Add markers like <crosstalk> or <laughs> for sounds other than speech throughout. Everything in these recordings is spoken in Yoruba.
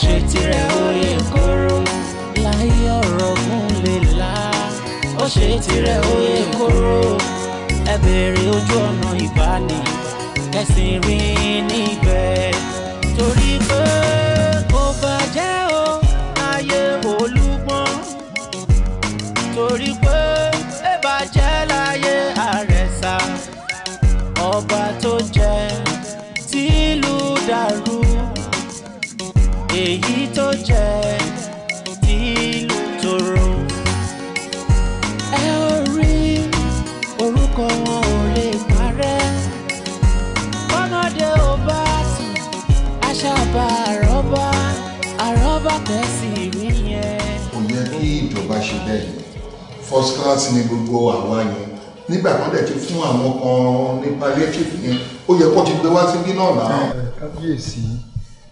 ṣe tirẹ̀ oyè kóró láyé ọ̀rọ̀ gùn lè la ó ṣe tirẹ̀ oyè kóró ẹ bèrè ojú ọ̀nà ìbáni kẹsìn rí ní first class ni gbogbo àwa yẹn nígbà kan dẹ̀ ti fún àwọn kan ní palliative yẹn ó yẹ kó ti gbé wá síbí náà náà. kábíyèsí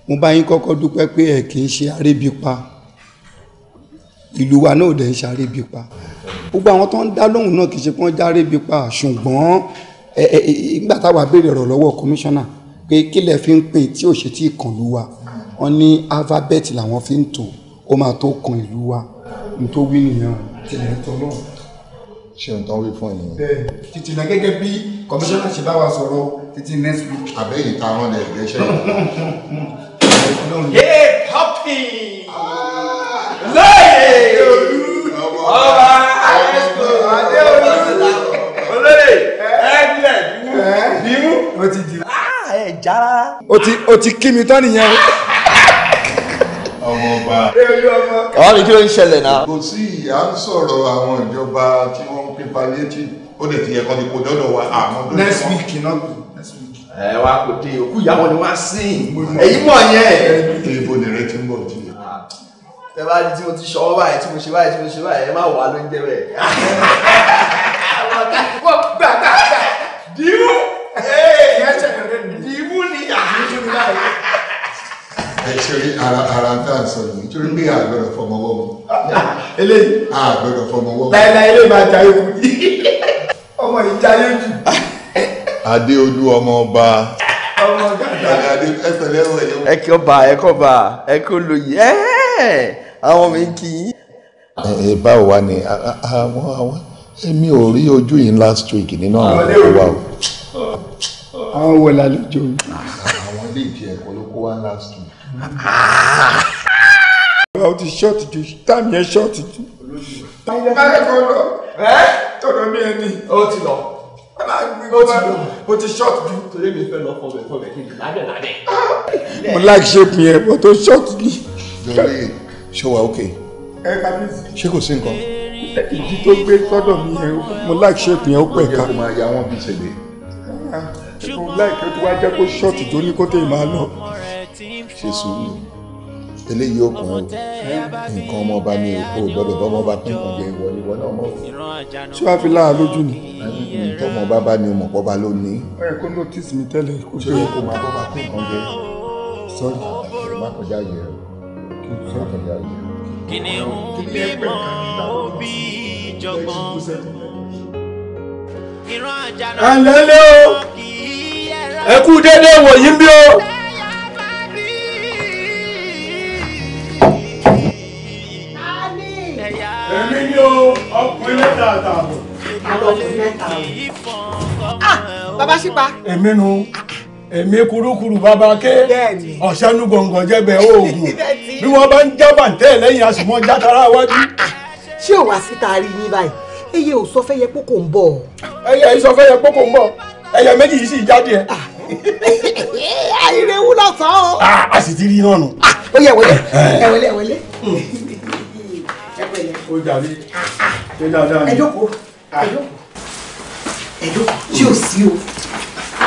mo bá yín kọ́kọ́ dúpẹ́ pé ẹ̀ kì í ṣe arébipa ìlú wa náà dẹ̀ ń ṣe arébipa gbogbo àwọn tó ń dá lóhùn náà kì í ṣe pé wọ́n já arébipa ṣùgbọ́n ìgbà táwa béèrè ọ̀rọ̀ lọ́wọ́ kọmíṣánná pé kí lẹ fi ń pín tí ò ṣe tí ì kàn lù wa wọ́n ní alphabet làwọn fi ń tò ó máa tó kan ìlú wa tó wí nìyẹn tilẹ̀ tọ́ lọ́hùn. ṣé n tán wí fún ẹ̀yin. bẹ́ẹ̀ títí náà gẹ́gẹ́ bí kọmíṣánná ṣe bá wa sọ̀rọ̀ títí next week. àbẹ́yìn ta rán lẹ̀ gẹ́ṣẹ́ yìí. yé pọ́pì lóye ọba adéolú olóyè ẹgbẹ́ bímú. ó ti di. Ah, ẹ jára. o ti kí mi tán nìyẹn ọmọ ọba. ọ̀hún ni kí ló ń ṣẹlẹ̀ náà. kò sí ìyá ń sọ̀rọ̀ àwọn ìjọba tí wọ́n ń pín palliative ó lè ti yẹ ni kò dọ́dọ̀ wa àmọ́ next week iná next week. ẹ wá kò dé òkú ìyàwó ni wọ́n á sìn. èyí mọ̀ yẹn. ibo ni rẹ ti ń bọ̀ jù. Ah. tẹ bá di tí mo ti ṣọwọ́ báyìí tí mo ṣe báyìí tí mo ṣe báyìí ẹ má wà ló ń jẹ bẹ́ẹ̀. gbàgbà <laughs> gbà dìú. ẹ̀ṣẹ̀rí ara ara tá à ń sọ yìí nítorí pé àgbẹ̀rọ̀ fọmọ ọwọ́ mu. <laughs> eléyìí. àgbẹ̀rọ̀ fọmọ ọwọ́ mu. láìláì eléyìí máa jayé kú <laughs> ọmọ yìí jayé jù. <laughs> adéolú ọmọ ọba. ọmọ gàdá. ẹsẹ̀lẹ̀ ọ̀rọ̀ yẹn. ẹ kí ọba ẹ kọ́ ọba ẹ kí ó lóye ẹ àwọn mi kì í. ẹ báwo wá ni àwọn àwọn èmi ò rí ojú yìí last week nínú àwọn ọ̀rọ̀ wa o. àwọn wọlé àlejò. àwọn ilé ìjẹ ẹ̀kọ́ ló kó wá last week. Ah! ó ti ṣọ́ọ̀tì ju táàmì ẹ̀ ṣọ́ọ̀tì ju. báyọ̀ kọ́ lọ tọ̀dọ̀ mi ẹ ní. ó ti lọ ó ti lọ ó ti ṣọ́ọ̀tì ju. torí mi fẹ́ lọ fọbẹ̀ fọbẹ̀ kí n lábẹ́ lábẹ́. mo láì ṣe pin ẹ bọ́ tó ṣọ́ọ̀tì ni. lórí ṣọwà òkè ṣé kò sí nǹkan. ìdí tó gbé sọ́dọ̀ mi yẹn mo láì ṣe pin ẹ ó pẹ̀ ká. ó yẹ kó máa ya wọn bí ṣègbè. mo láì kí wá jẹ́ kó ṣọ́ọ̀tì tó ní kó tẹ̀ máa lọ ṣe sùúrù eléyìí ó kàn ó nǹkan ọmọọba ni o gbọ́dọ̀ bọmọba tó kàn jẹ ìwọ ìwọ náà mọ. ṣé wàá fi láàá lójú ni. tọmọba bá ní ọmọ pọba ló ní. ó yẹ kó notice mi tẹ́lẹ̀ kó ṣe kó máa bọba tó kàn jẹ. sọ́ọ̀rì má kọjá yẹ má kọjá yẹ. kíni ń bí mọ òbí ìjọgbọ́n ìran àjànà kì í yẹra. ẹ kú dédé wọ̀nyí bí o. o ọkùnrin mẹ́ta àtààbọ̀. ọkùnrin mẹ́ta àbọ̀. bàbá ṣípa. èmi nu èmi kurukuru bàbá ké ọ̀sẹ́nu gbọ̀ngàn jẹ́bẹ̀ oògùn <laughs> bí wọ́n bá ń jábà ń tẹ̀ lẹ́yìn àsùnmọ́ játara wájú. ṣé ò wá síta rí yín báyìí eye ò sọ fẹ́yẹ pé kò ń bọ̀. ẹyẹ yìí sọ fẹ́yẹ pé kò ń bọ̀ ẹyẹ méjì yìí sì jáde ẹ. Ah. <laughs> àìrèwú lọ sàn ah, a sì ti rí náà nù. Ah, ó yẹ wọlé eh. ẹ wọlé ẹ wọlé. Hmm pẹ̀lẹ́. ó jàre ah, ah. ṣé dáadáa ni. ẹ jókòó ẹ jókòó ẹ jókòó ṣé ò sí o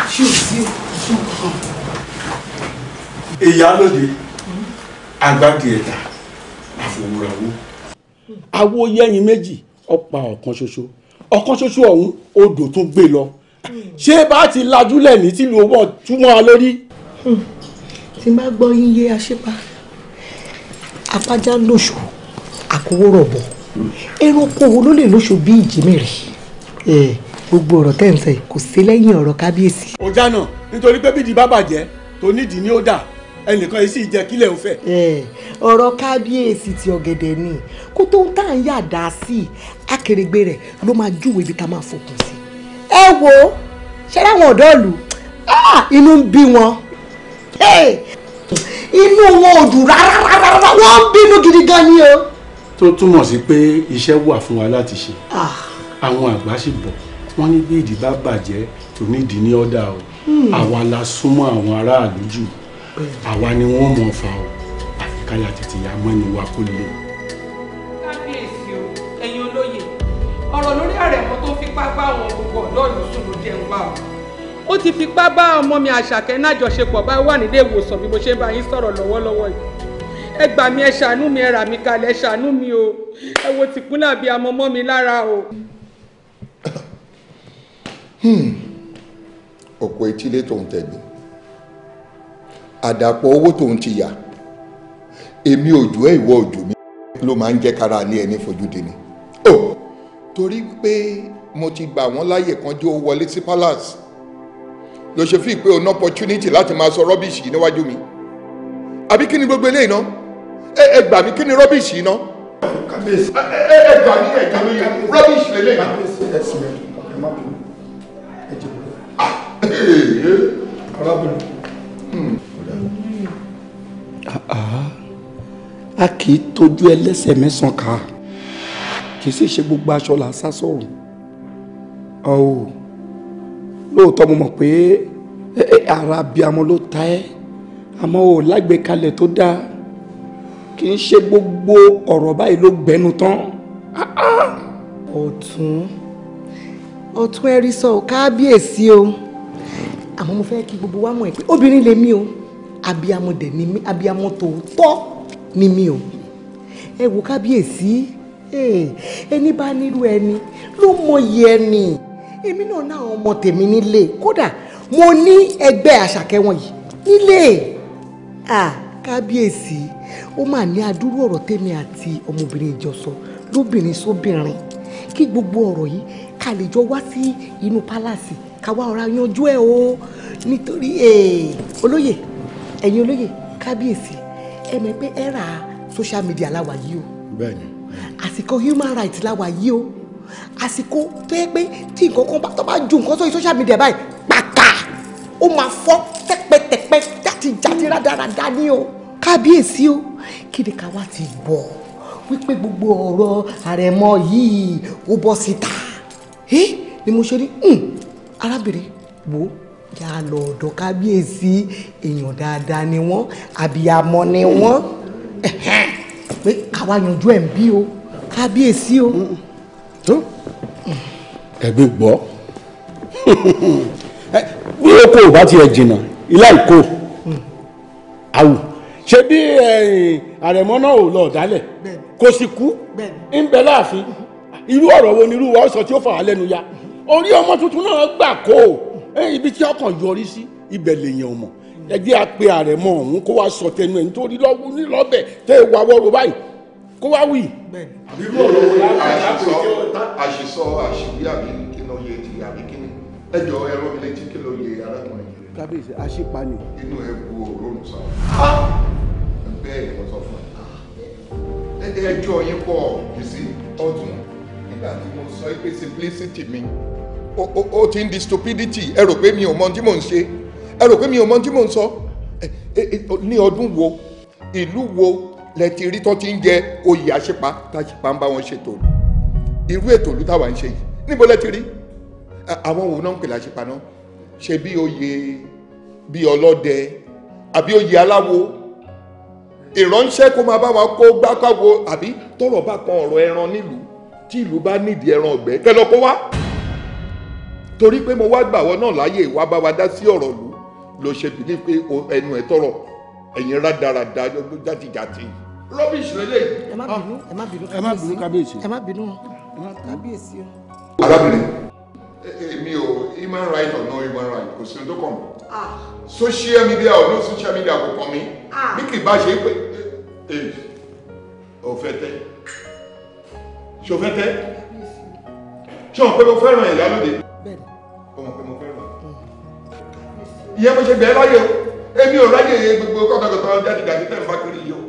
ṣé ò sí o. ìyálòde agbáde ẹ̀dá àfòwúrawó. awo yẹ́yìn méjì ọ̀pá ọ̀kan ṣoṣo ọ̀kan ṣoṣo ọ̀hún odò tún gbé lọ ṣé bá ti lajúlẹ̀ ní tìlú owó túmọ̀ lórí. Hmm. tí n bá gbọ́ yín yé aṣípa apájá lòṣù àkówórọ̀ bọ̀ ẹranko wo ló lè lóṣù bí ìjímèrè gbogbo ọ̀rọ̀ tẹ̀ ń sẹ̀ kò sí lẹ́yìn ọ̀rọ̀ kábíyèsí. ó jáná nítorí pé bídìí bá bàjẹ́ tó nídìí ni ó dà ẹnìkan yìí sì jẹ́ kílẹ̀ ń fẹ́. ọ̀rọ̀ kábíyèsí ti ọ̀gẹ̀dẹ̀ ni kó tó ń tà ń yà dá sí i akèrègbè rẹ̀ ló máa júwèé ibi tá máa fòkun sí. ẹ wo ṣé láwọn ọ̀dọ́ ìlú ah, inú ń bí wọn inú wọn ò dùn rárá rárá ń bínú gidi gan ni o tó túmọ̀ sí pé iṣẹ́ wà fún wa láti ṣe ah. àwọn àgbà sì bọ̀ wọ́n ní bí ìdí bá bàjẹ́ tó nídìí ní ọ̀dà o hmm. àwa la súnmọ́ àwọn aráàlú jù àwa ni wọ́n mọ̀ fà o àfikáyà tètè yá mọ́ ni wa kó lè. kábíyèsí o ẹ̀yin olóye ọ̀rọ̀ lórí àrẹ̀mọ tó fipá bá àwọn gbogbo ọ̀dọ́ ìlú sùn ló jẹun wá o ó ti fipá bá ọmọ mi àṣàkẹ́ náà jọṣepọ̀ bá wà nílé ìwòsàn bí mo ṣe bá yín sọ̀rọ̀ lọ́wọ́lọ́wọ́ yìí ẹ gbà mí ẹ ṣàánú mi ẹ rà mí kalẹ̀ ẹ ṣàánú mi o ẹ wo tìkúnlẹ̀ àbí amọ́mọ́ mi lára o. Hmm. òpó etílé tòun tẹ̀gbìn àdàpọ̀ owó tòun ti yà èmi òjò ẹ̀ ìwọ òjò mi ló máa ń jẹ́ kára ní ẹni fojú di ni. o oh! torí pé mo ti gbà wọ́n láyè kan jẹ́ ó wọlé sí palace ló ṣe fi pé o ná opportunity láti máa sọ rọ́bìṣì níwájú mi àbí kí ni gbogbo eléyìí náà ẹ gbà mí kí ni rọ́bìṣì iná. ẹ gbà mí ẹ gbà mí rọ́bìṣì lélẹ̀. Ah, <laughs> hmm. ah, ah. a kì í tọ́jú ẹlẹ́sẹ̀ mẹ́sàn-án ká kì í sì ṣe gbogbo aṣọ là ń sá sọ̀rọ̀ ọ̀hún lóòótọ́ mo mọ̀ pé ara abiyamọ ló ta ẹ́ àmọ́ ò lágbèkalẹ̀ tó dáa kì í ṣe gbogbo ọ̀rọ̀ báyìí ló gbẹnu tán. ọ̀tún ọ̀tún ẹ̀rí sọ ò kábíyèsí o àmọ́ mo fẹ́ kí gbogbo wa mọ̀ ẹ́ pé obìnrin lèmi o abiyamọ dẹ̀ ni mí abiyamọ tòótọ́ ni mí o ẹ wò kábíyèsí ẹni bá nírú ẹni ló mọyì ẹni èmi náà náà ọmọ tèmi nílé kódà mo ní ẹgbẹ́ àṣàkẹ́ wọ̀nyí nílé kábíyèsí. Ah, ó máa ní adúrú ọ̀rọ̀ tèmi àti ọmọbìnrin ìjọsọ lóbìnrin sóbìnrin kí gbogbo ọ̀rọ̀ yìí ká lè jọ wá sí inú pálásì ká wá ọ̀rá yanjú ẹ̀ o nítorí eh, olóyè ẹ̀yin olóyè kábíyèsí ẹ mọ̀ pé ẹ ra social media láwa yìí o bẹ́ẹ̀ni àsìkò human rights láwa yìí o àsìkò tó yẹ pé tí nǹkan kan bá tó bá ju nǹkan sórí social media báyìí pàkà ó máa fọ́ tẹ́pẹ́tẹ́pẹ́ jáde jáde rádaràda ni o kábíyèsí o kí ni ká wá ti bọ̀ wípé gbogbo ọ̀rọ̀ àrẹ̀mọ yìí ó bọ́ síta ni mo ṣe rí hmm, arábìnrin wo yà á lọ ọ̀dọ̀ kábíyèsí èèyàn dáadáa ni wọ́n àbíyamọ ni wọ́n pé káwa yanjú ẹ̀ ń bí o kábíyèsí o. ẹ̀gbìn gbọ́ bí oko ò bá tiẹ̀ jìnnà ilé àìkó hmm. awù ṣe bí àrẹ̀mọ́ náà ò lọ ọ̀dálẹ̀ kò sì kú ń bẹ láàfin irú ọ̀rọ̀ wo ni irú wa sọ tí ó fà á lẹ́nu ya orí ọmọ tuntun náà gbà kó ibi tí ọkàn yọrí sí ibẹ̀ lèèyàn ọmọ ẹgbẹ́ apẹ àrẹ̀mọ́ ọ̀hún kó wá sọ tẹnu ẹ̀ nítorí lọ́bẹ̀ tẹ́ ẹ wà wọ́rọ̀ báyìí kó wá wì. irú ọ̀rọ̀ wo ni àṣìṣọ àṣìṣọ àṣìwí àbí kí ló yẹ ti àbí kí ni ẹjọ́ ẹ̀rọ mi létí kí ló yẹ arákùnrin kábíyèsí àṣepani. inú ẹ bu òórùn sá ah! bẹ́ẹ̀ ni mo sọ fún ẹ ẹjọ́ yín pọ̀ bísí ọdún nígbà tí mo sọ pé simplicity mi ó ti ń di stupidity ẹ rò pé mi ò mọ ohun tí mò ń ṣe ẹ rò pé mi ò mọ ohun tí mò ń sọ ní ọdún wo ìlú wo lẹ ti rí tó ti ń jẹ oyè àṣepa táṣepa ń bá wọn ṣètò irú ètò ìlú táwa ń ṣe yìí níbo lẹ ti rí àwọn òun náà ń pè láṣepa náà ṣe bí oyè bí ọlọ́dẹ àbí oyè aláwo ìránṣẹ́ kó máa bá wa kó gbákàwo àbí tọ́rọ̀ bá kan ọ̀rọ̀ ẹran nílùú tí ìlú bá nídìí ẹran ọ̀gbẹ́ kẹlọ kó wá torí pé mo wá gbà wọ́n náà láàyè wá bá wa dá sí ọ̀rọ̀ lù ló ṣe bìlí pé ẹnu ẹ̀ tọ̀rọ̀ ẹ̀yin rádaràda játijàti. rubbish lélẹ̀. ẹ má bínú ẹ má bínú ah, kábíyèsí ẹ má bínú kábíyèsí o. arábìnrin èmi eh, eh, o human right or no human right kò sí ohun tó kàn mí. Ah. social media or no social media kò kàn mí ah. bí kì í bá ṣe é pé ò eh, fẹ́ tẹ́ ṣò fẹ́ tẹ́ ṣé o mọ̀ pé mo fẹ́ràn ẹ̀ lálóde o mọ̀ pé mo fẹ́ràn ìyẹn mo ṣe bẹ̀ẹ́ láyé o èmi ò ráyè gbogbo kọ́tọ̀kọ́tọ̀ jáde jáde tẹ̀ ń bá kiri yìí o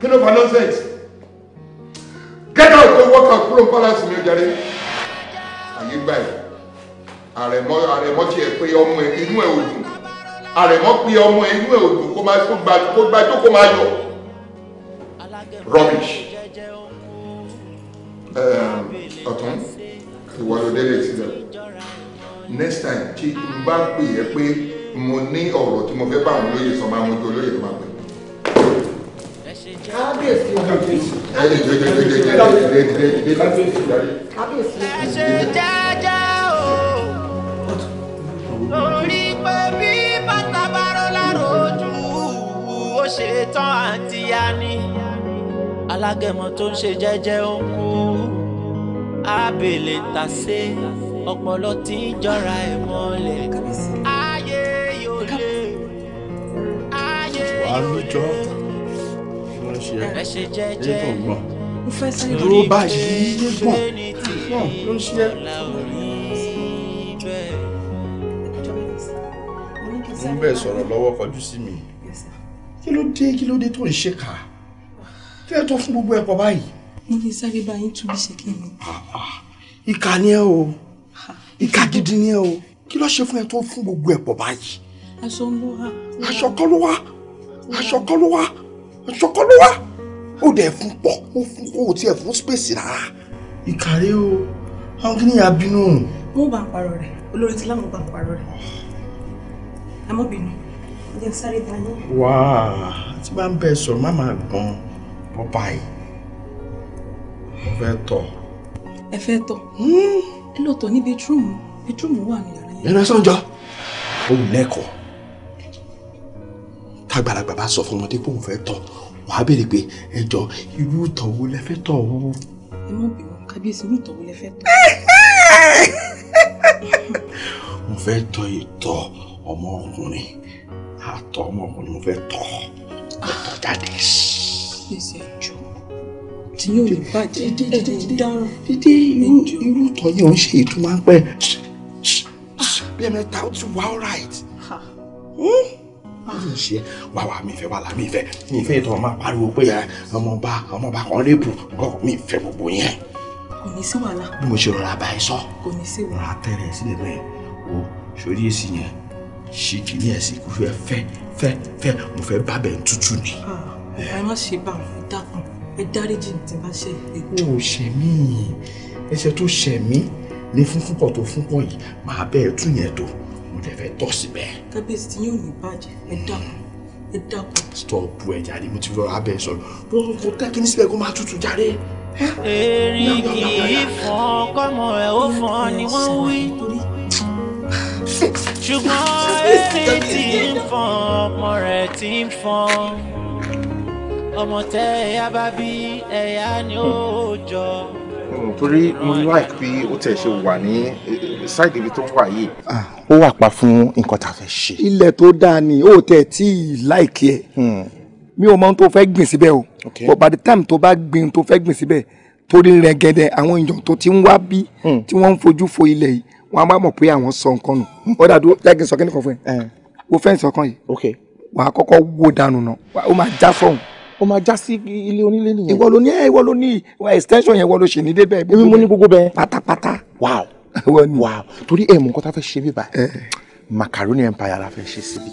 kí ló fa nonsense get out go work out kúrò ń palace mi ò jàre àyè gbà ẹ̀ àrẹ̀mọ́ àrẹ̀mọ́ tiẹ̀ pé ọmọ ẹ̀ inú ẹ̀ ò àrẹ̀mọ́ pé ọmọ inú ẹ̀ ò kó gba kó gba tó kó máa yọ rubbish ọ̀tún ìwọ délé sílẹ̀ next time tí n bá pè é pé mo ní ọ̀rọ̀ tí mo fẹ́ bá àwọn olóyè sọ máa mojú olóyè tó máa pè é kábíyèsí kábíyèsí kábíyèsí kábíyèsí kábíyèsí torí pé bí bàtà bá rọ láròjú ó ṣe tán àti ya ni alágẹmọ tó ń ṣe jẹ́jẹ́ ó kú abèlè tàsé ọpọlọ tí ń jọra ẹ mọ́lẹ̀ ayé yóò lé ayé yóò lé ẹ ṣe jẹ́jẹ́ lórí ìgbẹ́ ṣe ní tìlẹ̀ ọ̀la orí bẹ́ẹ̀ mo ń bẹ̀ sọ̀rọ̀ lọ́wọ́ kọjú sí mi kí ló dé kí ló dé tó ń ṣe kà kí ẹ tó fún gbogbo ẹ pọ̀ báyìí. mo ní sáré bá yín túbí ṣe kí ni. Ah, ah. ni ẹ o ìkà gidi ni ẹ o kí ló ṣe fún ẹ tó fún gbogbo ẹ pọ̀ báyìí. aṣọ ń bọ̀ wá. aṣọ kọ́ ló wá aṣọ kọ́ ló wá aṣọ kọ́ ló wá ó dẹ̀ fún pọ̀ ó fún kó o tiẹ̀ fún space rárá. ìkà o àwọn kìnìyàn bínú. mo bá ń parọ́ rẹ̀ olórí ti láwọn bá ń parọ́ rẹ̀ amóbìnrin jẹ́ sáré dání. wá tí bá ń bẹ sọ̀rọ̀ má máa gbọ́n bọ́bá yìí mo fẹ́ tọ̀. ẹ fẹ́ tọ̀ hmm? ẹ lọ tọ̀ ní bẹtírúmù bẹtírúmù wà ní yàrá yẹn. yẹn lọ́sàn-án jọ òun lẹ́kọ̀ọ́ tágbàlagbà bá sọ fún ọmọdé pé òun fẹ́ tọ̀ wàá béèrè pé ẹ jọ irú ìtọ̀ wo lẹ fẹ́ tọ̀ o. ẹ mọ̀ bí wọn kábíyèsí irú ìtọ̀ wo lẹ fẹ́ tọ̀. <laughs> mo fẹ́ tọ̀ ìtọ̀ ọmọkùnrin àtọ ọmọkùnrin mo fẹ́ tọ̀ tọ̀ jáde. ṣèṣe jù tí yóò lè bàjẹ́ dídí dáràn. dídí irú tọ̀ yìí ò ń ṣe ìtumọ̀ ń pẹ́ bí ẹ mẹ́ta ó ti wá all right. Báwo ṣe wà wá mi fẹ́ wà lá mi fẹ́ mi fẹ́ tọ́ máa pariwo pé ọmọọba ọmọọba kan lébù kọ́ mi fẹ́ gbogbo yẹn. Kò ní sí wàhálà. Bí mo ṣe rọra bá ẹ sọ. Kò ní sí wàhálà. Rọra tẹ̀rẹ̀ sílẹ̀ bẹ́ẹ̀ o ṣorí èsì yẹn ṣì kì ní ẹ̀sìn kúrú ẹ fẹ́ fẹ́ fẹ́ mo fẹ́ bábẹ̀ ń tútù ni. Ah, ẹ má ṣe bá wọn dákun ẹ dáríjì tí bá ṣe. o ṣe mí ẹ̀ṣẹ̀ tó ṣe mí ní funfun pọ̀ tó fún pọ̀ yìí màá bẹ́ẹ̀ tún yẹn tó mo dẹ̀ fẹ́ tọ̀ síbẹ̀. kábíyèsí tí yóò ní bàjẹ́ ẹ dákun ẹ dákun. stop ẹ jàre mo ti rọra bẹ́ẹ̀ sọ̀rọ̀ bó kò tẹ́ kí ní sílẹ̀ kó máa tutù jàre. èrì kì í fọ́n kọ́mọ ó fọ́n ni wọ́n wí ṣùgbọ́n etí ti ń fọn ọmọ rẹ̀ ti ń fọn ọmọ tẹ ẹyà bá bí ẹyà ni ó jọ. torí mo like bí ó tẹ̀ ṣe wà ní ṣáìdì ibi tó ń wà yìí. Ah, ó wà pa fún nǹkan tá a fẹ́ ṣe. ilẹ̀ tó dáa ni ó tẹ̀ tí ì láìkí ẹ̀ hmm. mi ò mọ ohun tó fẹ́ gbìn síbẹ̀ o but by the time tó bá gbìn tó fẹ́ gbìn síbẹ̀ torí rẹ̀ gẹ́dẹ̀ àwọn èèyàn tó ti ń wá bí hmm. tí wọ́n ń fojú fo ilẹ̀ yìí wọn á má mọ̀ pé àwọn sọ nǹkan nù ó dàdú jẹ́gi sọ kíní kan fún ẹ wo fẹ́ǹsì ọkàn yìí wà á kọ́kọ́ wó dànù nà ó máa já sọ̀hún. ó máa já sí ilé onílé nìyẹn. ìwọ ló ní ẹ ìwọ ló ní extension yẹn ìwọ ló ṣe ní débẹ̀. èmi mo ní gbogbo bẹ́ẹ̀. pátápátá. wow wow torí ẹ̀ mọ̀ nǹkan tá a fẹ́ ṣe bíbá macaroni empire la fẹ́ ṣe síbi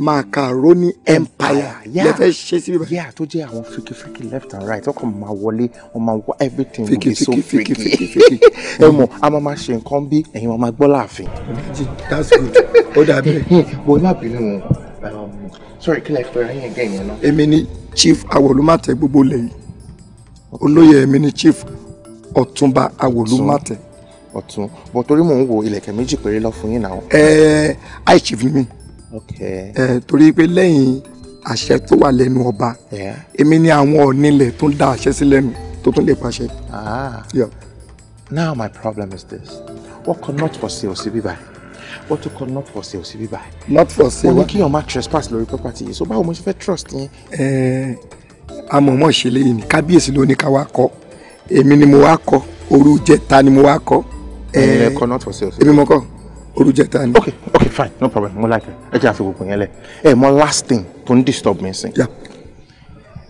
macaroni empire lè fẹ́ ṣe sí bíbá. yíyá tó àwọn fiki fiki left and right ọkọ̀ máa wọlé wọ́n máa wọ everything will be so fiki fiki fiki ẹ mọ̀ a máa máa ṣe nǹkan bí ẹ̀yin wọn máa gbọ́ láàfin. that's good ó dàbí. wo ẹ má bínú o sorry kí lè fẹ́ ra yín ẹ̀gẹ́ yẹn náà. èmi ni chief awolumate gbogbo lẹ́yìn olóyè èmi ni chief ọ̀túnba awolumate. ọ̀tún bọ̀ torí mò ń wo ilẹ̀kẹ̀ méjì péré lọ fún yín náà. ẹ ẹ ice chief ni mí ẹ torí pé lẹ́yìn àṣẹ tó wà lẹ́nu ọba èmi ni àwọn ọ̀nilẹ̀ tó ń dá àṣẹ sí lẹ́nu tó tún lè pàṣẹ. Ah. now my problem is this wọ́n kọ not for sale sí bíbá wọ́n tún kọ not for sale sí bíbá. not for sale wọ́n ní kí èèyàn máa trespass lórí property yìí so báwo mo ṣe fẹ́ trust yín. amọ̀mọ́ ṣe léyìn ní kábíyèsí ló ní ká wá kọ́ èmi ni mo wá kọ́ òru jẹta ni mo wá kọ́. ẹ̀yin ẹ̀kọ́ not for sale sí bíbá. èmi mọ̀ kọ́ orújẹta ni. ok ok fine no problem mo like ẹ jẹ́ àti gbogbo yẹn lẹ̀ ẹ mọ last thing tó ń disturb mi sìn.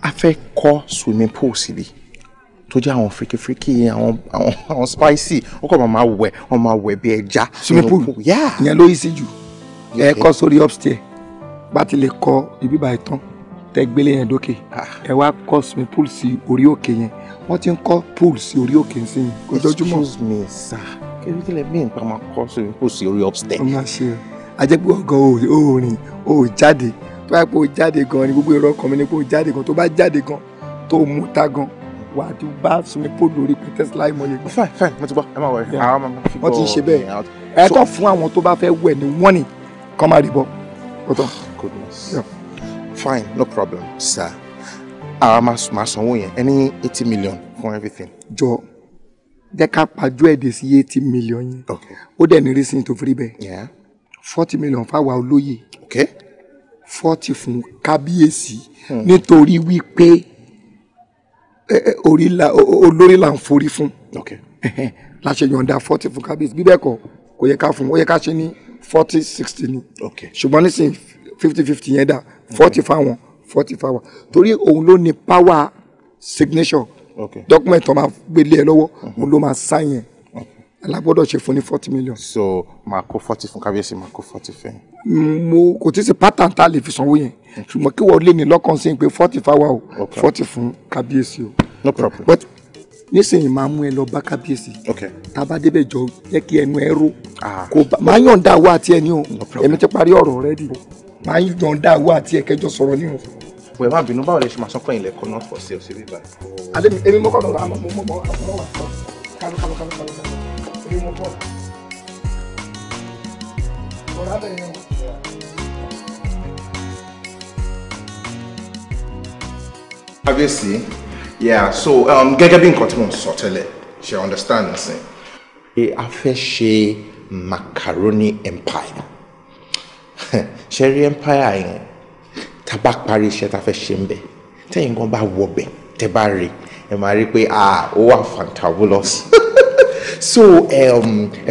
a fẹ́ kọ́ swimming pool síbi tó jẹ́ freaky, freaky. àwọn àwọn àwọn spicy ó kọ́ máa wẹ̀ wọ́n máa wẹ̀ bí ẹja. swimming pool yẹn ló yí sí jù ẹ kọ́ sórí upstairs bá ti lè kọ́ ibi báyìí tán tẹ gbélé yẹn dókè ah. ẹ wá kọ́ swimming pool sí orí òkè yẹn wọ́n ti ń kọ́ pool sí orí òkè sí i ojoojúmọ́. excuse me sir kiri kí lè mí nípa máa kọ́ sí kò sí orí upstairs. ọmọ ṣe o àjẹpẹ́ ọ̀gàn òòrìn ò jáde tó bá pé o jáde gan ni gbogbo irọ́ kan mi ni pé o jáde gan tó bá jáde gan tó mú ta gan wà á ti bá sunmi póòlù orí pé tesla ìmọ̀lẹ̀. fine fine mo ti gbọ́ ẹ má wọrí àwọn máa fi bọ́ wọ́n ti ń ṣe bẹ́ẹ̀ ẹ kọ́ fún àwọn tó bá fẹ́ wẹ̀ ní wọ́n ni kọ́ máa rí bọ́ ọ̀tọ̀. fine no problem sir àwọn máa sanwó yẹn ẹni eighty million for everything. jọ jẹ́ ká pàjọ sí eighty million yẹn ó dẹ̀ ní reason tó fi rí forty million fáwa olóyè forty fún kábíyèsí hmm. nítorí wípé olórí là ń forí fún <laughs> la ṣe yọ̀ǹda forty fún kábíyèsí bíbẹ́ kọ́ kò yẹ ká fún ó yẹ ká ṣe ní forty sixty ni ṣùgbọ́n nísìnyí fifty fifty yẹn dà forty fáwọn forty fáwọn torí òun ló ní power signature document tó máa ẹ lọ́wọ́ mhm. òun ló máa sá yẹn alágbọ́dọ̀ ṣe fún ní forty million. so máa kó forty fún kábíyèsí máa kó forty fẹ́. mo kò tí ì ṣe pattern tá a lè fi sanwó yẹn ṣùgbọ́n kí wọ́n lè ní lọ́kàn sí pé forty fáwa o forty fún kábíyèsí o. no problem. but nísìnyìí máa mú ẹ lọ bá kábíyèsí. ok tába débẹ̀ jọ jẹ́ kí ẹnu ẹ ró. Ah. kò bá máa yọ̀ǹda àwọ̀ àti ẹni o èmi ti parí ọ̀rọ̀ rẹ di máa yọ̀ǹda àwọ̀ àti ẹ̀kẹ́jọ sọ̀rọ̀ ní o pé má bínú báwo lè ṣe máa sán pé ilẹ̀kùn náà fọ̀ sí ọ̀sẹ̀ bíbá. adé mi èmi mọ́kàn náà mo mọ́ mọ́ àwọn wà kálú kálú kálú kálú kálú èmi mọ́ bọ̀. ọ̀rọ̀ abẹ́ yẹn kábíyèsí yeah so um, gẹ́gẹ́ bí nǹkan tí mo ń sọ tẹ́lẹ̀ ṣe understand nsìn. pé a fẹ́ ṣe macaroni empire ṣe rí empire yẹn tá a bá parí iṣẹ́ tá a fẹ́ ṣe ń bẹ̀ tẹ́yìn gan bá wọ bẹ̀ tẹ́ bá rí ẹ máa rí pé ah ó wà fantabulous <laughs> so ẹ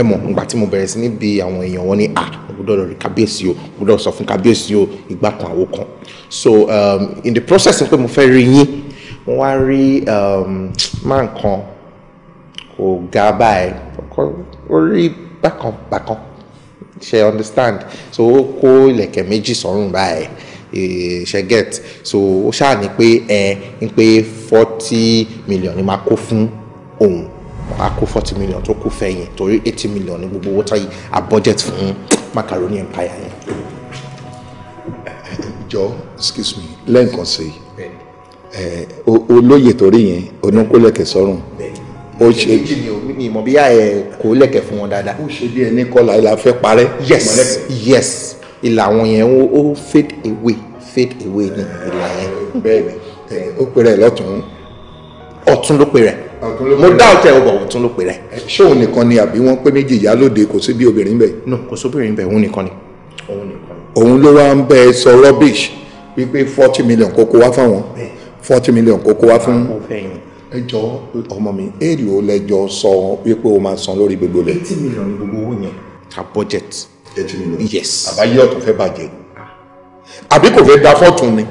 mọ̀ ìgbà tí mo bẹ̀rẹ̀ sí ní bi àwọn èèyàn wọn ní ah mo gbọ́dọ̀ lọ rí kábíyèsí o mo gbọ́dọ̀ sọ fún kábíyèsí o ìgbà kan àwo kan so um, in the process pé mo fẹ́ rí yín mo wá rí máa nǹkan kò ga báyìí ó rí bákan bákan ṣe understand so ó kó ilẹ̀kẹ̀ méjì sọ́rùn báyìí Eh, ṣe get so ó ṣáà ní pé ẹ ń pé forty million ni máa kó fún òun a kó forty million tó kú fẹ́yìn torí eighty million ní gbogbo owó táyì a budget fún macaroni empire yẹn. jọ excuse me lẹ́ǹkan sí i olóyè torí yẹn onúkólẹ̀kẹ̀ sọ́run ó ṣe ìmọ̀ bí àyẹ̀ kó lẹ̀kẹ̀ fún wọn dáadáa. ó ṣe bí ẹni kọ́ la fẹ́ parẹ́. yes yes ìlà àwọn yẹn ó fade away fade away ní ìlà yẹn bẹ́ẹ̀ni ó pe rẹ̀ lọ́tún ló pe mo dá ọ̀tẹ̀ ọ̀bọ̀ ọ̀tún ló pe rẹ̀. ṣé òun nìkan ni àbí wọ́n pé méjì ìyálòde kò sí bí obìnrin bẹ́ẹ̀. no kò sóbìnrin bẹ́ẹ̀ òun nìkan ni. òun ló wá ń bẹ sọ rubbish wípé forty million kókó wá fáwọn forty million kókó wá fún ẹjọ ọmọ mi èèlò lẹjọ sọ wípé o máa san lórí gbogbo rẹ. eighty million ni gbogbo owó yẹn. ta budget ẹ tún mi lọ. yes àbáyé ọ̀tún fẹ́ bàjẹ́ àbí kò fẹ́ da fọ́tún ni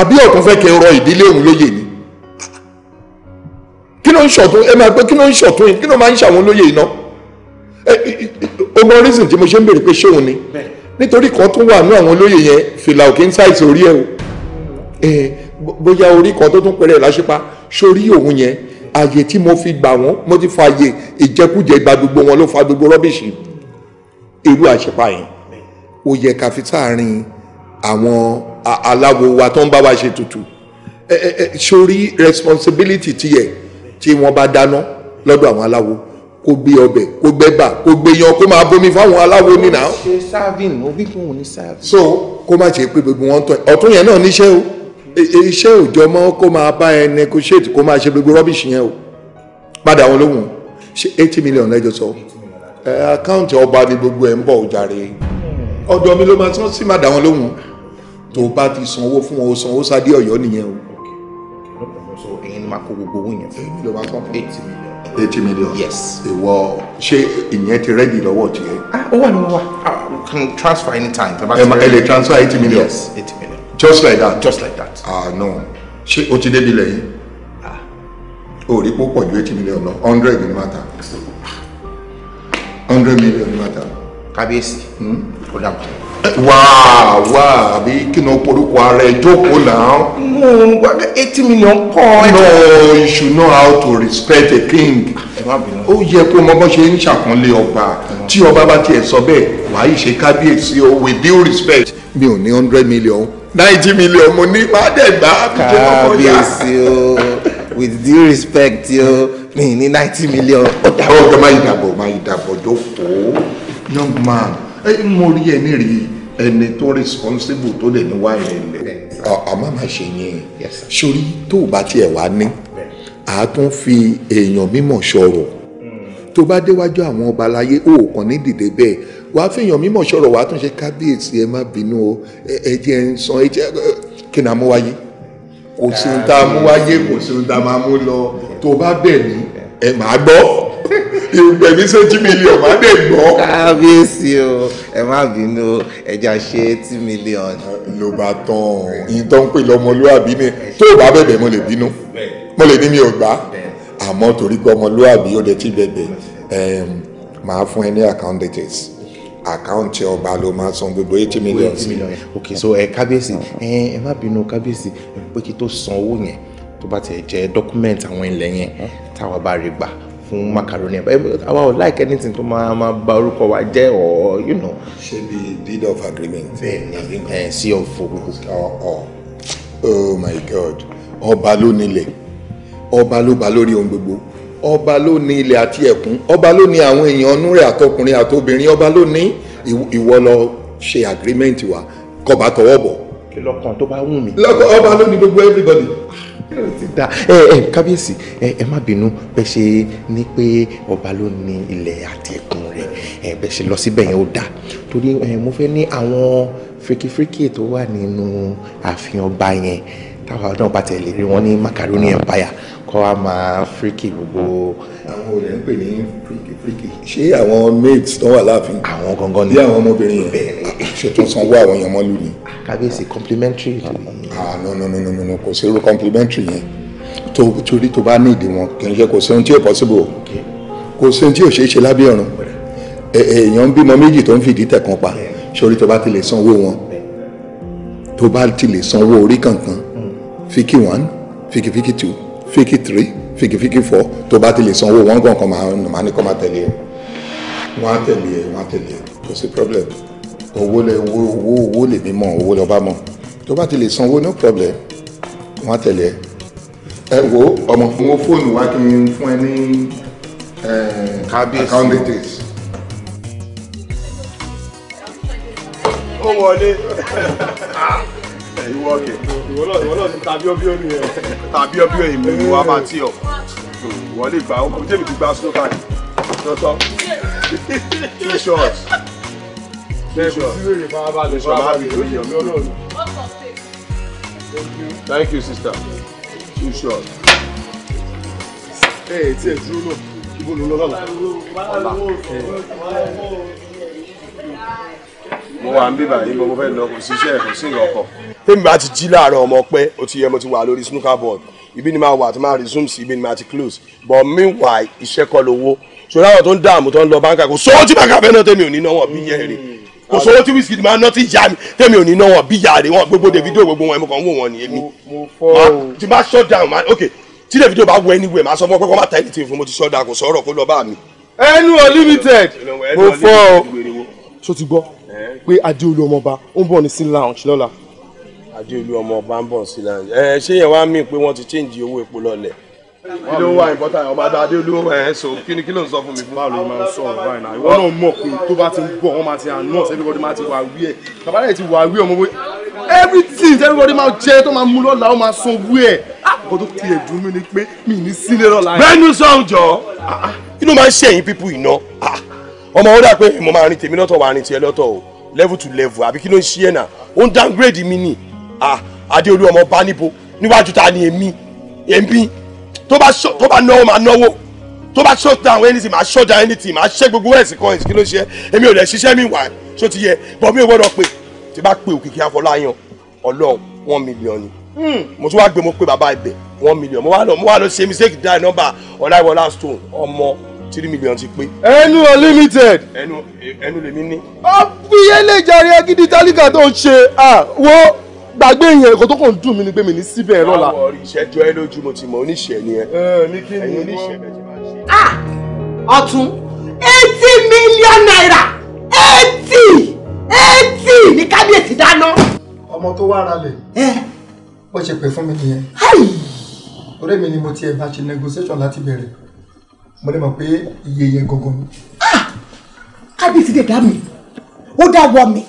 àbí ọ̀tún fẹ́ kẹ́ rọ ìdílé òun lóye ni kí ló ń ṣọ̀tún ẹ máa gbé kí ló ń ṣọ̀tún yìí kí ló máa ń ṣàwọn lóye iná ogun reason tí mo ṣe ń béèrè pé ṣé òun ni nítorí kan tún wà ní àwọn olóyè yẹn fìlà òkè ń ṣàìsí orí ẹ o bóyá orí kan tó tún pẹrẹ láṣípa sórí òun yẹn àyè tí mo fi gbà wọ́n mo ti fa àyè ìjẹkújẹ ìgbà gbogbo wọn ló fa gbogbo rọ́bìṣì irú àṣepa yìí ó yẹ ká fi sáàárín àwọn aláwo wa tó ń bá wa ṣe tutù ẹ ẹ sórí responsibility tiẹ̀ tí wọ́n bá dáná lọ́dọ̀ àwọn aláwo kó gbé ọbẹ̀ kó gbẹ́bà kó gbéyan kó máa bomi fáwọn aláwo nínà. ṣe serving òbí kò ní serving. so kó má ṣe pé gbogbo wọn tán ọ̀tún yẹn náà níṣẹ́ o iṣẹ́ òjọ́ mọ́ kó máa bá ẹ negotiate kó máa ṣe gbogbo rọ́bìṣì yẹn o padà wọn lóhùn ṣe eighty million lẹ́jọ́ sọ Account ọba ni gbogbo ẹ̀ ń bọ̀ jàre ọ̀dọ̀ mi ló máa tán sí máa dà wọn lóhùn tó bá ti sanwó fún wọn ó sanwó sadé ọ̀yọ́ nìyẹn o. so ẹ̀yin ni máa kó gbogbo owó yẹn fún mi eighty million eighty million yes ìwọ ṣé ìyẹn ti rẹ́dì lọ́wọ́ tiẹ̀. Ah, ó wà ní wọn wà ah, can transfer anytime. ẹ lè transfer eighty million. yes eighty million just like that. just like that. ah no ṣé o ti débi lẹ́yìn ah. o rí pọ̀ pọ̀ ju eighty million lọ hundred ni máa hundred million ni máa ta. kábíyèsí hmm? ó dàgbà. Eh, wà á wà á bí kí ni o porúkọ ara ẹ jókòó náà. mo gbàgbé eighty million pọ̀. no you should know how to respect a king. Ah, ó yẹ kó mọ bó ṣe ń ṣàpọ́nlé ọba mm. tí ọba bá tiẹ̀ sọ bẹ́ẹ̀ wàá yìí ṣe kábíyèsí o with due respect. mi ò ní hundred million náìjí mílíọ̀nù mo ní má dẹ̀ gbà kábíyèsí o with due respect o mi ní náìjí mílíọ̀nù. ọ̀dàwọ̀ ọ̀dọ̀ máa yí dàbọ̀ máa yí dàbọ̀ jókòó young man ẹ mo rí ẹni rí ẹni tó responsible tó lè ní wáyé ilẹ̀. àmọ́ máa ṣe yẹn sórí tó o bá tiẹ̀ wá ní a tún fi èèyàn mímọ̀ sọ̀rọ̀ hmm. tó bá déwájú àwọn ọba láyé òòkàn ní dìde bẹ́ẹ̀ wàá fèèyàn mímọ̀ sọ̀rọ̀ wàá tún ṣe kábíyèsí ẹ má bínú o ẹ jẹ́ ń san ẹ jẹ́ kí ni amúwáyé kò sí ohun tá a kò sí ohun tá máa mú lọ tó bá bẹ̀ mí ẹ máa gbọ́ ìgbẹ̀mí sójú mílíọ̀nù má dé gbọ́. kábíyèsí o ẹ má bínú ẹja ṣe tí mílíọ̀nù. ló bá tán ìtàn ń pè lọ́mọlúwàbí ni tó bá bẹ̀bẹ̀ mo lè bínú mo lè ní mi ò gbà àmọ́ torí pé ọmọlúwàbí ó lè ti bẹ̀bẹ̀ màá fún ẹ ní account details àkáǹtì ọba ló máa san gbogbo eighty million sí. ok so ẹ eh, kábíyèsí ẹ ẹ má bínú kábíyèsí pé kí tó san owó yẹn tó bá tiẹ̀ jẹ́ document àwọn ilẹ̀ yẹn uh-huh. táwa bá rí gbà fún macaroni àwa ò like anything tó máa máa bà orúkọ wa jẹ́ or you know. ṣé bí deed of agreement. bẹ́ẹ̀ni ẹ sí ọfọ. oh my god ọba ló nílẹ̀ ọba ló ba lórí ohun gbogbo ọba ló ní ilẹ̀ àti ẹ̀kún ọba ló ní àwọn èèyàn ọnú rẹ̀ àtọkùnrin àtobìnrin ọba ló ní ìwọ lọ ṣe agreement wa kọba tọwọ́ bọ̀. kí lọkàn tó bá wù mí. lọkàn ọba ló ní gbogbo everybody da ẹ ẹ kábíyèsí ẹ ẹ má bínú bẹ ṣe ní pé ọba ló ní ilẹ̀ àti ẹ̀kún rẹ̀ ẹ bẹ ṣe lọ síbẹ̀ yẹn ó dáa torí mo fẹ́ ní àwọn fíríkífíríkì tó wà nínú ààfin ọba yẹn táwa náà bá tẹ̀lé rí wọn ní macaroni empire kọ́ wa máa fíríkì gbogbo. àwọn olè ń pè ní fíríkì fíríkì. ṣé àwọn maids tó wà láàfin. àwọn gangan ni. bí àwọn ọmọbìnrin yẹn ṣe tó sanwó àwọn èèyàn mọ́lù ni. kábíyèsí complimentary. ah no no no no no kò sí irú complimentary yẹn tó torí tó bá ní ìdí wọn kì í ṣe kò sí ohun tí ò possible kò sí ohun tí ò ṣeé ṣe lábẹ́ ọ̀run èèyàn ń bímọ méjì tó ń fìdí tẹ̀kan pa ṣorí tó bá ti lè sanwó wọn tó bá ti lè sanwó orí kankan fíkì one fíkì fíkì two fíkì three fíkì fíkì four tó bá ti lè sanwó wọn gan kan màá ní kọ́ máa tẹ̀lé ẹ wọn á tẹ̀lé ẹ wọn á tẹ̀lé ẹ kò sí problem owó lè owó owó owó lè mí mọ owó lọ́ba mọ tó bá ti lè sanwó no problem wọn á tẹ̀lé ẹ ẹ wo ọmọ fún wọn fóònù wa kí n fún ẹ ní kábíyèsí account details. ó wọlé. <laughs> tàbí ọbí ọbí mi ìwọ máa tí ọ ìwọ gbà ó jẹ́mi ti gba snow card tọ́tọ́ two shots thank you sister two shots. ẹ ẹ tí ẹ dúró náà ibo ló lọ lọ́la ọ̀la mo wà ń bíbà yìí mo fẹ́ lọ kò síṣẹ́ kò sí ìyọkọ̀. tèmi bá ti jí láàárọ̀ ọmọ pẹ́ ó ti yẹ mo ti wà lórí snooker board ibi ni máa wà tó máa resume sí ibi ni máa ti close but meanwhile iṣẹ́ kọ́ lówó ṣòro àwọn tó ń dààmú tó ń lọ báńkà kò sówó tí báńkà fẹ́ náà tèmi ò ní náwó bí yẹn rè kò sówó tí wíṣíkì máa ná tí ìyá mi tèmi ò ní náwó bí yà rè wọn gbogbo Davido gbogbo wọn ẹmu kan wò wọn nìyẹn mi tí bá shut down ma ok tí Davido bá wọ anywhere máa sọ fún ọ pé kó má ta ẹni tí mo ti shut down kò sọ̀rọ̀ kó lọ bá mi. ẹnu unlimited mo fọ́ ọ so ti gbọ́ pé adéolú ọmọọba ó ń bọ̀ ní sí lounge lọ́la. adéolú ọmọọba ń bọ̀ sí lounge ẹ ṣé yẹn wá mí pé wọ́n ti change owó epo lọ́lẹ̀ kí ló wà ìbọ́tà ọmọ adá adéolúwọ ẹ̀ so kí ni kí ló ń sọ fún mi fún. báwo ló máa ń sọ ọ̀rọ̀ báyìí náà ìwọ náà mọ̀ pé tó bá ti ń bọ̀ wọ́n máa ti announce everybody máa ti wà wí ẹ̀ bàbá rẹ̀ ti wà wí ọmọ wí everything everybody máa jẹ tó máa mú lọ́la ó máa sọ wí ẹ̀ àkókò ah, tó tiẹ̀ dùn mí ni pé mi ní sílé lọ́la. bẹ́ẹ̀ ni sọ̀njọ́ ah, ah, inú máa ń ṣẹ̀yìn pípú iná ọmọ ó dà pé mo máa rin tèmi lọ́tọ̀ wà á rin tiẹ̀ lọ́tọ̀ o level to level àbí kí ló ń ṣí ẹ̀ náà ó ń downgrade mi ni adéolú ọmọ bá níbo níwájú ta ni èmi èmi tó bá náwó máa náwó tó bá shut down anything máa shut down anything máa ṣe gbogbo ẹ̀sìn coins kí ló ṣe èmi ò lè ṣiṣẹ́ mi wà ṣó ti yẹ bọ́ mi ò gbọ́dọ̀ pé tí bá pé òkìkí afọláyàn ọlọ́run one million ni hmm, mo tún wá gbé mo pé bàbá ibẹ̀ one million mo wá lọ mo wá lọ ṣe mistake die number ọláìwọlá stone ọmọ three million ti pé. ẹnu unlimited. ẹnu ẹnu lèmi ní. ọ̀fìyẹ́ lè jàre agídí tálíkà tó ń ṣe wo gbàgbé yẹn kò tó kàn dùn mí ni pé mi ní síbẹ̀ ẹ̀rọ la. báwo rí iṣẹ́ ẹ lójú mo ti mọ oníṣẹ́ ni ẹ. ẹ kí ni oníṣẹ́ ah ọ̀tún eighty million naira eighty eighty ní kábíyèsí dáná. ọmọ tó wá ara lẹ̀ ṣe pè fún mi nìyẹn. ọ̀rẹ́ mi ni mo ti ẹ̀ bá ṣe negotiation láti bẹ̀rẹ̀ mo lè mọ̀ pé iye yẹn gangan ni. Ah! kábíyèsí lè dá mi ó dá wọ mi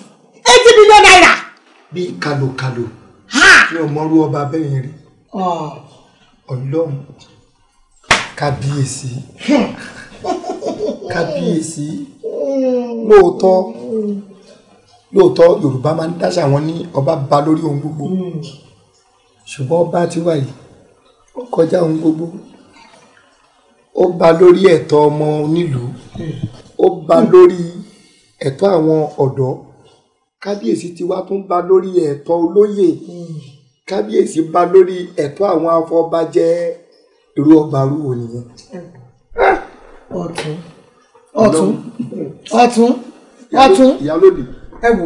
eighty million naira. bí kalokalo tí o mọrú ọba bẹ́ẹ̀ yẹn rí ah! ọlọ́run kábíyèsí hmm. kábíyèsí lóòótọ́ lóòótọ́ yorùbá máa ń dáṣà wọn ní ọba ba lórí ohun gbogbo hmm. ṣùgbọ́n ọba tiwa yìí kọjá ohun gbogbo ó ba lórí ẹ̀tọ́ ọmọ onílùú ó ba lórí ẹ̀tọ́ àwọn ọ̀dọ́ kábíyèsí ti wá tún ba lórí ẹ̀tọ́ olóyè kábíyèsí ba lórí ẹ̀tọ́ àwọn afọbajẹ irú ọba arúgbó nìyẹn. ọ̀tún ọ̀tún ọ̀tún ọ̀tún ìyálòdì. ẹ wo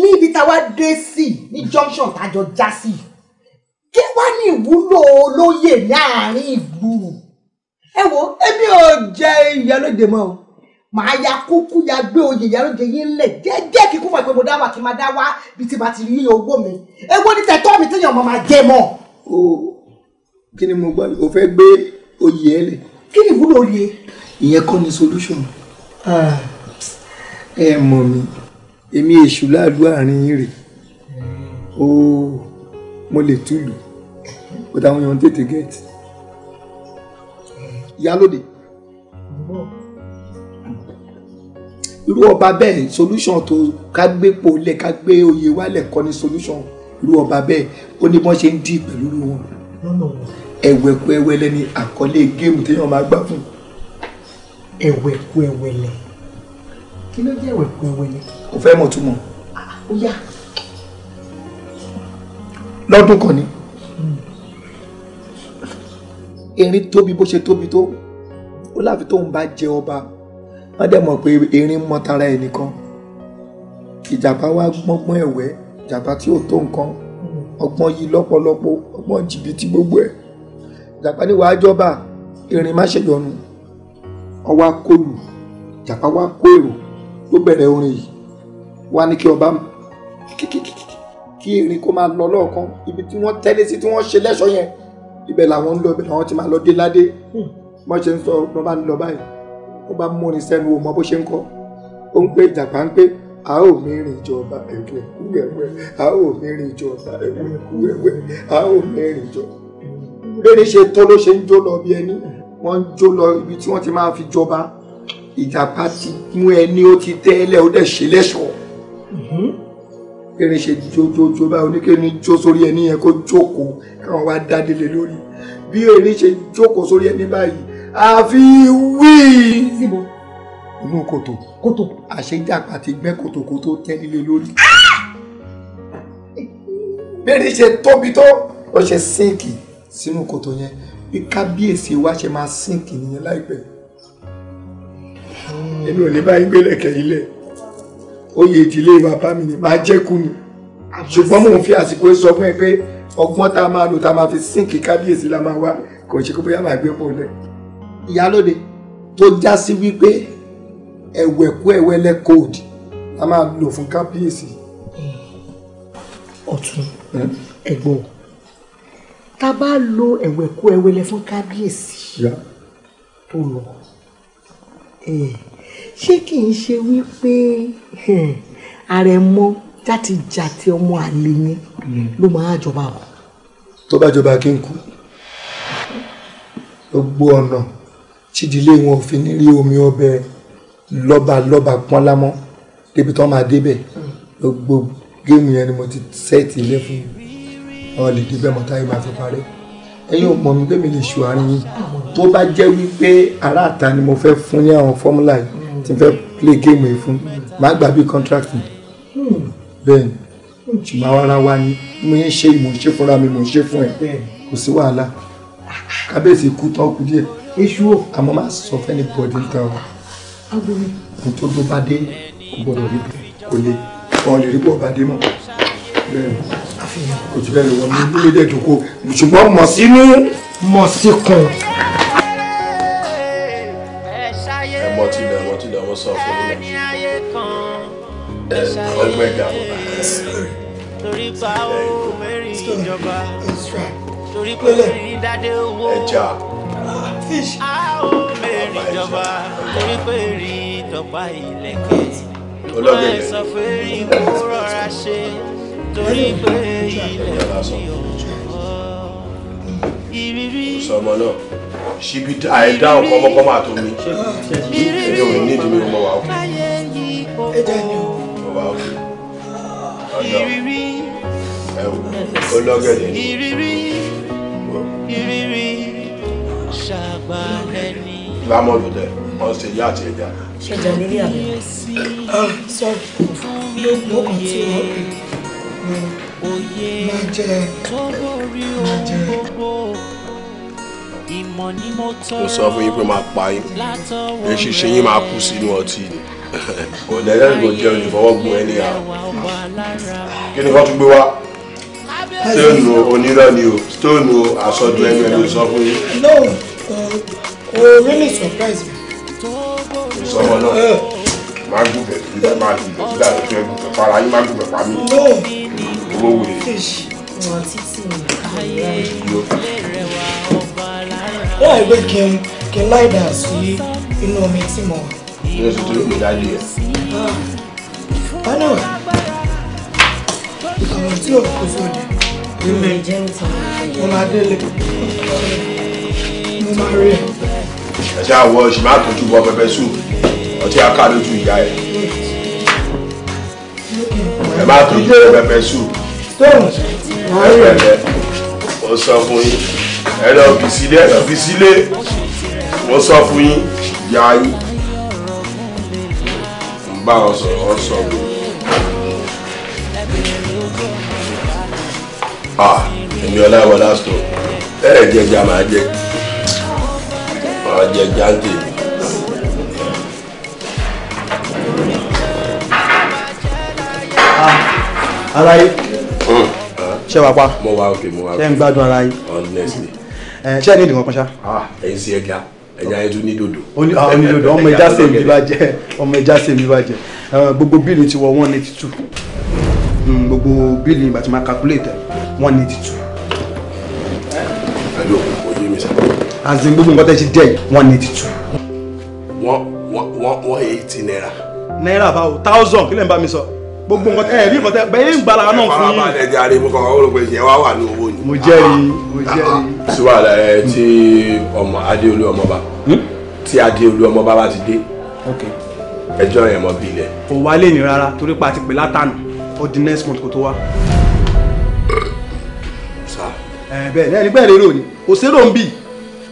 níbi táwa dé sí ní junction tájọ já sí kí wàá ní ìwúlò olóyè ní àárín ìlú ẹ wo èmi ò jẹ ìyálóde mọ́ o màá ya kúkú ya gbé oyè ìyálóde yín lẹ̀ jẹ́jẹ́ kíkú mọ̀ pé mo dá wà kí n máa dá wá bí ti bá ti rí owó mi ewo ní tẹ̀tọ́ mi téèyàn mọ̀ máa jẹ mọ́. o kí ni mo gbọ́ o fẹ́ gbé oyè ẹ lẹ̀. kí ni ìwúlò oyè. ìyẹn kọ́ ni solution. ẹ mọ̀ mi èmi èṣù láàlú àárín yìí o mo lè túlù kó táwọn èèyàn tètè gẹ̀ẹ́tì ìyálòdì irú ọba bẹ́ẹ̀ solution tó ká gbé po lẹ̀ ká gbé oyè wálẹ̀ kọ́ ni solution irú ọba bẹ́ẹ̀ ó ní bọ́n ṣe ń dì pẹ̀lú irú wọn ẹ̀wẹ̀kú ẹ̀wẹ̀lẹ̀ ni àkọlé géèmù téèyàn máa gbá fún. ẹ̀wẹ̀kú ẹ̀wẹ̀lẹ̀ kí ló jẹ́ ẹ̀wẹ̀kú ẹ̀wẹ̀lẹ̀. kò fẹ́ mọ̀ túmọ̀. ó yá. lọ́dún kan ni erin tóbi bó ṣe tóbi tó ó láfi tóun bá jẹ ọba wọ́n dẹ̀ mọ̀ pé erin mọ tara ẹ̀ nìkan ìjàpá wá gbọ́ngbọ́n ẹ̀wẹ́ ìjàpá tí ò tó nǹkan ọgbọ́n yìí lọ́pọ̀lọpọ̀ ọgbọ́n jìbìtì gbogbo ẹ̀ ìjàpá ní wàá jọba erin má ṣe yọnu ọwọ́ akólu ìjàpá wá kó èrò ló bẹ̀rẹ̀ orin yìí wá ní kí ọba kí erin kó máa lọ lọ́ọ̀kan ibi tí wọ́n tẹ́lẹ̀ sí tí wọ́n ṣe lẹ́ṣọ́ yẹn ibẹ̀ làwọn ń lọ ibẹ̀ làwọn ti máa lọ dé ládé hmm. bó ṣe ń sọ ló bá ń lọ báyìí ó bá múni sẹ́nu ò mọ bó ṣe ń kọ́ ó ń pè jàpá ń pè a ó mi rìn ìjọba ẹ̀wẹ̀ wẹ̀wẹ̀ a ó mi rìn ìjọba ẹ̀wẹ̀ wẹ̀wẹ̀ a ó mi rìn ìjọba bẹ́ẹ̀ ṣe tó ló ṣe ń jó lọ bí ẹni wọ́n ń jó lọ ibi tí wọ́n ti máa fi jọba ìjàpá ti mú ẹni ó ti tẹ́lẹ̀ ó dẹ̀ ṣe lẹ́ṣọ̀ọ́. Hmm erin ṣe jójójó báyìí oníkéni jó sórí ẹni yẹn kó jókòó káwọn wá dádé lé lórí bí erin ṣe jókòó sórí ẹni báyìí àfi wí. síbo. inú kòtò. kòtò. àṣejàpá ti gbẹ́ kòtò kó tó tẹ́ nílé lórí. bẹ́ẹ̀ni ṣe tóbi tó ó ṣe sínkì sínú kòtò yẹn bí kábíyèsí wa ṣe máa sínkì nìyẹn láìpẹ́. inú ò ní báyìí gbélé kẹ́yìn lẹ̀ oyè ìdílé bàbá mi ni màá jẹ́ kú mi ṣùgbọ́n mò ń fi àsìkò sọ fún ẹ pé ọgbọ́n tá a máa lò tá a máa fi sínkì kábíyèsí la máa wá kò ṣe kó bóyá màá gbé pọ̀ lẹ̀. ìyálóde tó já sí wípé ẹ̀wẹ̀kú ẹ̀wẹ̀lẹ̀ kóòdì la máa lò fún kábíyèsí. ọ̀tún hm? ẹ̀gbọ́n tá a bá lo ẹ̀wẹ̀kú ẹ̀wẹ̀lẹ̀ fún kábíyèsí tó lọ. Eh, ṣé kì í ṣe wípé hmm, àrẹ̀mọ jáde jàti ọmọ àlè ni ló máa jọba o. tó bá jọba kí n kú gbogbo ọ̀nà tídìlé wọn ò fi ní rí omi ọbẹ̀ lọ́balọ́ba pọ́n lámọ́ débi tó máa débẹ̀ gbogbo géèmù yẹn ni mo ti sẹ́ẹ̀tì ilé fún àwọn lè débẹ̀ mọ́tá yìí máa fi parí ẹ̀yin ò mọ̀ mi pé mi lè ṣù àárín yìí tó bá jẹ́ wípé aráàta ni mo fẹ́ fún ní àwọn fọ́múlà yìí tí n fẹ́ play game yìí fún màá gbà bí contract mi hmm. bẹ́ẹ̀ ni ṣùgbọ́n hmm. àwọn ara wa ni mo ń ṣe mò ń ṣe fúnra mi mò ń ṣe fún ẹ kò sí wàhálà kábíyèsí kú tán kú díẹ̀ iṣu o àmọ́ máa sọ fẹ́ni bọ̀dé ta wa kò tó tó bá dé kò gbọ́dọ̀ rí bí kò lè kò lè rí bọ̀ bá dé mọ́ bẹ́ẹ̀ kò jù bẹ́ẹ̀ lọ wọ́n mi nílé dẹ̀ dùn kó ṣùgbọ́n mọ̀ sínú mọ̀ sí sọ fún mi náà ọgbẹ́ ga bọ̀ torí pa owó mẹ́rin ìjọba torí pé mẹ́rin dáadé owó ẹja mẹ́rin ìjọba torí pé rí tọpa ìlẹ̀kẹ̀ ló máa sọ fún erin kó rọra ṣe torí pé ilẹ̀ kò ní ìrírí. sọmọ náà ṣíbí àìdá ọkọ ọmọkọmọ àtò mi èmi ò ní ìdí mi mo wà òkè. ẹ jẹ́ ni o. mo wà òkè. ọ̀dọ́ ẹ wò ó lọ́gẹ̀dẹ̀ ni. ìrírí ìrírí ṣàgbà ẹni. lámọ̀lù dẹ wọ́n ṣe yá àti ẹja. ṣèjà nílé àbẹ̀ sọ́ọ̀bù ló gbọ́ kan tí wọ́n pè òye tó lórí ohun gbogbo ìmọ̀ ni mo tọrọ mo sọ fún yín pé máa pa yín èsì ṣe yín máa kú sínú ọtí ni ọ̀dẹ́rẹ́ ìgò jẹ́ olùfọwọ́gbọ̀n ẹni à kí ni wọ́n tún gbé wá stone onírọ̀ ni o stone àsọdún ẹnu ẹni sọ fún yín. no o uh, uh, really surprise me. ìsọmọ náà eh. máa gùn bẹ̀ máa gùn bẹ̀ sílẹ̀ àti ẹgbẹ̀ para yín máa gùn bẹ̀ pa mí ìwọ wèrè. láì pé kí n kí n láìdá sí inú omi tí mo wà. yóò ti dúró mi láyé ẹ. Ah, bánáwà àwọn tí ò kó sóde ilé mo máa délé mo máa rí ẹ. ẹ̀sẹ̀ àwọ̀ ṣì máa tọ́jú bọ́ pẹpẹ sùn ọtí aká lójú ìyá ẹ̀. ẹ máa tọ́jú bọ́ pẹpẹ sùn tóun àárẹ̀. mo sọ fún yín ẹ lọ fi sílé ẹ lọ fi sílé mo sọ fún yín yá yín n bá ọ sọ̀rọ̀ ọ sọ fún yín. èmi ọlá ìwọ last o ẹ jẹ máa jẹ máa jẹ ah, aláyé. Mm. ṣé wàá pa mo wà òkè mo wà òkè ṣé ń gbádùn ara yìí honestly ṣé ní ìdìkan kan ṣá. Ah, ẹyin sí ẹja ẹja yẹn tún ní dòdò. ó ní ah, dòdò <laughs> ọmọ ẹja ṣe mi bá jẹ ọmọ ẹja ṣe mi bá jẹ gbogbo bíìlì ti wọ one eighty two hmm, gbogbo bíìlì ìgbà tí máa calculate one eighty two. ẹ̀dùn òye mi sá. azin gbogbo nǹkan tẹ́ ṣe dẹ́ yìí one eighty two. one one one eighty naira. naira báwo thousand kí lè ń bá mi sọ gbogbo nǹkan ẹ rí nǹkan tẹ bẹ́ẹ̀ ń gbala náà fún yín. bàbá àlẹ jàre mo kàn wọ́n rò pé ìyẹn wá wà ní owó ni. mo jẹ́rìí mo jẹ́rìí. síwáàlà ẹ tí ọmọ adéolú ọmọba tí adéolú ọmọba bá ti de ẹjọ́ yẹn mọ bí ilẹ̀. kò wá lè ní rárá torí pa àti pé látànù ó di next month kó tó wá. bẹ́ẹ̀ náà ní bẹ́ẹ̀ lérò ni kò sérò ń bì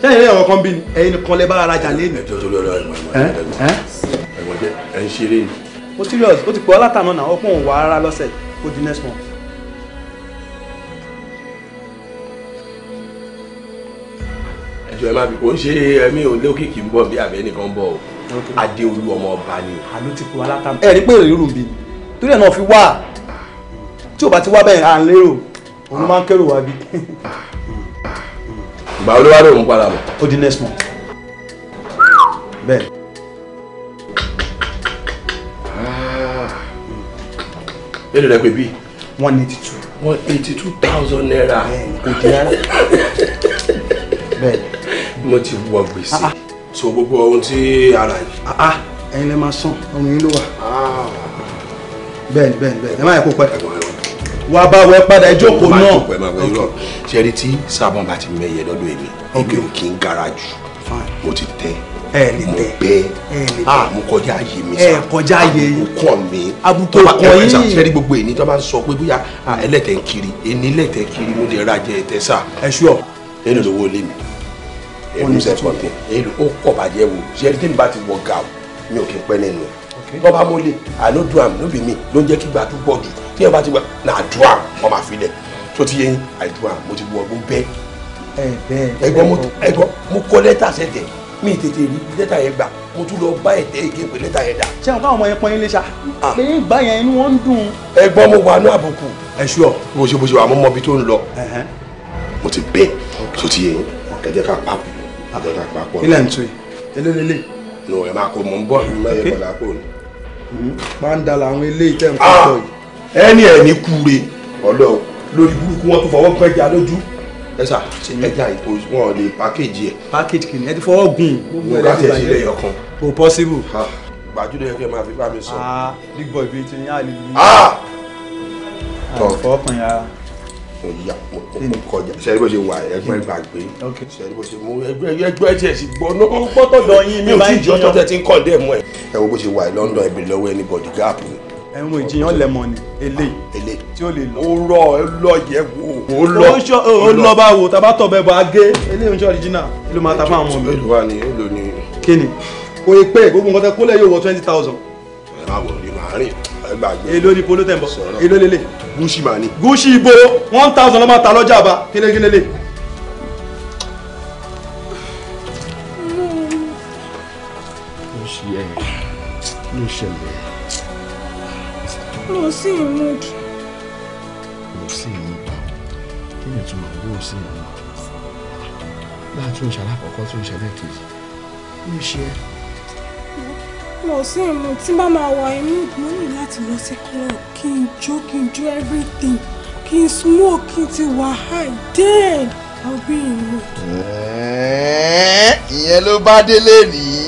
sẹ́yìn lẹ́yìn ọ̀kan bí ni ẹ̀yin nìkan lẹ́ bá ara jà lé ní. ẹjọ́ tó lọ́ọ́ ẹ̀wọ̀n ẹ̀wọ̀n jẹ́ o serious o ti pọ̀ látànà náà ọpọ́n ò wá rárá lọ́sẹ̀ kó di next month. ẹjọ ẹ má fi kò ń ṣe ẹmí olókìkí ń bọ̀ bí abẹ nìkan bọ̀ o adéolú ọmọ ọba ni. àló ti pọ̀ látànà. ẹ rí pé èrè rùn bí torí ẹ̀ náà fi wá tí o bá ti wá bẹ́ẹ̀ à ń lérò òun máa ń kérò wá bí. ìgbà wo ló padà bọ̀. ó di next month. bẹ́ẹ̀. èlò rẹ pé bí. one eighty two. one eighty two thousand naira. kò di ara bẹ́ẹ̀. mo ti wọ gbèsè. Ah, ah. so gbogbo ohun tí ara yìí. Ah, ẹ̀yin lè máa sàn ọrùn yín ló wà. bẹ́ẹ̀ bẹ́ẹ̀ bẹ́ẹ̀ ẹ má yẹ kó pẹ́ wà bá wẹ padà ìjókòó náà ṣe rí tí sábọn bá ti mẹyẹ lọ́dọ̀ èmi èmi ò kí ń gara mo ti tẹ ẹ lè tẹ mo bẹ a ah, mo kọjá ayé mi sa ẹ kọjá ayé yìí abukọ mi abukọ kọ yìí ẹ ṣàṣẹ rí gbogbo èyí tó bá ń sọ pé bóyá ah, ẹlẹ́tẹ̀ ń kiri ẹni ẹlẹ́tẹ̀ kiri ló lè rajẹ ẹtẹ sá. ẹ ṣú ọ. ẹnu ló wọlé mi ẹnu sẹ kọtẹ ẹnu ó kọ bàjẹ́ wo ṣe ẹni tí mi bá ti wọ gàù mi ò kí n pẹ́ nínú ẹ bọ́ bá mo lè àná dùn àmì lóbi mi ló ń jẹ́ kí gbà tó pọ̀ jù tí ẹ bá ti gbà náà dùn àmì wọ́n máa fi lẹ̀ tó ti yẹ àìdùn àmì mo ti wọ ọgbọ́n bẹ́ẹ̀ ẹ̀gbọ́n mo kọ́ lẹ́tà sẹ́tẹ̀ẹ́ mi tètè rí lẹ́tà yẹn gbà mo tún lọ bá ẹ̀tẹ́ èké pé lẹ́tà yẹn dà. ṣé àwọn káwọn ọmọ yẹn pọn ilé ṣá. Ah. pé ìgbà yẹn inú wọn ń dùn. ẹ̀gbọ́n mo wà ní àbùkù. ẹ ṣú ọ bó ṣe bó ṣe wà mo mọ ibi tó ń lọ. mo ti bẹ tó ti yẹn kẹjẹ ká pa kẹjẹ ká pa pọ. ilé ń tu elélele. nù ẹ máa kó mọ ń bọ ìmọ̀ ẹ̀ bọ̀lá kò ní. máa ń dala àwọn ilé ìtẹ̀ ń ah! pọ̀ yìí. ẹni ẹ̀ ní kúure ọlọ́ọ̀ lórí burúkú wọn tó fọwọ́ pẹ́jà lójú ẹ sà ẹja ìkó wọn ò lè package ẹ. package kìíní ẹ ti fọwọ́ gùn. mo bá tẹ̀ sílẹ̀ yọkan. kò possible. gbàjú lóye kẹ́ máa fi bá mi sọ. Ah, big boy bíi ti ní àlè mi. àfọwọ́kàn yàrá mo ya mo kọjá sẹ́ni bó ṣe wà ẹgbẹ́ gbàgbé sẹ́ni bó ṣe mú ẹgbẹ́ ẹgbẹ́ tiẹ̀ sì gbọ́ náà ó gbọ́ tọ̀dọ̀ yín mi ò tí jọ tọ́tẹ̀ tí ń kọ́ dé mọ́ ẹ. ẹ wo bó ṣe wà London ẹbí lọ́wọ́ anybody gap ni. ẹ wo ìjiyàn lẹ́mọ̀ ni ele. ele tí ó lè lọ. ó rọ ẹ lọ yẹ wo. ó lọ ó lọ bá wo tàbá tọ̀ bẹ́ẹ̀ bọ̀ á gé eléyìí ń ṣe ọ̀ríjìnà ló máa ta fún àwọn ọmọ mi. èlò wa ni èlò ni. kí ni kò yẹ pé gbogbo nǹkan tẹ kólẹ̀ yóò wọ twenty thousand. ẹ má wọ ni màá rìn gbàgbé. èló ni polo tẹ̀ ń bọ̀ èló lélẹ̀. gúúsì màá ní. gúúsì ibo one thousand ló máa ta lọ́jà àbá kílélẹ́kílélẹ́. ló ṣẹlẹ̀. lọ sí ìmúdí sí ìyẹn kí ni ìtumọ̀ gbòòrò sí ìyẹn láàtún ìṣẹ̀lẹ̀ àkọ́kọ́ tún ìṣẹ̀lẹ̀ kejì ní ṣe é. mo sì ń mu tí bá máa wọ inú mo ní láti lọ sí club kí n jó kí n jó everything kí n smoke kí n ti wà high then i'll be in mood. ìyẹn ló bá délé nìyí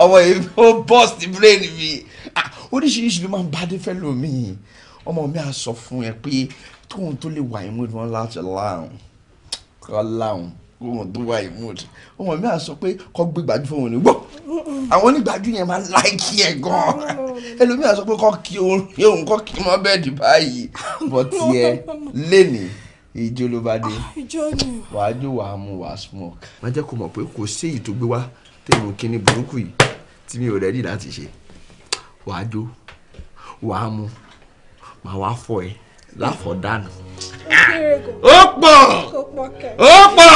<laughs> ọmọ yìí ó burst brain mi ah, oríṣiríṣi ló máa ń bá dé fẹ́ lómi ọmọ mi á sọ fún ẹ pé tóun tó lè wà ìmúd wọn láti láàrún kọ́ láàrún wọn tó wà ìmúd ọmọ mi á sọ pé kọ́ gbé gbàdú fún òun ní gbọ́ àwọn onígbàdú yẹn máa láìkí ẹ gan ẹlòmíì á sọ pé kọ́ kí orin òun kọ́ kí mọ́ bẹ́ẹ̀dì báyìí bọ́ tiẹ̀ lẹ́nìí ìjó ló bá dé ah, wàá jó wàá mu wàá smoke. má jẹ́ kó mọ̀ pé kò sí èyí tó gbé wá tẹ̀wọ̀n kínní burúkú yìí tí mi ò rẹ́dí láti ṣe wàá jó wàá mu màá wá fọ ẹ láfọ dànù. ó pọ̀ ó pọ̀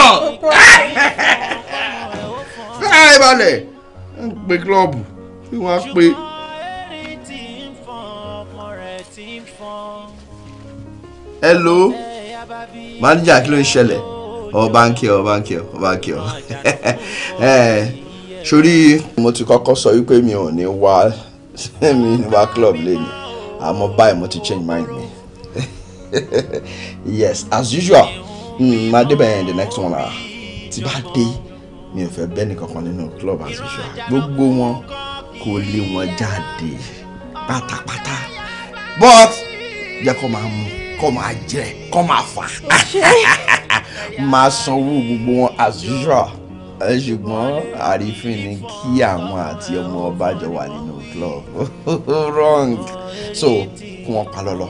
fẹ́ẹ́ ìbàlẹ̀ ń pe kílọ̀bù bí wọ́n á pe. hello manager kí ló ń ṣẹlẹ̀ ọba ń kí ọ ọba ń kí ọ ọba ń kí ọ <laughs> sórí mo ti kọ́kọ́ sọ wípé mi ò ní wá <laughs> mi wá club lẹ́nu àmọ́ báyìí mo ti change mind mi <laughs> yes as usual hmm, máa dé bẹ́ẹ̀ the next one ah tí bá dé mi ò fẹ́ bẹ́ẹ̀ nìkankan nínú club as usual gbogbo wọn kò lé wọn jáde pátápátá but jẹ́ kó máa mú kó máa jẹ kó máa fà <laughs> máa sanwó gbogbo wọn as usual ṣùgbọ́n àrífín ni kí àwọn àti ọmọ ọba wà nínú club <laughs> wrong so kí wọ́n pa lọ́lọ́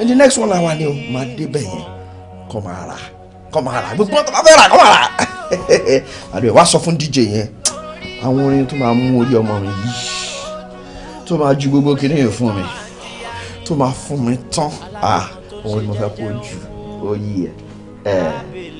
in the next one hour ni o máa débẹ̀ yẹn kọ́ máa rà kọ́ máa rà gbogbo ọ̀tọ̀ bá fẹ́ rà kọ́ máa rà <laughs> àdúrà wá sọ fún DJ yẹn àwọn orin tó máa mú orí ọmọ mi yìí tó máa ju gbogbo kinní yẹn fún mi tó máa fún mi tán ah òun ni mo fẹ́ kó ju oyè ẹ̀.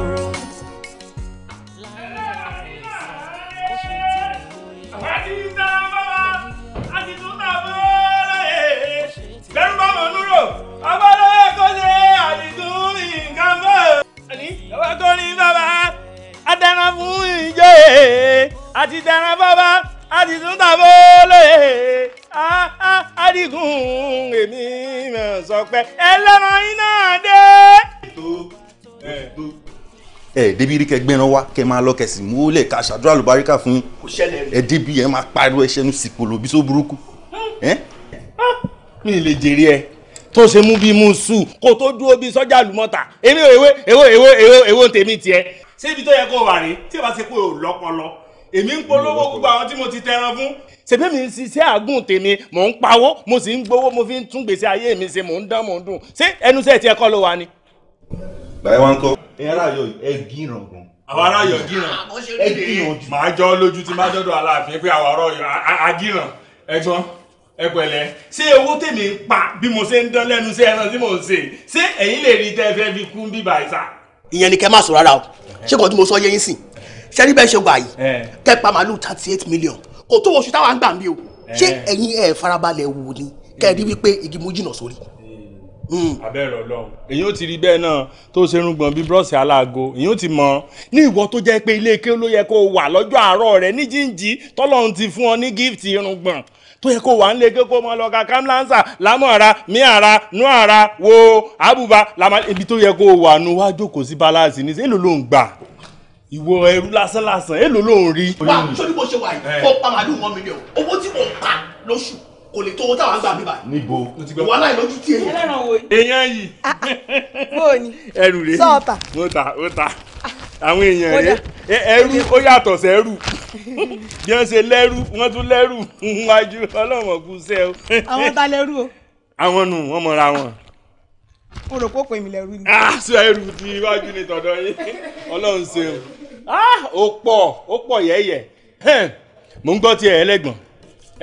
kàmbó lọ́wọ́ tó ní bàbá adana fún ìjọ àti dana bàbá àti túntà bọ́ọ̀lẹ̀ adigun èmi mọ̀ sọ pé ẹlẹ́ran iná ẹ débi rí kẹgbẹ́ran wá kẹ máa lọ kẹsì mú ó lè ka ṣàdúrà lùbáríkà fún ẹ débi ẹ máa pariwo ẹṣẹ nu sìpòlò bí só burúkú. Ah. mi lè jèrè ẹ tó ṣe mú bíi mùsù kó tó dúró bíi sọ́jà lùmọ́ta èmi èwe èwe èwe èwe èwe tèmi tiẹ̀. ṣé ibi tó yẹ kó wà rí tí ìbá ṣe pé ò lọ́pọlọ èmi ń polówó gbogbo àwọn tí mo ti tẹran fún. ṣèbí mi ń ṣiṣẹ́ àgùn tèmi mò ń pawó mo sì ń gbowó mo fi ń tún gbèsè ayé mi ṣe mò ń dán mò ń dùn ṣé ẹnuṣẹ́ tiẹ̀ kọ́ ló wà ni. báyìí wọn kọ àwọn aráyọ gíràn ẹ gíràn jọ lójú tí má dọ́dọ̀ aláàfin pé àwọn aráyọ agíràn ẹ̀gbọ́n ẹ pẹ̀lẹ́ ṣé owó tèmi ń pa bí mo ṣe ń dán lẹ́nu sí ẹran tí mo ń ṣe ṣé ẹ̀yin lè rí tẹ́ fẹ́ fi kún bíbá ìsà. ìyẹn ni kẹ má sọ rárá o ṣé kò tí mo sọ yẹ yín sìn ṣe rí bẹ́ẹ̀ ṣe gbà yìí kẹ pa màálù thirty eight million kò tó oṣù táwa ń gbà ń bí o ṣé ẹ̀yin ẹ̀ farabalẹ̀ wò ni kẹ́ rí wípé igi mú jìnnà sórí. Hmm. abẹ́rẹ́ ọlọ́run èyí ó ti rí bẹ́ẹ̀ náà tó ṣe irùngbọ̀n bíi búrọ́ọ̀sì aláago èyí ó ti mọ̀ ní ìwọ tó jẹ́ pé ilé ike ló yẹ kó wà lọ́jọ́ àárọ̀ rẹ̀ ní jíǹjí tọ́lọ́run ti fún ọ ní gíftì irùngbọ̀n tó yẹ kó wà ń lé ike kó mọ lọ ka kamlansa lámọ̀ra míara núara wo àbúba làmà ibi tó yẹ kó wà nu wá jókòó sí balasi ní èlò ló ń gbà ìwọ ẹrú lásán lásán èlò ló ń rí. wá sórí bó ṣe wà yìí kó pa màálù wọn mílíọ̀nù owó tí mò pa lóṣù kò lè tó owó táwọn gbà mí báyìí. níbo ìwà láì lójú tí èyí. èèyàn yìí. Ah, ah, bóòni ẹrù rèé sọọta mo ta mo ta ah, àwọn èèyàn rèé ẹrù ó yàtọ̀ sẹ́rù bí wọ́n ṣe lẹ́rù wọ́n tún lẹ́rù wájú ọlọ́mọ kù sẹ́ o. àwọn ta lẹ́rù o. àwọn nù wọ́n mọ̀ra wọn. o rò pé pèmí lẹ́rù ni. a sọ ẹrù ti iwájú ni tọ̀dọ̀ yín ọlọ́run ṣeun ó pọ̀ ó pọ̀ yẹ́yẹ́ mo ń gbọ́ tiẹ̀ ẹlẹ́gbọ̀n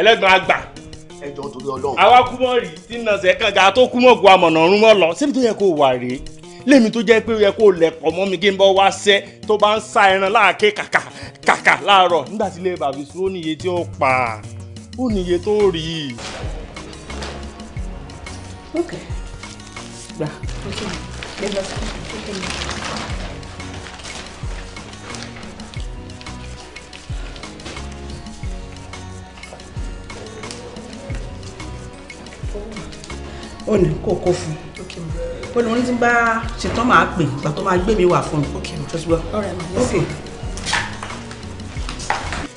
ẹlẹ́gbọ̀n àgbà. ẹjọ́ torí ọlọ́run. àwa kú rí tí nàṣẹ́ kànga tó kúmọ mọ́ gun amọ̀nà ọ̀run mọ́ lọ síbi tó yẹ kó wà rí lèmi tó jẹ́ pé ó yẹ kó lẹ̀pọ̀ mọ́ mi kí n bọ́ wá sẹ́ tó bá ń sa ẹran láàké kàkà kàkà láàárọ̀ nígbà tí ilé bàbí sùn ó níye ọ̀nà kò kó fún un olùwọ́n ti bá ṣetán máa pè ìgbà tó máa gbé mi wà fún mi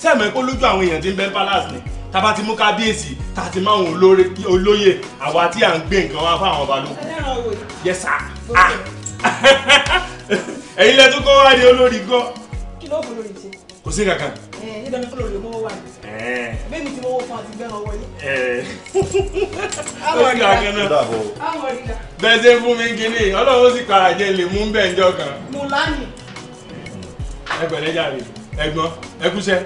sẹ́ẹ̀mọ́ kó lójú àwọn èèyàn tí ń bẹ palace ni tá bá ti mú kábíyèsí tá ti máa ń olóyè àwa tí à ń gbé nǹkan wá fáwọn ọba lókun yes sir ah. <laughs> ẹ̀yin lẹ́tọ́ kọ́ wá ní olórí gan. kí ló kọ́ lórí ti. kò sí kankan níbẹ̀ eh, ni fúlọ̀ lèmọ́ wà ní. Eh. bẹ́ẹ̀ mi ti mọ́wọ́ fún àti gbẹ́ràn wọlé. Eh. <laughs> ó sì àgẹ́ náà bẹ́ẹ̀ ṣe fún mi kínní ọlọ́run sì para jẹ́ lè mú bẹ́ẹ̀ ńjọ́ kan. mo lánìí. ẹ pẹ̀lẹ́ jàre ẹ̀gbọ́n ẹkúṣẹ́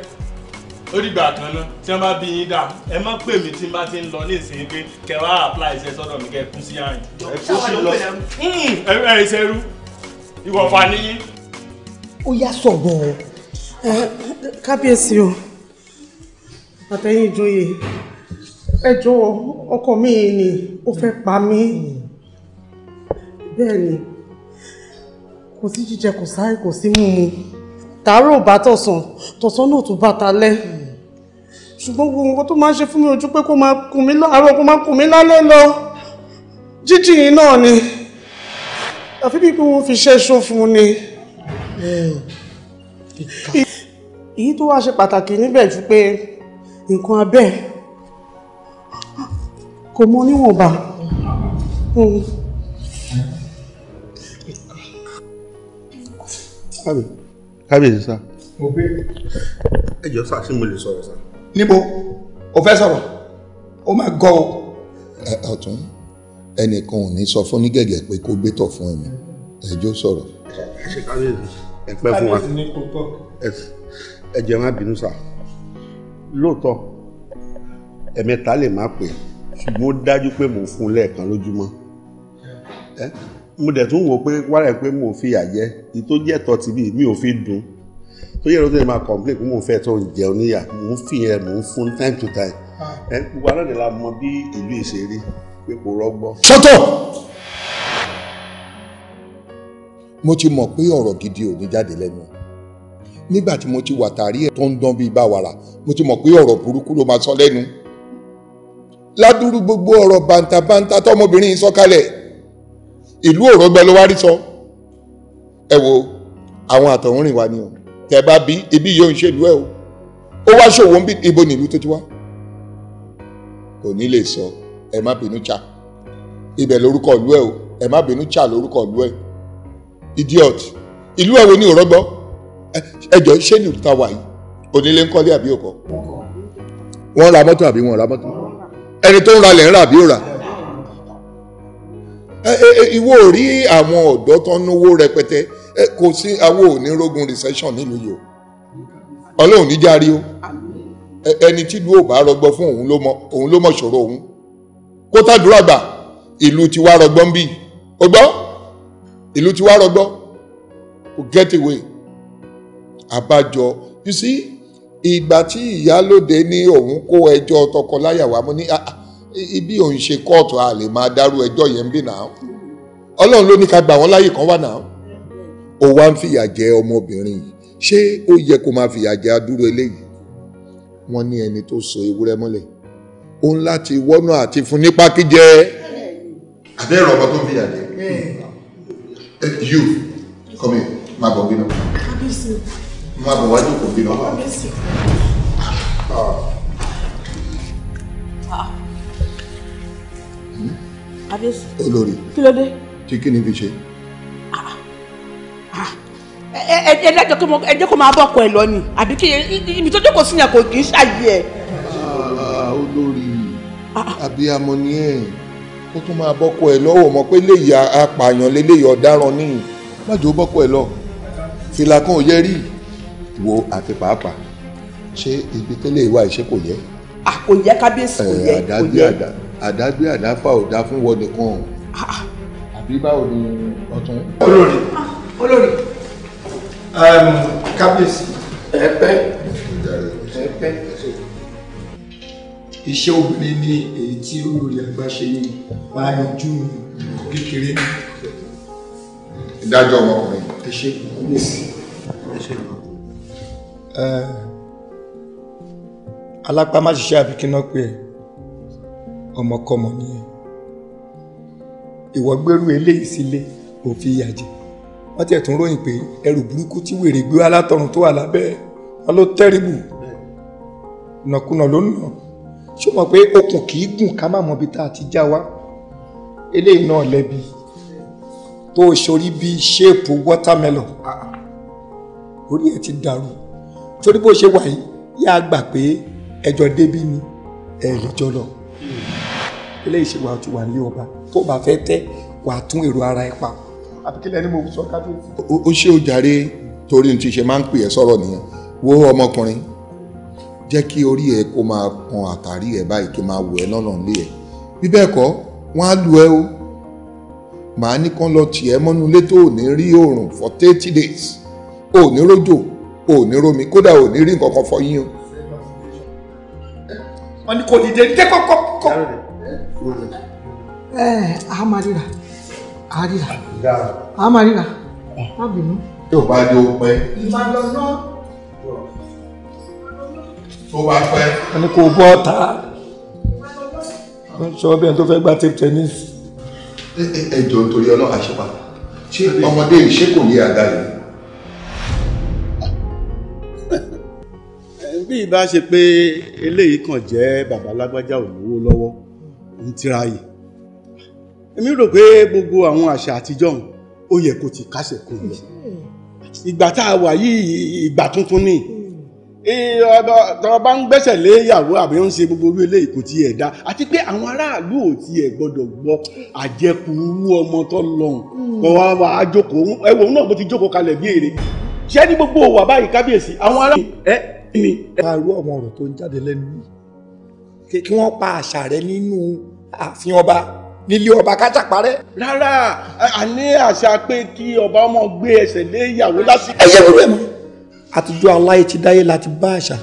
ó dìgbà kan náà tí wọ́n bá bí yín dà ẹ má pè mí tí n bá ti ń lọ ní ìsìn pé kẹ wá apply iṣẹ́ sọ́dọ̀ mi kẹ kú sí àyìn. ẹ kú sí lọ hmm. ẹ ẹ ṣerú ìwọ̀fà níyín. ó yá sọ̀gbọ̀n kábíyèsí o àtẹ̀yìn ìjòyè ẹ jọ̀ọ́ ọkọ mi yìí ni ó fẹ́ pa mí bẹ́ẹ̀ ni kò sí jíjẹ kò sáré kò sí mímu tàárọ̀ bá tọ̀sán tọ̀sán náà tó bá talẹ́ ṣùgbọ́n gbogbo nǹkan tó máa ń ṣe fún mi ojú pé kó máa kùn mí láàárọ̀ kó máa kùn mí lálẹ́ lọ jíjìn náà ni àfi bí wọ́n fi ṣẹ́ṣọ́ fún ni èyí tó wá ṣe pàtàkì níbẹ̀ ju pé nǹkan abẹ́ kò mọ níwọ̀nba. kábíyèsí sá. mo gbé ẹjọ́ sá sí mo lè sọ̀rọ̀ sá. níbo o fẹ́ sọ̀rọ̀ o máa gọ̀ o. ọ̀tún ẹnìkan ò ní sọ fún ní gẹ̀gẹ̀ pé kó gbé tọ̀ fún ẹ̀mí ẹjọ́ sọ̀rọ̀. ẹ pẹ́ fún wa. kábíyèsí ní kò ẹ jẹ́ má bínú sà lóòótọ́ ẹ̀mẹ́ta lè má pè ṣùgbọ́n ó dájú pé mò ń fún un lẹ́ẹ̀kan lójúmọ́ ẹ mo dẹ̀ tún wò pé wárẹ̀ pé mo fi àjẹ́ ìtó jẹ́ tọ́ tìbí mi ò fi dùn tó yẹ lóde máa complain pé mo fẹ́ tó ń jẹun níyà mo ń fi yẹn mo ń fún time to time ẹ gbogbo aláde la mọ bí ìlú ìṣeré pé kò rọgbọ. sọ́tọ̀ mo ti mọ̀ pé ọ̀rọ̀ gidi ò ní jáde lẹ́nu nígbà tí mo ti wà tàrí ẹ̀ tó ń dán bíi báwàrà mo ti mọ̀ pé ọ̀rọ̀ burúkú ló máa sọ lẹ́nu ládùúrú gbogbo ọ̀rọ̀ bàǹtàbàǹtà tọmọbìnrin yìí sọ kalẹ̀ ìlú òrògbẹ ló wá rí sọ ẹ wo àwọn àtọ̀húnrìn wa ni o tẹ bá bí ibi yóò ń ṣèlú ẹ o ó wá ṣòwò ń bí ibo nílùú tó ti wá kò ní lè sọ ẹ má bínú cha ibẹ̀ lórúkọ ìlú ẹ o ẹ má bínú cha lórúkọ ìlú ẹ idiot ìlú ẹ wo ni òrògbọ́ ẹjọ ṣé ní òkúta wà yìí onílé ń kọ́lé àbí òkọ́ wọ́n ra mọ́tò àbí wọ́n ra mọ́tò ẹni tó ń ra lẹ̀ ń rà àbí ò rà ìwọ ò rí àwọn ọ̀dọ́ tó ń náwó rẹpẹtẹ kò sí àwọn onírógun recession nílùú yìí o ọlọ́run ní járe o ẹni tí ìlú ò bá rọgbọ fún òun ló mọ òun ló mọ ṣòro òun kó tàdúrà gbà ìlú ti wá rọgbọ ń bì ó gbọ́ ìlú ti wá rọgbọ kò get away àbájọ you see ìgbà tí ìyálóde ní òun kó ẹjọ́ tọkọláyà wá mo ní ah, ah, ibi òun ṣe kóòtù a lè máa dárú ẹjọ́ yẹn bí náà ọlọ́run ló ní ká gbà wọ́n láyè kan wà náà ó wá ń fìyà jẹ ọmọbìnrin yìí ṣé ó yẹ kó máa fìyà jẹ adúrú eléyìí wọ́n ní ẹni tó so ewúrẹ́ mọ́lẹ̀ ó ń láti wọ́nà àti fún ní pákíjẹ. àbẹ́ ìrọ̀bọ tó fìyà jẹ eh, you come here máa bọ̀ bí náà máa bọ̀ wájú kò bí lọ. kábíyèsí. olórí kí ló dé. tí kí ni fi ṣe. ẹ ẹ jẹ́ kó máa bọ̀ ọkọ ẹ lọ ni àbí kí ibi tó jókòó sí yẹn kò kì í ṣàyè ẹ. olórí ah, ah. abiyamọ ni ẹ ó tún máa bọ́kọ ẹ lọ́wọ́ mọ̀ pé léyìí apààyàn léléyìí ọ̀daràn ni má jò bọ́kọ ẹ lọ fìlà kan ò yẹ rí wo àti pàápàá ṣé ibi tẹ́lẹ̀ ìwà ìṣe kò yẹ. a kò yẹ kábíyèsí kò yẹ kò yẹ. àdágbé àdáfà ò dá fún wọn nìkan o àbí báwo ni ọtún. olórí olórí kábíyèsí ẹ̀pẹ́ ẹ̀pẹ́ iṣẹ́ obìnrin ni èyí tí olórí àgbà ṣe yìí máa yanjú kékeré. ìdájọ́ ọmọkùnrin. ẹ ṣe kúrò sí i. Eh, alápá má ṣiṣẹ́ àbí kí n náà pè é ọmọkọmọ nìyẹn ìwọ gbèrú eléyìí sílé òfin ìyà jẹ wọ́n tiẹ̀ tún ròyìn pé ẹrù burúkú tí wèrè gbé wá látọ̀run tó wà lábẹ́ wọn ló tẹríbù nàkúnà ló ń nà ṣó mọ̀ pé okùn kì í gùn ká má mọ ibi tá a ti já wa eléyìí náà lẹ́bi tó o ṣorí bíi ṣéèpù wọ́támẹ́lọ̀ ah, orí ẹ̀ ti dàrú torí bó ṣe wà yìí yá a gbà pé ẹjọ́ débí ni ẹ lè jọ lọ eléyìí ṣe wà ó ti wà nílé ọba tó bá fẹ́ tẹ́ wàá tún èrò ara ẹ pa àbí kílẹ̀ ni mo sọ kábíyèsí. ó ṣe ó jàre torí ní ti ṣe máa ń pè ẹ́ sọ̀rọ̀ nìyẹn wo ọmọkùnrin jẹ́ kí orí ẹ kó máa kan àtàrí ẹ báyìí kí máa wò ẹ́ lọ́nà ilé ẹ bí bẹ́ẹ̀ kọ́ wọ́n á lu ẹ o màá ní kán lọ tì ẹ́ mọ́nú ilé tó ò ní rí oòrùn for thirty days ò ní rójò ò ní rómi kódà ò ní rí nǹkan kan fọ yín o. wọ́n ní kò dìde dé kọ́kọ́ kọ́. ẹ ẹ a máa ríra a ríra a máa ríra ah. má bínú. tó bá dé o pẹ́. ìbàdàn náà. tó bá pẹ́. wọ́n ní kò bọ́ ta wọ́n sọ bí ẹni tó fẹ́ gbá tape tennis. ẹ ẹ jọ nítorí ọlọ́run àṣepà ṣé ọmọdé ṣé kò ní àga yìí. bí ìbá ṣe pé eléyìí kàn jẹ́ bàbá lágbájá ò lówó lọ́wọ́ ń tira yìí èmi rò pé gbogbo àwọn àṣà àtijọ́ ó yẹ kó ti kásẹ̀ kó lọ ìgbà tá a wà yìí ìgbà tuntun ni tọ́ bá ń gbẹ́sẹ̀ lé ìyàwó àbí ń ṣe gbogbo orí eléyìí kò tiẹ̀ dá àti pé àwọn aráàlú ò tiẹ̀ gbọ́dọ̀ gbọ́ àjẹkù irú ọmọ tó lọ́hùn kọ́ wá wá jókòó ẹ̀wọ̀n náà mo ti jókòó kalẹ̀ bí èrè ṣé ní gbogbo òwà báyìí kábíyèsí àwọn aráàlú ni àrú àwọn ọ̀rọ̀ tó ń jáde lẹ́nu yìí kí wọ́n pa àṣà rẹ nínú ààfin ọba nílé ọba kájàparẹ́. rárá a àṣà pé kí ọba ọmọ gbé ẹsẹ̀ lé ìyàwó lásìkò. ẹ̀yẹ́ ló rẹ̀ mọ́. àtijọ́ aláyé ti dáyé láti bá àṣà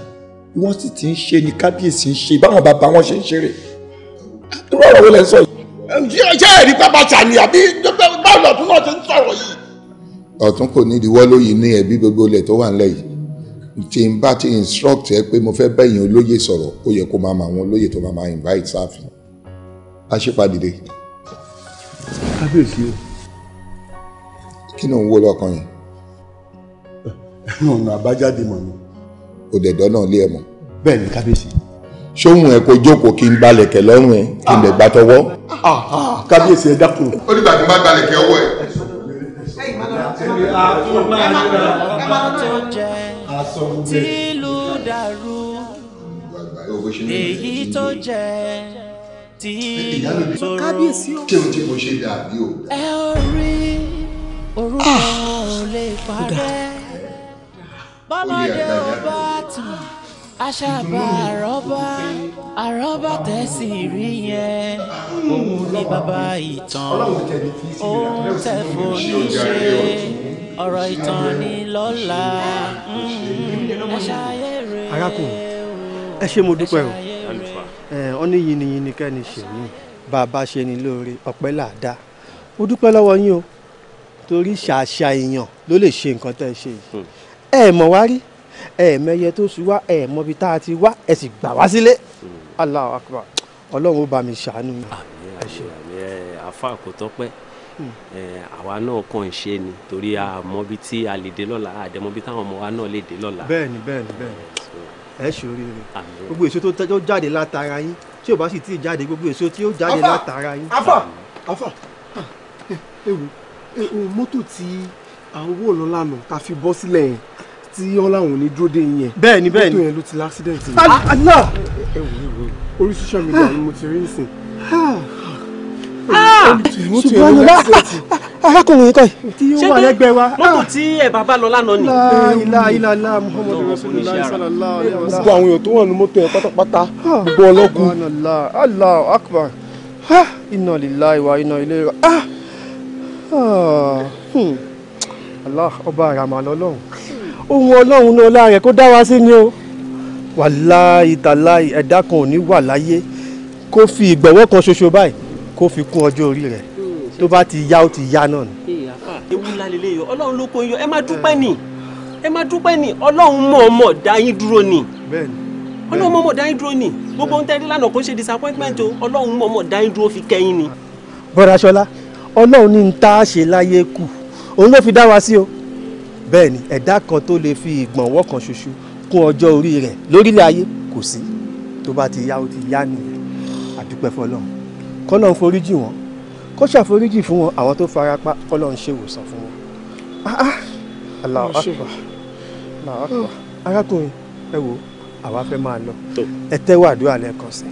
wọ́n sì ti ń ṣe ni kábíyèsí ń ṣe báwọn bàbá wọn ṣe ń ṣeré. irú ọ̀rọ̀ wo lẹ ń sọ yìí. ṣé ẹ̀rí pápá ṣàní àbí báwo lọ̀tún náà ti ń sọ̀rọ̀ yìí. ọ̀tún kò ní ìdíwọ́ lóyìn ní ẹ̀bí gbogbo ilẹ̀ tó wà ńlẹ̀ yìí tí n bá ti instruct ẹ pé mo fẹ́ bẹ́yìn olóyè sọ̀rọ̀ ó yẹ kó máa mọ àwọn olóyè tó máa máa invite sáfin aṣípadìde. kábíyèsí o. kí ni òun wó lọ́kàn yẹn. ẹnu ọ̀nà àbájáde mọ̀ ni. òdẹ̀dọ́ náà lé ẹ mọ̀. bẹ́ẹ̀ ni kábíyèsí. ṣóhun ẹ kó jókòó kí n gbalẹ̀kẹ̀ lọ́rùn ẹ kí n lè gbà tọwọ́. kábíyèsí ẹ dákun. ó nígbà tí n bá gbalẹ̀kẹ̀ ọwọ́ ẹ. ẹ máa tó jẹ tìlú dàrú èyí tó jẹ tìlú tó rọ ẹ ò rí orúkọ ah! ò lè parẹ́ bọ́lọ́dé ò bá tù aṣàbà àrọ́bá àrọ́bá tẹ̀sí rí yẹn òun ni bàbá ìtàn òun tẹ̀ fò ní ṣe ọ̀rọ̀ ìtàn ni lọ́la mm-hmm. ẹ ṣayé rè é. arákùnrin ẹ ṣé mo dúpẹ́ o ọ ní yìnyín ni kẹ́ni ṣèyí bá a bá ṣe ni lóore ọpẹ́ là á dá mo dúpẹ́ lọ́wọ́ yín o torí ṣàṣà èèyàn ló lè ṣe nǹkan tẹ́ ẹ ṣe yìí hmm. ẹ mọ̀ wá rí ẹ mẹyẹ tó sùn wá ẹ mọ tá a ti wá ẹ sì gbà wá sílé hmm. Allahu Akbar ọlọ́run ó bá mi ṣàánú ẹ ṣe. àfa kò tọ́pẹ́ àwa náà kàn ń ṣe ni torí a mọ̀ bí tí a lè dé lọ́la àdẹ́mọ́ bí táwọn ọmọ wa náà lè dé lọ́la. bẹ́ẹ̀ni bẹ́ẹ̀ni bẹ́ẹ̀ni ẹ ṣòríire gbogbo èso tó jáde látara yín tí ò bá sì tíì jáde gbogbo èso tí ó jáde látara yín. afa afa ah, eh, ewu ewu eh, mọ́tò tí àwọn owó ọ̀nà lànà ta fi bọ́ sílẹ̀ yẹn tí ọ̀làwọn ní dúró dé yẹn. bẹ́ẹ̀ni bẹ́ẹ̀ni mọ́tò yẹn ló ti láṣídẹ̀ǹtì. ala orí social media ni mo ti rí nísìn ah! Ah! ṣùgbọ́n lọ́la <laughs> arákùnrin yìí kọ́ yìí. ṣé pé mọ́tò ah! tí ẹ̀ bàbá lọ lánàá ni. ilá ilá ilá muhammadu rasulillah sallallahu alayhi wa sallam. gbogbo àwọn èèyàn tó wà ní mọ́tò ẹ̀ pátápátá ah! gbogbo ọlọ́kùn. Allahu akbar inna lillahi wa inna ilayhi hmm. Allah ọba àràmà lọ́lọ́run ohun ọlọ́run ló láàrẹ̀ kó dá wa sí ni o wàláì tàláì ẹ̀dá kan ò ní wà láyé kó fi ìgbọ̀wọ́ kan ṣoṣo báyìí kó fi kún ọjọ́ orí rẹ̀ tó bá ti yá ó ti yá náà ni. ewu ńlá lélẹ̀ yọ ọlọ́run ló kó yọ ẹ má dúpẹ́ ni ẹ má dúpẹ́ ni ọlọ́run mọ̀ ọmọ dá yín dúró ni ọlọ́run mọ̀ ọmọ dá yín dúró ni gbogbo ohun tẹ́lẹ̀ lánàá kò ṣe disappointment o ọlọ́run mọ̀ ọmọ dá yín dúró fi kẹ́yìn ni. bọ́dà ṣọlá ọlọ́run ní ń tá ṣe láyé kù òun ló fi dá wa sí o bẹ́ẹ̀ ni ẹ̀dá kan tó lè fi ìgbọ̀nwọ́ kan ṣoṣo kún ọjọ́ orí rẹ̀ lórílẹ̀ ayé kò sí tó bá ti yá ó ti yá nìyẹn àdúpẹ́ fọlọ́run kọ́lọ́n foríjì wọn kó ṣàforíjì fún wọn àwọn tó fara pa kọ́lọ́n ṣèwòsàn fún wọn. Ah, ah. Allahu akbar oh, arákùnrin ẹ wo àwa fẹ́ máa lọ ẹ tẹ́wọ́ àdúrà lẹ́ẹ̀kan sí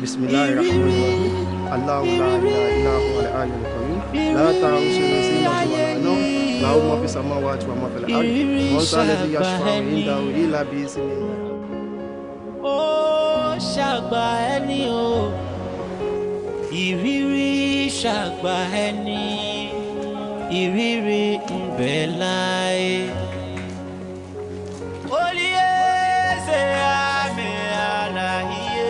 bisimilayi rahman rahim Allahu la ilaha illa huwa al-aliyyul qayyum la ta'usuhu sinatun wa la nawm lahu ma fis wa ma fil ardi man dhal ladhi yashfa'u 'indahu illa bi ìrírí ṣàgbà ẹni ìrírí ń bẹ láyé. olùyẹ́sẹ̀ àmì àlàyé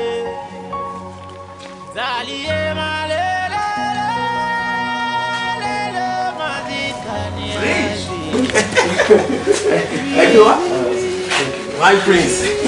zàlíyé máa Hey, <laughs> you My Prince?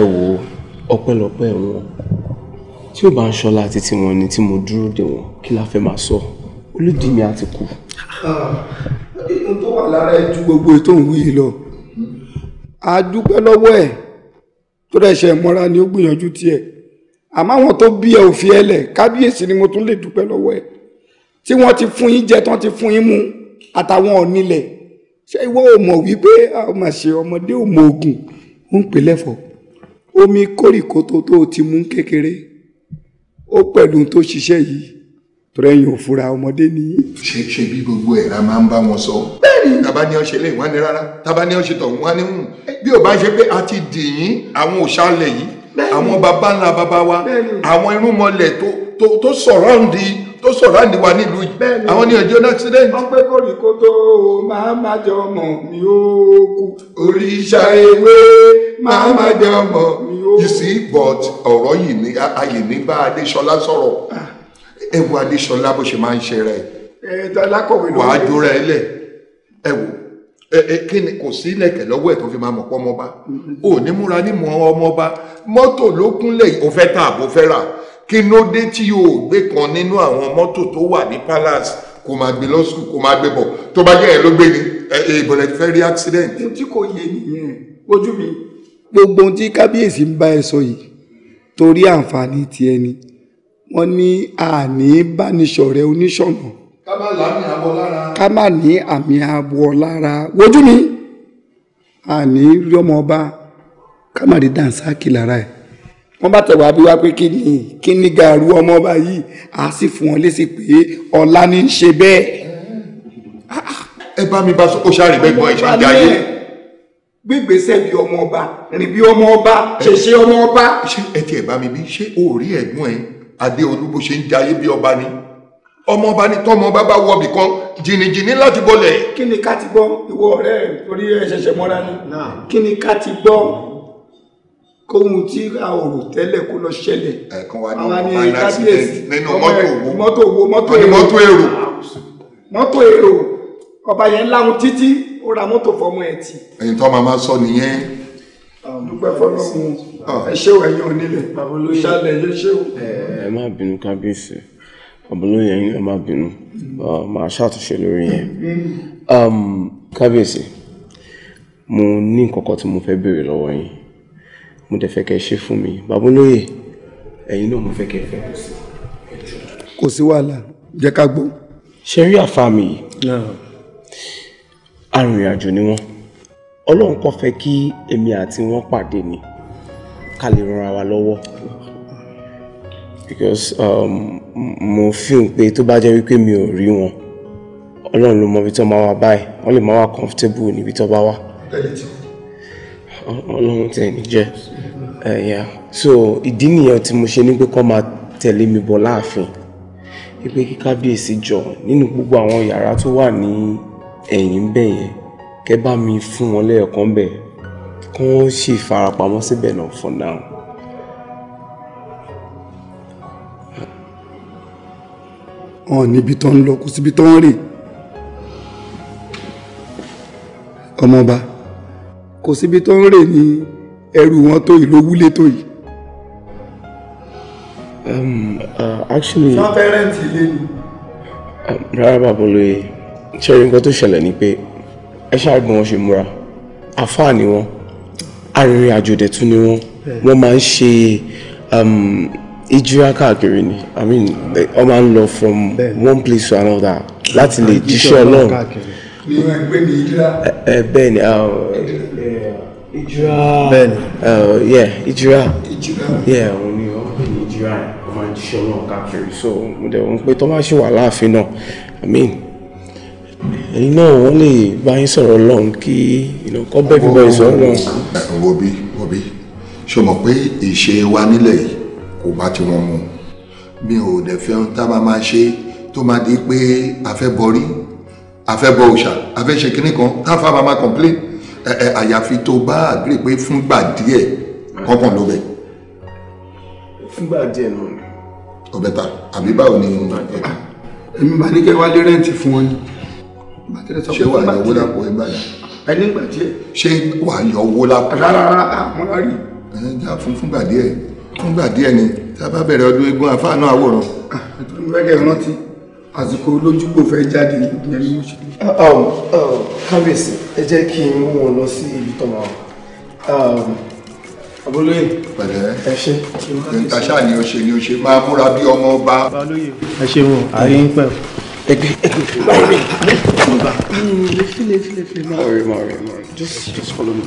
ẹ wo ọpẹ́lọpẹ́ wọn tí ò bá ń ṣọlá àti tiwọn ni tí mo dúró dè wọn kí la fẹ́ máa sọ olùdí mi àti kù. inú tó wà lára ẹ ju gbogbo ètò òun yìí lọ a dúpẹ́ lọ́wọ́ ẹ̀ tó dẹ̀ ṣe mọ́ra ni ó gbìyànjú tiẹ̀ àmọ́ àwọn tó bí ẹ ò fi ẹ lẹ̀ kábíyèsí ni mo tún lè dúpẹ́ lọ́wọ́ ẹ̀ tí wọ́n ti fún yín jẹ tán ti fún yín mu àtàwọn ọ̀nilẹ̀ ṣé ìwọ ò mọ̀ wípé a máa ṣe ọmọdé ò mọ ogun ń pè lẹ́fọ̀ omi kórìkótó tó ti mú kékeré ó pẹ̀lú tó ṣiṣẹ́ yìí tọ́lẹ́yìn ò fura ọmọdé ni. ṣe ṣe bí gbogbo ẹ̀ la máa ń bá wọn sọ. bẹ́ẹ̀ni tàbá ní ọṣẹ lè wá ní rárá tàbá ní ọṣẹ tọ̀ wá ní hùn bí ò bá ṣe pé a ti dìyín àwọn òṣàlẹ̀ yìí àwọn baba ńlá baba wa àwọn irúnmọlẹ̀ tó tó sọ̀rọ̀ ń tó sọ̀rọ̀ àdìwà nílùú yìí àwọn ní ọjọ́ accident. wọ́n pé máa má jọ mọ̀ ní òkú òrìṣà ewé máa má jọ mọ̀ ní òkú. you see but ọ̀rọ̀ yìí ni ayè ní bá Adéṣọlá sọ̀rọ̀ ah. ẹ wo Adéṣọlá bó ṣe máa ń ṣe rẹ̀ wàá jóra ẹ lẹ̀ ẹ wò kíni kò sí lẹ̀kẹ̀ lọ́wọ́ ẹ̀ tó fi máa mọ̀ pọ́ ọmọba mm-hmm. ò ní múra ní mọ̀ ọmọba mọ́tò ló kúnlẹ̀ ò fẹ́ tà àbò fẹ́ rà kí ló dé tí o ò gbé kan nínú àwọn mọ́tò tó wà ní palace kò máa gbé lọ sùn kò máa gbé bọ̀ tó bá jẹ́ ẹ ló gbé ni ìbọ̀lẹ̀ fẹ́ rí accident. tí kò yé nìyẹn ojú mi. gbogbo ohun tí kábíyèsí ń bá ẹ sọ yìí torí àǹfààní ti ẹni wọ́n ní àní bánisọ̀rẹ́ oníṣọ̀nà. ká má lámì àbọ̀ lára. ká má ní àmì àbọ̀ lára wojú mi àní rí ọmọ ọba ká má rí dànsákì lára ẹ̀ wọ́n bá tẹ̀wá bí wá pé kí ni kí ni gàrú ọmọ ọba yìí á sì fún wọn lésì pé ọ̀la ní í ṣe bẹ́ẹ̀. ẹ bá mi bá ó ṣàrì bẹ́ẹ̀ gbọ́ ìṣàjà yé. gbígbèsè bí ọmọ ọba rìn bí ọmọ ọba ṣèṣe ọmọ ọba. ṣé ẹ tiẹ̀ bá mi bí ṣé o rí ẹ̀gbọ́n ẹ adéolú bó ṣe ń jayé bí ọba ni ọmọ ọba ni tọmọ ọba bá wọbì kan jìnnìjìnnì láti bọlẹ̀. kí ni kí ni ká ti gbọ́ kóhun tí a ò rò tẹ́lẹ̀ kó lọ ṣẹlẹ̀ àwọn ni kábíyèsí mọ́tò owó mọ́tò èrò mọ́tò èrò ọba yẹn láhun títí ó ra mọ́tò fọmọ ẹ̀ tì. ẹ̀yin tó máa máa sọ nìyẹn. dúpẹ́ fọlọ́run ah. ẹ ṣé o ẹ̀yin onílẹ̀ ìṣàlẹ̀ ẹ ṣé o. ẹ má bínú kábíyèsí ọ̀bùnlóyè ẹ̀yin ẹ má bínú mm-hmm. ah, màá ṣàtúnṣe lórí yẹn. Mm-hmm. Um, kábíyèsí mo ní nǹkan kan tí mo fẹ́ béèrè lọ́wọ́ yín mo dẹ̀ fẹ́ kẹ́ ṣe fún mi bàbá olóyè ẹ̀yin náà mo fẹ́ kẹ́ fẹ́ kó sí. kò sí wàhálà jẹ́ ká gbọ́. ṣe rí àfa mi yìí arìnrìnàjò ni wọ́n ọlọ́run kọ́ fẹ́ kí èmi àti wọn pàdé ni ká lè ran ara lọ́wọ́ because um, mo feel pé tó bá jẹ́ wípé mi ò rí wọn ọlọ́run ló mọ ibi tó máa wá báyìí wọ́n lè máa wá comfortable níbi tó bá wà ọlọ́run tẹ̀ ní jẹ́ ẹ̀yà eh, so ìdí nìyẹn tí mo ṣe ní pé kọ́ máa tẹ̀lé mi bọ̀ láàfin pé kí kábíyèsí jọ nínú gbogbo àwọn yàrá tó wà ní ẹ̀yìn bẹ̀ yẹn kẹ́ bá mi fún wọn lẹ́ẹ̀kan bẹ̀ kí wọ́n ṣe ìfarapamọ́ síbẹ̀ náà for now. wọn níbi tó ń lọ kó síbi tó ń rè ọmọọba kò síbi tó ń rè ní. Ni ẹrù wọn tó yìí ló wúlé tó yìí. Um, uh, actually. sọ pẹ́rẹ́ǹtì ilé ni. Um, rárá bàbá olóye ṣẹ́rí nǹkan tó ṣẹlẹ̀ ni pé ẹ ṣáà bí wọ́n ṣe múra àfáà ni wọ́n arìnrìn àjò dẹ̀ tún ni wọ́n wọ́n máa ń ṣe um, ìjírá káàkiri ni i mean wọ́n máa ń lọ from one place to another láti lè jíṣẹ́ ọlọ́run. mi ò gbé mi ìjírá. ẹ eh, eh, bẹ́ẹ̀ ni. Uh, ìjìrà bẹ́ẹ̀ni uh, yẹ ìjìrà yẹ òun ni wọ́n pè ní ìjìrà ó máa ń jíṣẹ́ náà káàkiri so mo dẹ̀ ń pé tó máa ṣe wà láàfin náà i mean ẹ̀yin náà wọ́n lè bá yín sọ̀rọ̀ lọ́hùn kí kọ́ bẹ́ẹ̀ bí bọ́ọ̀ sọ̀rọ̀ lọ́hùn. wo bí wo bí ṣe mọ̀ pé ìṣe wa nílẹ̀ yìí kò bá ti wọn mu mi ò dẹ̀ fẹ́ tá a máa máa ṣe tó máa di pé a fẹ́ bọrí a fẹ́ bọ òòṣà a fẹ́ ṣe kinní kan tá a fa máa máa complain àyàfi tó bá àgbèrè pé fúngbà díẹ̀ kọ́kàn ló bẹ̀. fúngbà díẹ̀ náà ni. ọbẹ̀ ta àbí báwo ni. èmi bá ní kẹ́ wá lé rẹ́ǹtì fún wọn ni. ṣé wàá yọ owó lápò ẹ gbàdá. ẹ nígbà díẹ̀. ṣé wàá yọ owó lápò. rárá àwọn rárí. ẹ jà fún fúngbà díẹ̀ fúngbà díẹ̀ ni tá a bá bẹ̀rẹ̀ ọdún eégún àfáà náà àwòrán. Ah, ẹ tó bẹ́ẹ̀ kẹ́ rántí àsìkò olójúgbò fẹ́ jáde ìyẹn ni mo ṣe. Ah, ah, um, ah, um, kábíyèsí ẹ jẹ́ kí n mú wọn lọ sí ibi tọ́mọ àbúlóyè um, pẹ̀lẹ́ ẹ ṣe nǹkan ṣáà ni ó ṣe ni ó ṣe máa múra bí ọmọ ọba. ẹ ṣe wọn àárín ń pẹ̀. ẹgbẹ́ ẹgbẹ́ báwo ni ọba. file file file máa. ọ̀rẹ́ máa ọ̀rẹ́ máa just just follow me.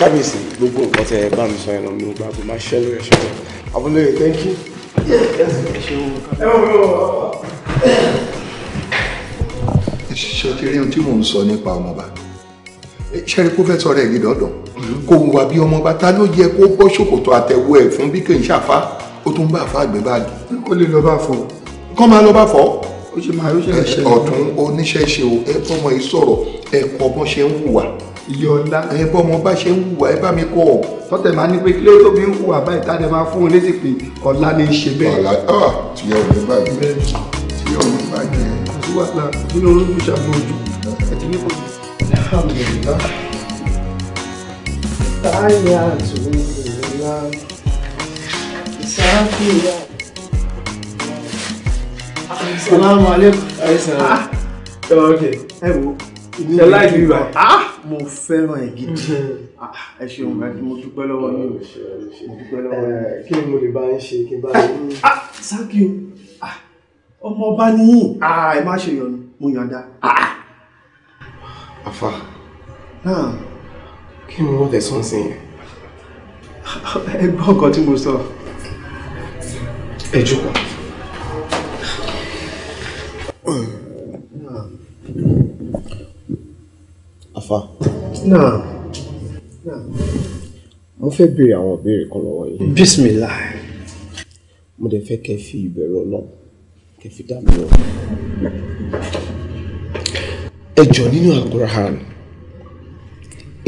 kábíyèsí gbogbo nǹkan tẹ ẹ bá mi sọ yẹn lọ mi ò gbà máa ṣẹlẹ̀ ṣẹlẹ̀ àbúlóyè thank you ṣe ti rí ohun tí mò ń sọ nípa ọmọba ṣẹ́rí kó fẹ́ sọ rẹ̀ gidi ọ̀dọ̀ kò wà bí ọmọba ta ló yẹ kó bọ́ ṣòkòtò àtẹ̀wọ́ ẹ̀ fún bí kò ń ṣàfá ó tún bá àfá àgbẹ̀ báàgì. ó lè lọ bá fọ. kọ́ máa lọ bá fọ. ó ṣe máa ó ṣe lè ṣe. ọ̀tún oníṣẹ́ ṣe o ẹ fọmọ yìí sọ̀rọ̀ ẹ kọ́ bọ́n ṣe ń hùwà ìyọ̀la ẹ bọ́ ọmọ bá ṣe ń hùwà ẹ bá mi kọ́ ọ tọ́tẹ̀ máa ní pé kí ló tó fi ń hùwà báyìí tá a lè máa fún un létí pé ọ̀la ni í ṣe bẹ́ẹ̀. ọ̀la ah, ọ̀ tí ò ní bàjẹ́ tí ò ní bàjẹ́. àtúwàlà nínú olójú ṣàbọ̀ ojú ẹ̀tí ní kò. táyà tó ń lò ó ìsáfìyà. Assalamu alaikum. Ẹ sàn. Ẹ wọ ok. Ẹ wo. Ṣé láì bí bá? mo fẹ́ràn ẹ̀ gidi ah, ẹ ṣeun ẹ mo dúpẹ́ lọ́wọ́ yín mo dúpẹ́ lọ́wọ́ yín. kí ni mo lè bá ń ṣe kí n bá yín. Ah, ah, thank you ọmọ ọba nìyí ẹ má ṣe sí yẹn. ẹ gbọ́ tí mo sọ. ẹ jókòó. àfa. náà mo fẹ́ béèrè àwọn ìbéèrè kan lọ́wọ́ yín. bísímìlá. mo dẹ̀ fẹ́ kẹ́ fi ìbẹ̀rù ọlọ́run kẹ́ fi dá mi lọ. ẹ jọ nínú àgùrahàn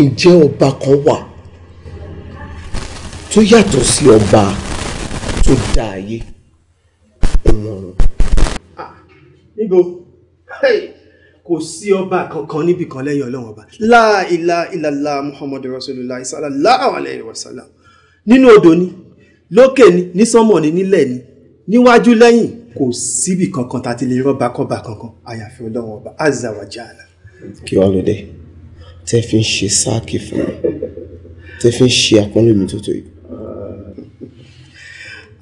ǹjẹ́ ọba kan wà tó yàtọ̀ sí ọba tó dá ayé òun ah, níbo kò sí ọba kankan níbì kan lẹ́yìn ọlọ́run ọba láà ìlàlá muhammadu rasulullah sallallahu alayhi wa sallam nínú odò ni lókè ni nísánmọ̀ ni nílẹ̀ ni níwájú lẹ́yìn kò síbì kankan tá a ti lè rọ́ba kọ́ba kankan àyàfi ọlọ́run ọba azza wa jalla. kí ọlọ́dẹ tẹ́ fi ń ṣe sáàkì fún mi tẹ́ fi ń ṣe àpọ́nlé mi tó yìí.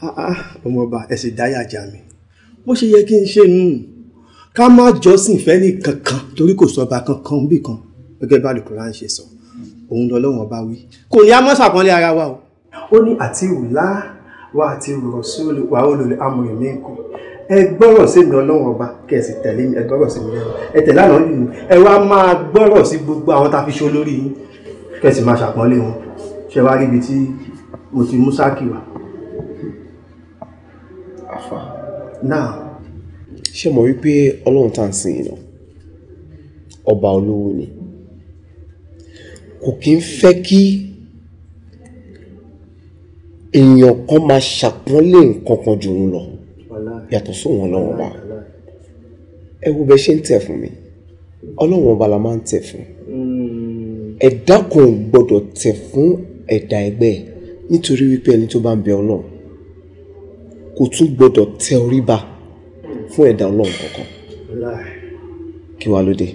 Ah, ah, ọmọ ọba dáyà já mi bó ṣe yẹ kí n ṣe nù ká má jọ́sìn fẹ́ni kankan torí kò sọba kankan bí kan gẹ́gẹ́ bá lùkùrá ń ṣe sọ òun lọ́lọ́run ọba wí kò ní a mọ́ ara wa o. ó ní àti ìwúlá wa àti ìrọ̀ sóòlù wà ó lòlẹ̀ amòye mi kù ẹ gbọ́rọ̀ sí mi ọlọ́run ọba kí ẹ sì tẹ̀lé mi ẹ gbọ́rọ̀ sí mi lẹ́nu ẹ tẹ̀lé àná yìí ẹ wá máa gbọ́rọ̀ sí gbogbo àwọn tá a fi ṣe olórí yín kí ẹ sì máa ṣàpọ́nlé wọn ṣe wá ríbi tí mo ti mú sáàkì wá. àfà. náà ṣé mọ̀ wípé ọlọ́run tá à ń sìn yìí náà ọba olówó ni kò kí ń fẹ́ kí èèyàn kan máa ṣàpọ́nlé nǹkan kan jù ú lọ yàtọ̀ sóhun ọlọ́run ọba ẹ wo bẹ ṣe ń tẹ̀ fún mi ọlọ́run ọba la máa ń tẹ̀ fún ẹ̀dá kan ò gbọ́dọ̀ tẹ̀ fún ẹ̀dá ẹgbẹ́ ẹ̀ nítorí wípé ẹni tó bá ń bẹ ọlọ́run kò tún gbọ́dọ̀ tẹ orí ba fún ẹ̀dá ọlọ́run kankan kí wàá lóde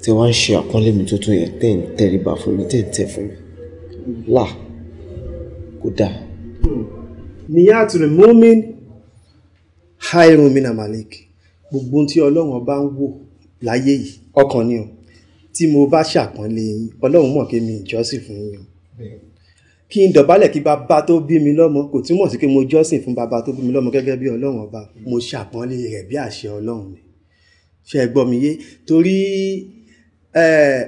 tí wàá ń ṣe àpọ́nlé mi tó tó yẹn tẹ̀ ń tẹríba fún mi tẹ̀ ń tẹ̀ fún mi là kò dáa. niyatul mumin hayrun min amalik gbogbo tí ọlọ́run bá ń wò láyé yìí ọkàn ni o tí mo bá ṣàpọ́nlé yín ọlọ́run mọ̀ kí mi ìjọ́sìn fún yín kí n dọ̀bálẹ̀ kí bàbá tó bí mi lọ́mọ kò túmọ̀ sí pé mo jọ́sìn fún bàbá tó bí mi lọ́mọ gẹ́gẹ́ bí ọlọ́run ọba mo ṣàpọ́nlé rẹ̀ bí àṣẹ ọlọ́run ni ṣe gbọ́ mi yé torí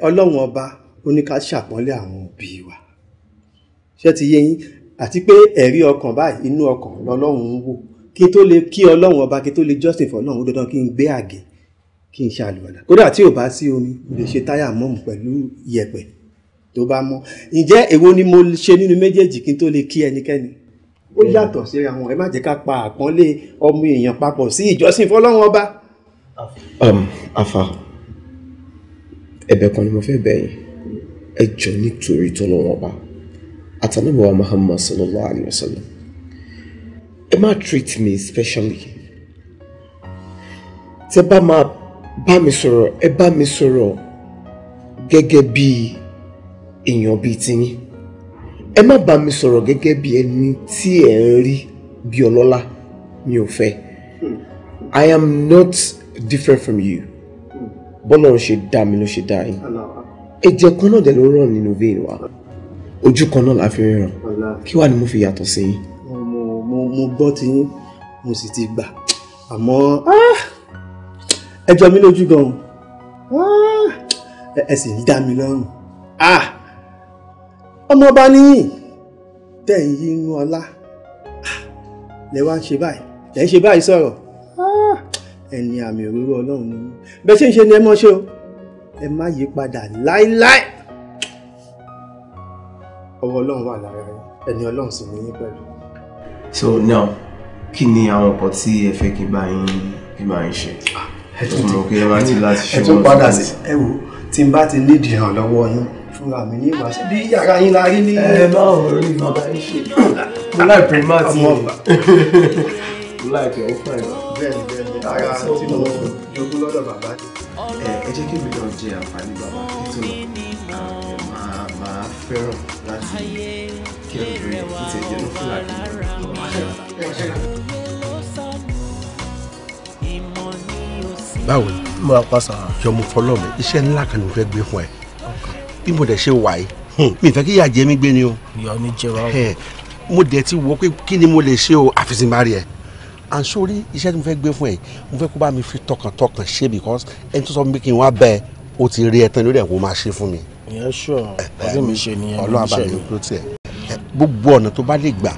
ọlọ́run ọba ó ní ká ṣàpọ́nlé àwọn òbí wa ṣé ti yé yín àti pé ẹ̀rí ọkàn báyìí inú ọkàn lọ́lọ́run ń wò kí tó lè kí ọlọ́run ọba kí tó lè jọ́sìn fún ọlọ́run ó dandan kí n gbé àgé kí n ṣàlùwàlà kódà tí ò bá sí omi lè ṣe táyà mọ́mù pẹ̀lú iyẹ̀pẹ̀ tó bá mọ́ ǹjẹ́ èwo ni mo ṣe nínú méjèèjì kí n tó lè kí ẹnikẹ́ni ó yàtọ̀ síra wọn ẹ má jẹ́ ká pa àpọ́nlé ọmọ èèyàn papọ̀ sí ìjọsìn fọlọ́run ọba. àfà um, ẹ̀bẹ̀ kan ni mo fẹ́ bẹ̀ yín ẹ jọ nítorí tọlọ́run ọba àtàlẹbọwà Muhammad sallallahu alayhi wa sallam ẹ má treat me specially tẹ bá máa bá mi sọ̀rọ̀ ẹ bá mi sọ̀rọ̀ gẹ́gẹ́ bíi èèyàn bíi tiyín ẹ má bá mi sọ̀rọ̀ gẹ́gẹ́ bí ẹni tí ẹ̀ ń rí bí ọlọ́lá mi ò fẹ́ I am not different from you bọ́lá ń ṣe dá mi ló ṣe dá yín ẹ̀jẹ̀ kan náà dẹ̀ ló ràn nínú vein wa ojú kan náà la fi ríran kí wàá ni mo fi yàtọ̀ sí yín. mo mo mo gbọ́ ti yín mo sì ti gbà àmọ́ ah, ẹ jọ mí lójú gan-an ah, ẹ sì ń dá mi lọ́rùn ọmọọba níyìn tẹ̀ ń yí inú ọlá lẹ wá ń ṣe báyìí lẹ ń ṣe báyìí sọ̀rọ̀ ẹni àmì òróró ọlọ́run ni bẹ́ẹ̀ ṣe ń ṣe ni ẹ mọ́ ṣe o ẹ má yí padà láíláí ọwọ́ ọlọ́run wà lára rẹ ẹni ọlọ́run sì ní yín so now kí ni àwọn nǹkan tí ẹ fẹ́ kí n bá yín kí n bá yín ṣe ah, ẹ tún mọ̀ pé ẹ máa ti láti ṣe wọ́n fún padà sí ẹ wò tí n bá ti nídìí ìrànlọ́wọ́ yín fúnra mi ní ìwà síbi yàrá yín la rí ní. ẹ má ò rí ìmọ̀ bá yín ṣe mo láì pè má ti mo láì pè ó fún ẹ̀. bẹ́ẹ̀ni bẹ́ẹ̀ni ara tí mo jogún lọ́dọ̀ bàbá mi. ẹ ẹ jẹ́ kí mi lọ jẹ àǹfààní bàbá nítorí màá màá fẹ́ràn láti kí ẹ bẹ̀rẹ̀ ìtẹ̀jẹ̀ ní fúlàní. báwo ni mo máa pàṣẹ yọmọ fọlọ́ọ̀mù iṣẹ́ ńlá kan ní fẹ́ gbé fún ẹ bí mo dẹ̀ ṣe wà yìí hmm. mi fẹ́ kí ìyá jẹ mí gbé ni o. ìyá ò ní jẹ wá o. mo dẹ̀ ti wò pé kí ni mo lè ṣe o àfìsìmárì ẹ̀ and sórí iṣẹ́ tí mo fẹ́ gbé fún ẹ mo fẹ́ kó bá mi fi tọkàntọkàn ṣe because ẹni tó sọ mi kí n wá bẹ́ẹ̀ o ti rí ẹtàn lórí ẹ̀ kó máa ṣe fún mi. ìyá ṣọ ọdún mi ṣe nìyẹn ọlọ́run àbàmì ló tiẹ̀ gbogbo ọ̀nà tó bá lè gbà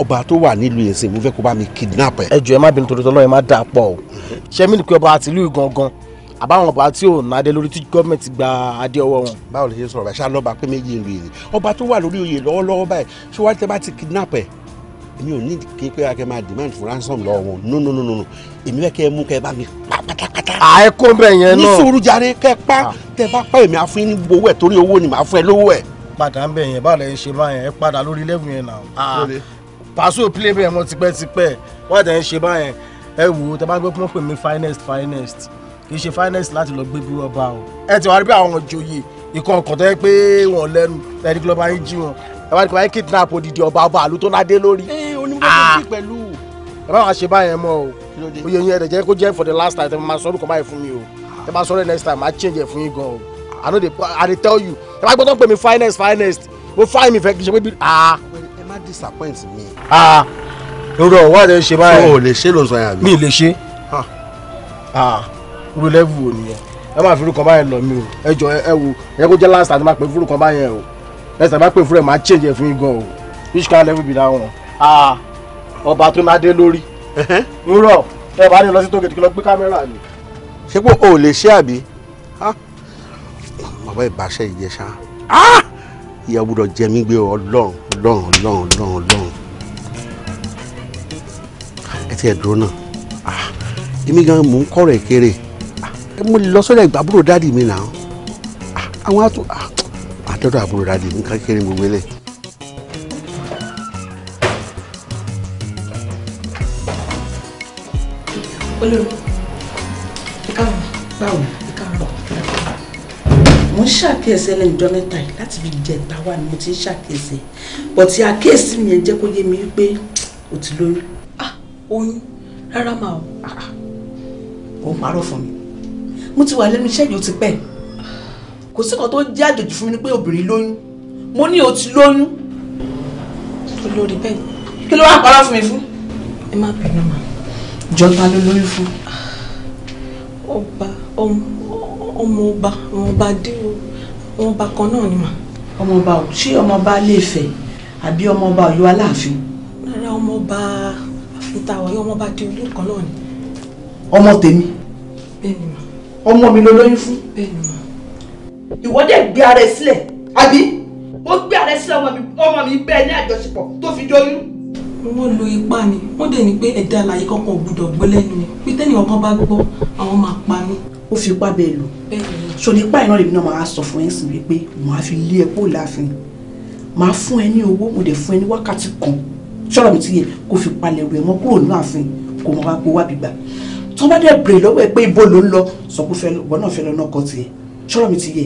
ọba tó wà nílùú yẹn sìn mo fẹ́ kó bá mi kidnap ẹ. ẹ jọ̀ọ́ ẹ má bínú torí tọ́lọ́ ẹ má dà pọ̀ o ṣé ní pé ọba àtìlú gangan àbáwọn ọba tí ò nádé lórí tí gọ́ọ̀mẹ̀ntì gba adé ọwọ́ wọn. báwo lè ṣe sọ̀rọ̀ báyìí ṣáà lọ́ba pé méjì ń rèé ọba tó wà lórí oyè lọ́wọ́lọ́wọ́ báyìí ṣé wàá tẹ́ bá ti kidnap ẹ̀ èmi ò ní kí pé akẹ́ máa demand for ransom lọ́wọ́ wọn no no no no èmi bẹ́ẹ̀ kẹ́ ẹ mú kẹ́ ẹ bá mi pa pátápátá. àyè kó bẹ̀ yẹn náà ní sùúrù jàre pa tẹ́ bá pa èmi àfin ní gbowó ẹ̀ torí owó ni màá fún lówó ẹ̀. padà ń bẹ̀ yẹn báwo lẹ ń ṣe báyẹn ẹ padà lórí level yẹn náà pàṣẹ play bẹ́ẹ̀ mọ́ tipẹ́tipẹ́ wọ́n tẹ̀ ń ṣe báyẹn ẹ wò ó tẹ́ bá gbé pọ́npẹ́ mi finest finest kì í ṣe finance láti lọ gbé bí wọ́n bá o ẹ ti wá rí bí àwọn ìjòyè ìkan ọkàn tó yẹ pé wọ́n lẹ́nu ẹni kí ló máa ń jí wọn ẹ wá ní kí wọ́n kidnap odidi ọba ọba àlú tó ládé lórí. ẹ onímọ̀ ah! pẹ̀lú. ẹ bá wa ṣe báyẹn mọ o oyè yẹn ẹ̀dẹ̀ jẹ́ kó jẹ́ for the last time ẹ máa sọ orúkọ báyìí fún mi o ẹ máa sọ ọ́rẹ́ next time máa change ẹ̀ fún yín gan o i no dey i dey tell you ẹ máa gbọ́dọ̀ pè mí finance finance mo fine mi fẹ́ kí n ṣe pé bí. Ah. ẹ má disappoint mi. Ah. irú ọ̀ wá lè ṣe báyìí. o ò lè ṣe lóṣù àyàbí. mi ì lè ṣe irú level wo nìyẹn ẹ má fi irú kan báyẹn lọ mi o ẹ jọ ẹ wo ẹ kó jẹ́ last àti má pè fúru kan báyẹn o ẹ sàn má pè fúru ẹ má change ẹ fún yín gan o which kind level be that one. ah ọba tó máa dé lórí ń ẹ bá ní lọ sí tókè kí lọ gbé kámẹ́rà ni. ṣé pé ò lè ṣe àbí bàbá ìbáṣẹ ìjẹsà ìyá gbọ́dọ̀ jẹ mí gbé Ọlọ́run Ọlọ́run Ọlọ́run Ọlọ́run Ọlọ́run ẹ ti ẹ dúró náà èmi gan mò ń kọrọ ẹ kéré mo lè lọ sọ́dọ̀ ìgbàbúrò dáàdì mi náà ah, àwọn àtò ah, àtọ́dọ̀ àbúrò dáàdì mi kékeré gbogbo eléyìí. olórí ìkàrùn báwo ìkàrùn mo ń ṣàkíyèsí ẹlẹ́ni ìjọ mẹ́ta yìí láti fi jẹ ìta wà ni mo ti ń ṣàkíyèsí bọ̀tí àkíyèsí mi yẹn jẹ́ kó yé mi wípé o ti lórí. ah oyún rárá máa o. Ah, ó parọ́ fún mi mo ti wà lẹ́nu iṣẹ́ yìí ó ti pẹ́ kò sí kan tó jẹ́ àjòjì fún mi ni pé obìnrin lóyún mo ní o ti lóyún olórí bẹ́ẹ̀ kí ló wá ń parọ́ fún mi fún. ẹ má bínú mà jọta ló lóyún fún. ọba ọmọ ọba ọmọọba dé o ọmọọba kan náà ni mà. ọmọọba ò ṣé ọmọọba lè fẹ́ àbí ọmọọba Ọ̀yọ́ Aláàfin. rárá ọmọọba àfitá Ọ̀yọ́ ọmọọba dé olórí kan náà ni. ọmọ tèmi. bẹ́ẹ̀ ni ọmọ mi ló lóyún fún. ìwọ dẹ̀ gbé ara ẹ sílẹ̀ àbí ó gbé ara ẹ sílẹ̀ ọmọ mi ọmọ mi bẹ́ẹ̀ ní àjọṣepọ̀ tó fi dóyún. wọ́n lo ipá ni wọ́n dẹ̀ ní pé ẹ̀dá àlàyé kankan ò gbọ́dọ̀ gbọ́ lẹ́nu mi pé tẹ́nì kankan bá gbọ́ àwọn máa pa mí. ó fi ipá bẹ́ẹ̀ lò ṣò nípa ìran lèmi náà máa sọ fún ẹ̀ sìn wípé mo á fi lé ẹ kó láàfin máa fún ẹ ní owó mo dẹ̀ fún ẹ ní wákàtí kan ṣọ́rọ̀ mi ti yẹ kó fi palẹ̀ rẹ̀ mọ́ kúrò ní ààfin kò mọ̀ wá gbowó àbígbà tó bá dẹ̀ bèrè lọ́wọ́ ẹ pé ibo ló ń lọ sọ pé wọn náà fẹ́ lọ náà kọ́ tiẹ̀ ṣọ́rọ̀ mi ti yé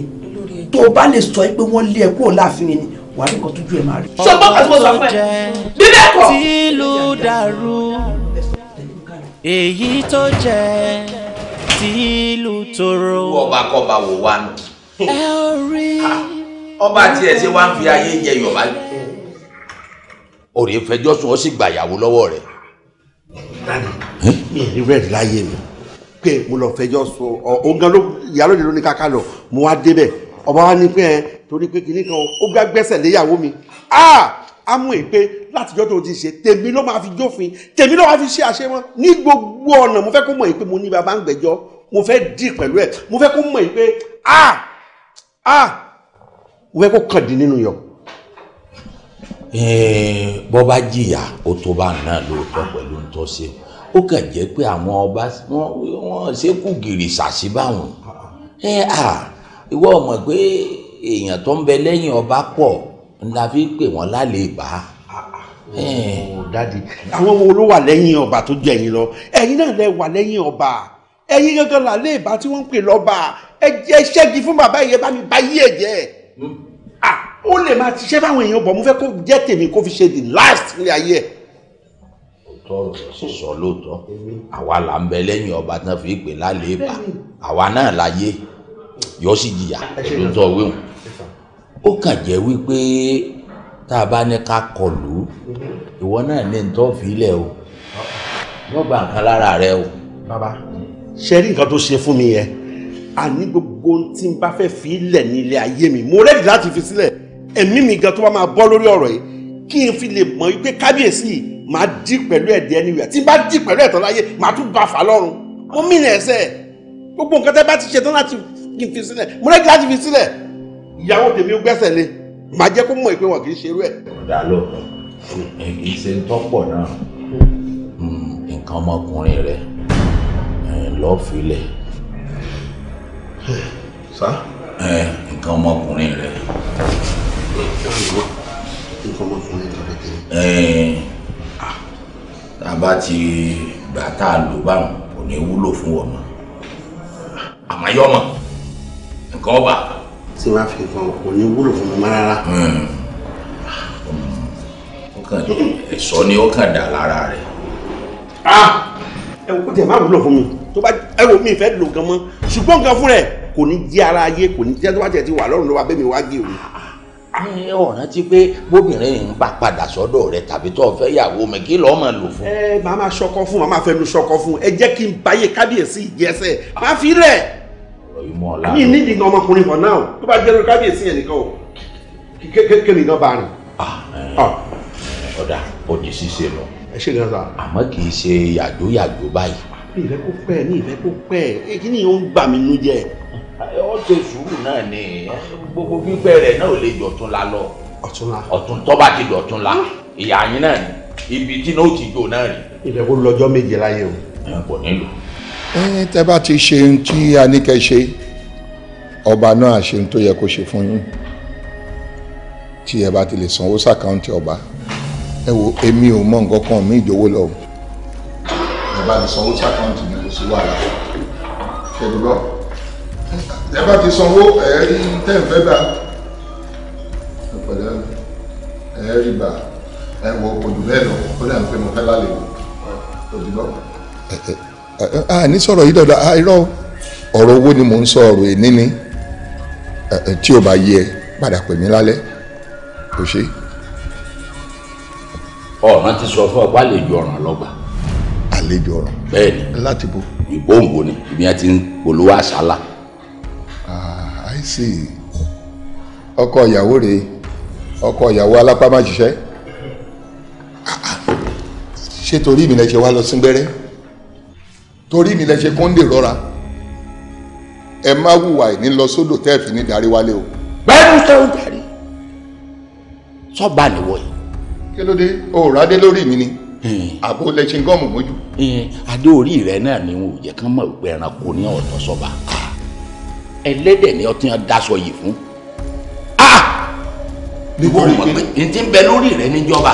tó o bá lè sọ ẹ pé wọ́n lé ẹ kúrò láàfin ni wàá rí nǹkan tójú ẹ máa rí. ṣọgbọ́n kan tí mo sọ fún ẹ bíbẹ́ kọ. tìlú dàrú èyí tó jẹ́ tìlú tòrò. ọba kọba wo wa nù. ẹ ò rí. ọba tiẹ̀ ṣe wá ń fi ayé jẹ yorùbá. òrè fẹjọ́ sùn ó sì gbàyàwó lọ́wọ́ rẹ̀ mi ẹ̀ rí rẹ́ẹ̀dì láyé mi pé mo lọ fẹjọ́ sọ òun gan ló ìyálòdì ló ní káká lọ mo wá débẹ̀ ọba wa ní pé ẹ torí pé kinní kan ó gbá gbẹ́sẹ̀ léyàwó mi á mú èpè látijọ́ tó ti ṣe tèmi ló máa fi jófin tèmi ló máa fi ṣe àṣemọ́ ní gbogbo ọ̀nà mo fẹ́ kó mọ̀ èpè mo ní bàbá ń gbẹ́jọ́ mo fẹ́ dì pẹ̀lú ẹ̀ mo fẹ́ kó mọ̀ èpè á á mo fẹ́ kó kàn dín nínú yọ̀ bọ́ jìyà ó tó bá náà lóòótọ́ pẹ̀lú ń tọ́ sí i ó kàn jẹ́ pé àwọn ọba wọ́n ṣe kú gìrì ṣàṣì báwọn ẹ à ìwọ mọ̀ pé èèyàn tó ń bẹ lẹ́yìn ọba pọ̀ ńlá fi pè wọ́n lálẹ́ ìbá. dádì àwọn wo ló wà lẹ́yìn ọba tó jẹ́ yín lọ ẹ̀yin náà lẹ wà lẹ́yìn ọba ẹ̀yin gangan làlẹ́ ìbá tí wọ́n ń pè lọ́ba ẹ jẹ́ ṣẹ́gi fún bàbá yẹn bá mi bá yí ẹ̀ jẹ́ hmm. ó lè máa ṣiṣẹ́ fáwọn èèyàn bọ̀ mo fẹ́ kó jẹ́ tèmi kó fi ṣe the last ilé ayé ẹ̀ òótọ́ ọ̀rọ̀ sísọ lóòótọ́ àwa là ń bẹ lẹ́yìn ọba tí wọ́n fi pè lálẹ́ bá àwa náà láyé yọ sí jìyà pẹ̀lú tó wéwùn ó kàn jẹ́ wípé tá a bá ní ká kọlù ìwọ náà ní ntọ́ fílẹ̀ o wọ́n gba nǹkan lára rẹ o. bàbá ṣe rí nǹkan tó ṣe fún mi yẹn àní gbogbo tí n bá fẹ́ fi ilẹ̀ ní ilé ayé mi mo rẹ́ẹ̀dì láti fi sílẹ̀ ẹ̀mí mi gan tó bá máa bọ́ lórí ọ̀rọ̀ yìí kí n fi lè mọ̀ wípé kábíyèsí yìí màá dì pẹ̀lú ẹ̀dẹ̀ anywhere tí bá dì pẹ̀lú ẹ̀tọ́ láyé màá tún bá fà lọ́rùn mo mìnà ẹ̀sẹ̀ gbogbo nǹkan tẹ́ bá ti ṣe tán láti kí n fi sílẹ̀ mo rẹ́gí láti fi sílẹ̀ ìyàwó tèmi gbẹ́sẹ̀ lé màá jẹ́ kó mọ̀ pé wọn kì í ṣe irú ẹ̀. ọ̀dà ló kì í ṣe ń tọ́pọ̀ náà hmm, nǹkan ọmọkùnrin rẹ lọ́ọ̀filẹ̀. nǹkan ọmọkùnrin rẹ. Ah, tá a bá ti gbà tá a lò báwọn kò ní wúlò fún ọmọ àmọ́ yọ ọmọ nǹkan ọba. tí wàá fi nǹkan kò ní wúlò fún mi má rárá. Hmm. ẹ̀sọ́ ni ó kàn dà lára rẹ̀. Ah! ẹ wò ó tẹ̀ má wúlò fún mi tó bá ẹ wò mí fẹ́ lò gan mọ́ ṣùgbọ́n nǹkan fún rẹ̀ kò ní jí ara ayé kò ní jẹ́ tó bá tẹ̀ ti wà lọ́rùn ló wá bẹ́ẹ̀ mi wá gé òun ọ̀ràn ti pé bóbìnrin ń bá padà sọ́dọ̀ rẹ tàbí tó fẹ́ yàwó mi kí lọ́ọ́ máa lò fún. ẹ màá máa ṣọkọ fún màá máa fẹnu ṣọkọ fún ẹ jẹ́ kí n báyé kábíyèsí ìjẹsẹ̀ máa fi rẹ̀. mi ní ìdìgbà ọmọkùnrin kan náà tó bá jẹ́rú kábíyèsí yẹn nìkan o kékeré nìkan bá rìn. Ah, ah. Eh, ọ̀dà ó di ṣíṣe lọ. ẹ ṣe gan sa. àmọ́ kì í ṣe yàjóyàjó báyìí. mi ìfẹ́ kó pẹ́ mi ìfẹ́ kó pẹ́ kí ni ò ń ó ṣe sùúrù náà ni gbogbo gbígbẹ̀rẹ̀ náà ò lè dọ̀tún la lọ ọ̀tún tọ́ba ti dọ̀tún la ìyá yín náà ni ibi tí náà ó ti jò náà rí. ilẹ̀ kó lọ́jọ́ méje láyé o. kò nílò. tẹ́ bá ti ṣe ohun tí a ní kẹ́ ṣe ọba náà ṣe ohun tó yẹ kó ṣe fún yín tí ẹ bá ti lè sanwó sàkáǹtì ọba ẹ wo èmi ò mọ nǹkan kan mi ìjọ̀wọ́ lọ. ẹ bá ti sanwó sàkáǹtì mi kò sí wàhálà ṣe é dúró ẹ bá ti sanwó ẹ̀ẹ́rí tẹ́ ń fẹ́ gbà pẹ̀lẹ́ ẹ̀ẹ́rí gbà ẹ wọ òjò bẹ́ẹ̀ lọ ó dà ń pè mọ́ fẹ́ lálẹ́ òjò lọ́wọ́. a ní sọ̀rọ̀ yìí dọ̀dọ̀ irọ́ ọ̀rọ̀ owó ni mò ń sọ ọ̀rọ̀ èní ni tí o bá yẹ padà pè mí lálẹ́ kò ṣe. ọ̀ràn ti sọ fún ọ pé àlejò ọ̀ràn lọ́gbà. àlejò ọ̀ràn. bẹ́ẹ̀ni láti bo. ìgbóhùn ni ìbí yẹn ti ń polówó àṣálà. sí ọkọ ìyàwó rèé ọkọ ìyàwó alápá má ṣiṣẹ́ ah, ah. ṣé torí mi lẹ ṣe wá lọ sí torí mi lẹ ṣe rọra ẹ má wùwà ìní lọ sódò tẹ́ ní darí wálé o. darí sọ́ba yìí. kí ló dé mi ni àbò lẹ ṣe gọ́ọ̀mù adé orí rẹ náà ni jẹ́ kán mọ̀ pé ẹranko ní ẹlẹ́dẹ̀ ni ọtí yẹn daṣọ yìí fún. níbo rí kí n ti bẹ lórí rẹ níjọba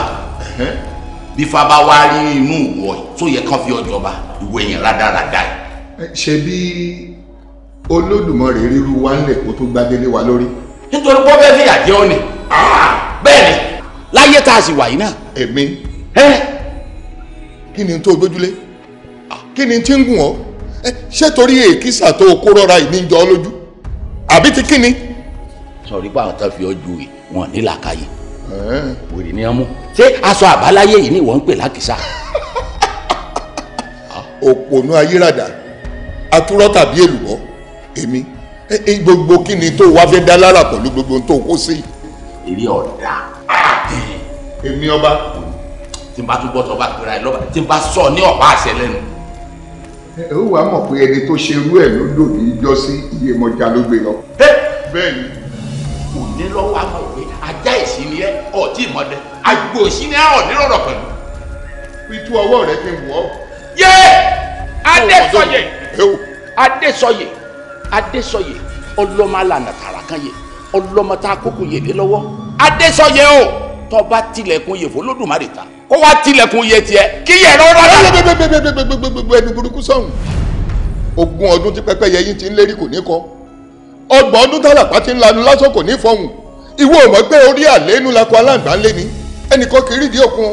bí faba wá rí inú ìwọ tó yẹ kán fi ọjọba ìwé yẹn rádaràda yìí. ṣe bí olódùmarè ríru wa ń lè kó tó gbádélé wa lórí. nítorí pọ́ bẹ́ẹ̀ fìyà jẹ́ òní bẹ́ẹ̀ ni láyé tá a sì wà yìí náà. èmi kí ni tó gbójúlé kí ni tí ń gùn ọ́ ṣé torí èkìsà tó kó rọra ìníjọ́ lójú àbí ti kíni. sọ̀rí pé àwọn tó fi ọjọ́ ìwé wọn ní làákàyè wèrè ni wọn mú ṣé aṣọ àbáláyé yìí ni wọ́n ń pè lákìsà. <laughs> òpònú ayérada atúrọ́ tàbí èlùbọ́ èmi e, e, gbogbo kí ni tó wá fẹ́ dá lára pẹ̀lú gbogbo tó kó sí. èmi ọ̀dà èmi ọba. tí n bá tún bọ́ tó bá pera ẹ lọ́ba tí n bá sọ ní ọ̀pá àṣẹ lẹ́nu ó wàá mọ̀ pé ẹni tó ṣerú ẹ̀ ló lòdì yọ sí iye mọ́jà ló gbé lọ. bẹ́ẹ̀ ni. kò ní lọ́wọ́ àmọ̀ pé ajá ìsinmi ẹ ọ̀tí ìmọ̀dẹ àgbò ìsinmi ẹ ọ̀ nírọ̀rọ̀ pẹ̀lú. pitú ọwọ́ rẹ fi wọ́. yé adésọyè adésọyè adésọyè ọlọ́mọ alànà tààrà kan yẹ ọlọ́mọ tá a kókò yèlé lọ́wọ́ adésọyè o tọba tilẹ̀kùn yẹ fún lódùmarè ta kó wá tilẹ̀kùn yẹ tiẹ̀ kí yẹ rọra rà. gbẹgbẹgbẹgbẹgbẹgbẹgbẹ ẹni burúkú sọ̀hún ogún ọdún tí pẹ́pẹ́yẹ yín ti ń lérí kò ní kọ ọgbọ̀n ọdún tálàpá ti ń lanu lásán kò ní fọhùn ìwọ ò mọ̀ pé orí àléénú la kọ aláǹgbá ńlé ni ẹnìkan kì í rídìí òkun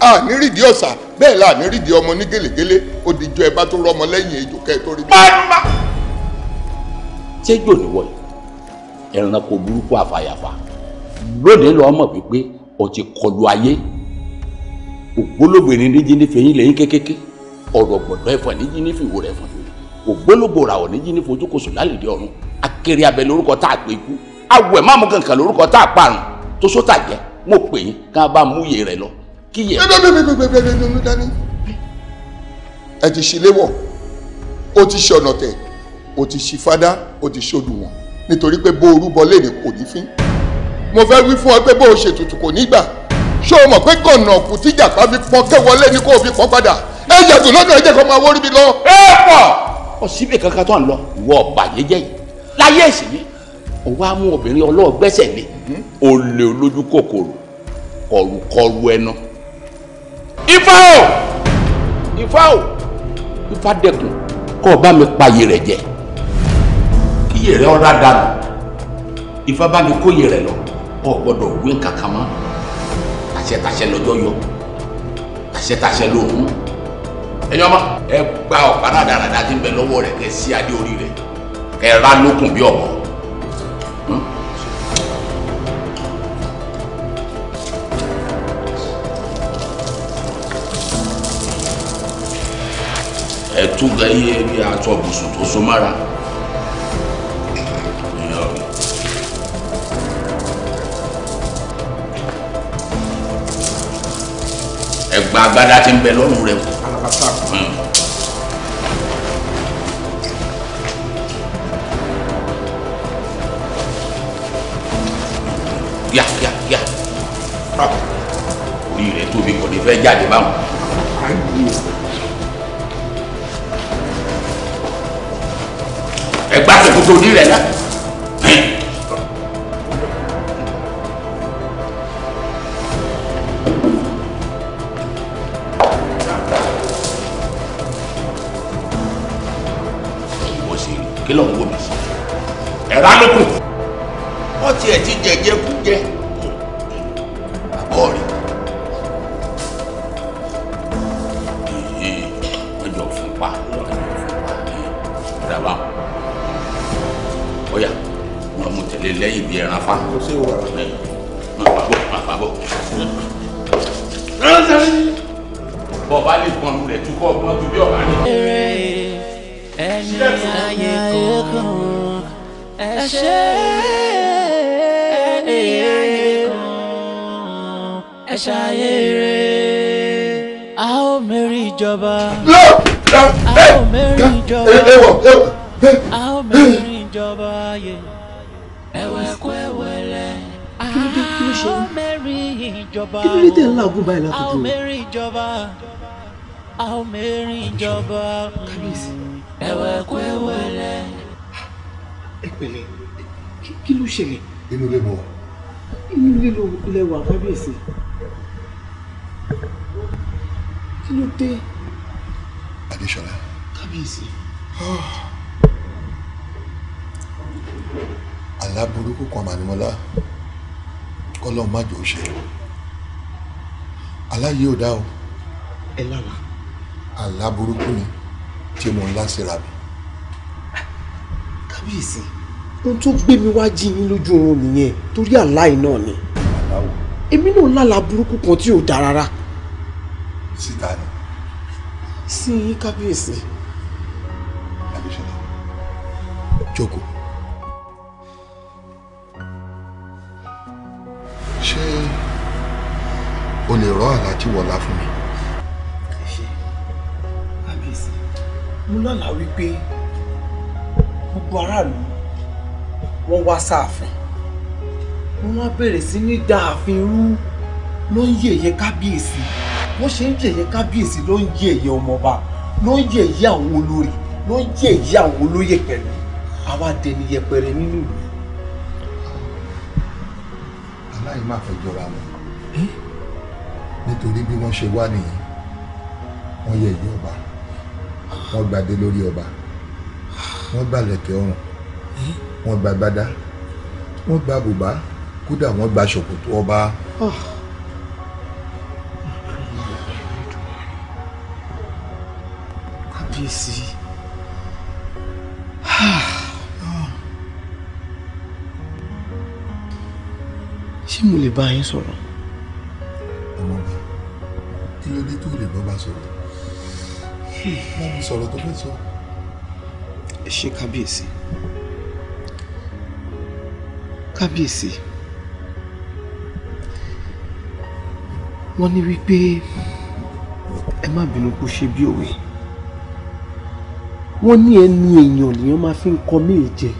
àní rídìí ọ̀sà bẹ́ẹ̀ la àní rídìí ọmọ ní gélégélé ó di jọ ẹ bá tó rọmọ lẹ́yìn ejò kẹ́ ẹ tó rí. pàrọ̀ ṣé jò níwọ̀ yìí ẹranko burúkú àfàyàfà lónìí lọ́ọ́ mọ̀ wípé ọtí kọlu ayé ògbólógbò ní jínífẹ yín lẹ́yìn kékeré ọ̀rọ̀ gbọ̀dọ̀ ẹ̀fọn ní jínífẹ ìwò rẹ̀ fún mi ògbólógbò ra ọ̀ ní jínífẹ ojúkòsò lálẹ́dẹ̀ ọ̀run akéré abẹ lórúkọ tá a pè ikú awẹ má mú kankan lórúkọ tá a parun tó só jẹ mo pè yín ká bá mú iye rẹ lọ kí yẹ. ẹ ti ṣe léwọ̀ o ti ṣe ọ̀nà tẹ̀ o ti ṣe fada o ti ṣodùwọ̀n nítorí pé bó orúbọ léde kò ní fín mo fẹ́ wí fún ọ pé bó o ṣe tutù kò ní gbà ṣé o mọ̀ pé gànà kù tí jàpá fi pọ́n kẹ́wọlé ni kò fi pọ́n padà ẹ yàtọ̀ lọ́nà ẹ jẹ́ kó máa wórí mi lọ. ẹ pọ̀ ọ síbẹ̀ kankan tó ń lọ wọ ọ̀bà jẹ́jẹ́ yìí láyé ẹ̀sìn yìí ó wá mú obìnrin ọlọ́ọ̀gbẹ́sẹ̀ lé hmm? olè olójú kòkòrò kọ̀rùkọ̀rù ẹnu. ifá o ifá o ifá dẹkùn kọ́ ọ bá mi payé rẹ̀ jẹ kíyè rẹ̀ ọ̀rá dànù ifá bá mi kóyè rẹ̀ lọ ọ gbọ́dọ̀ wí kankan mọ́ àṣẹ tàṣẹ lọ́jọ́ yọ àṣẹ tàṣẹ ló mú ẹyin ọmọ ẹ gba ọ̀pára dáradára tí ń bẹ lọ́wọ́ rẹ̀ kẹ sí adé orí rẹ̀ kẹ rà lókun bí ọ̀bọ. Hmm? ẹ tún gẹ iye bí aṣọ bùsùn tó so mára. ẹgbà agbádá ti ń bẹ lọ́rùn rẹ wò. Hmm. yá yá yá orí rẹ tóbi kò ní fẹ́ jáde báwọn. ẹgbà tó kótó ní rẹ náà. ṣẹlẹ̀. inú ilé mo wà. inú ilé lẹ wà kábíyèsí. kí ló dé. adéṣọlá. kábíyèsí. Ah. àlá burúkú kan mànímọ́lá kọ́lọ́ọ̀ má jò ó ṣe àlá ò dá o. ẹ lára. àlá burúkú ni tí mo ń lásìra mi. kábíyèsí ohun tó gbé mi wá jí yín lójú oorun nìyẹn torí àláì náà ni èmi náà lálàá burúkú kan tí ò dáa rárá. síta ni. sí yín kábíyèsí. jókòó. ṣé o lè rọ aláàjì wọlá fún mi. ṣe kábíyèsí mo lálàá wípé gbogbo aráàlú wọ́n wá sáàfin wọ́n wá bẹ̀rẹ̀ sí ní da ààfin rú ló ń yẹ̀yẹ́ kábíyèsí wọ́n ṣe ń yẹ̀yẹ́ kábíyèsí ló ń yẹ̀yẹ́ ọmọọba ló ń yẹ̀yẹ́ àwọn olórí ló ń yẹ̀yẹ́ àwọn olóyè pẹ̀lú àwa dẹni yẹpẹrẹ nínú ìlú. aláì máa fẹ́ jọra wọn nítorí bí wọ́n ṣe wá nìyẹn wọ́n yẹ̀yẹ́ ọba wọ́n gbadé lórí ọba wọ́n gbàlẹ̀kẹ̀ ọrùn wọ́n gba gbádá wọ́n gba bùbá kódà wọ́n gba ṣòkòtò ọba. Ah. kábíyèsí ah. ṣé mo lè bá yín sọ̀rọ̀. ọmọba kí ló dé tó lè bọ́ bá sọ̀rọ̀ wọ́n sọ̀rọ̀ tó fẹ́ sọ. ẹ ṣé kábíyèsí kábíyèsí wọ́n ní wípé ẹ má bínú kó ṣe bí òwe wọ́n ní ẹnu èèyàn lèèyàn máa fi ń kọ méje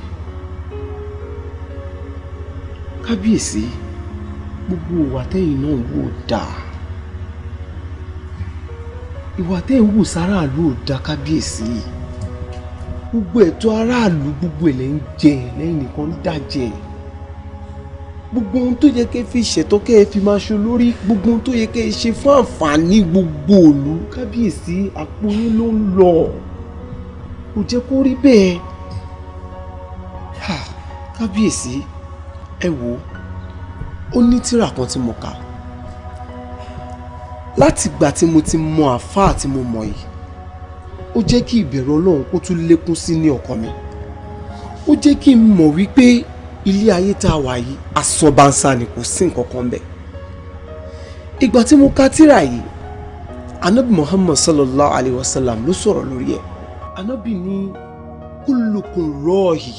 kábíyèsí gbogbo ìwà tẹ́yìn náà wò dáa ìwà tẹ́ ń wù sáráàlú ò da kábíyèsí gbogbo ẹ̀tọ́ aráàlú gbogbo ẹ̀ lẹ́ jẹ lẹ́yìn nìkan ń dàjẹ́ gbogbo ohun tó yẹ kẹ́ fi ṣètò kẹ́ ẹ fi máa ṣe lórí gbogbo ohun tó yẹ kẹ́ ẹ ṣe fún àǹfààní gbogbo òlu kábíyèsí àpò yín ló ń lọ kò jẹ́ kó rí bẹ́ẹ̀ kábíyèsí ẹ wò ó ní tírà kan tí mo kà láti ìgbà tí mo ti mọ àáfàá tí mo mọ̀ yìí ó jẹ́ kí ìbẹ̀rù Ọlọ́run kó tún lékún sí ní ọkàn mi ó jẹ́ kí n mọ̀ wípé ilé ayé tá a wà yìí asọ̀bànsá ni kò sí nǹkan kan bẹ́ẹ̀ ìgbà tí mo ka tírà yìí anabi muhammad sallallahu alayhi wa sallam ló sọ̀rọ̀ lórí ẹ̀ anabi ní kullukum rọ́ọ̀hì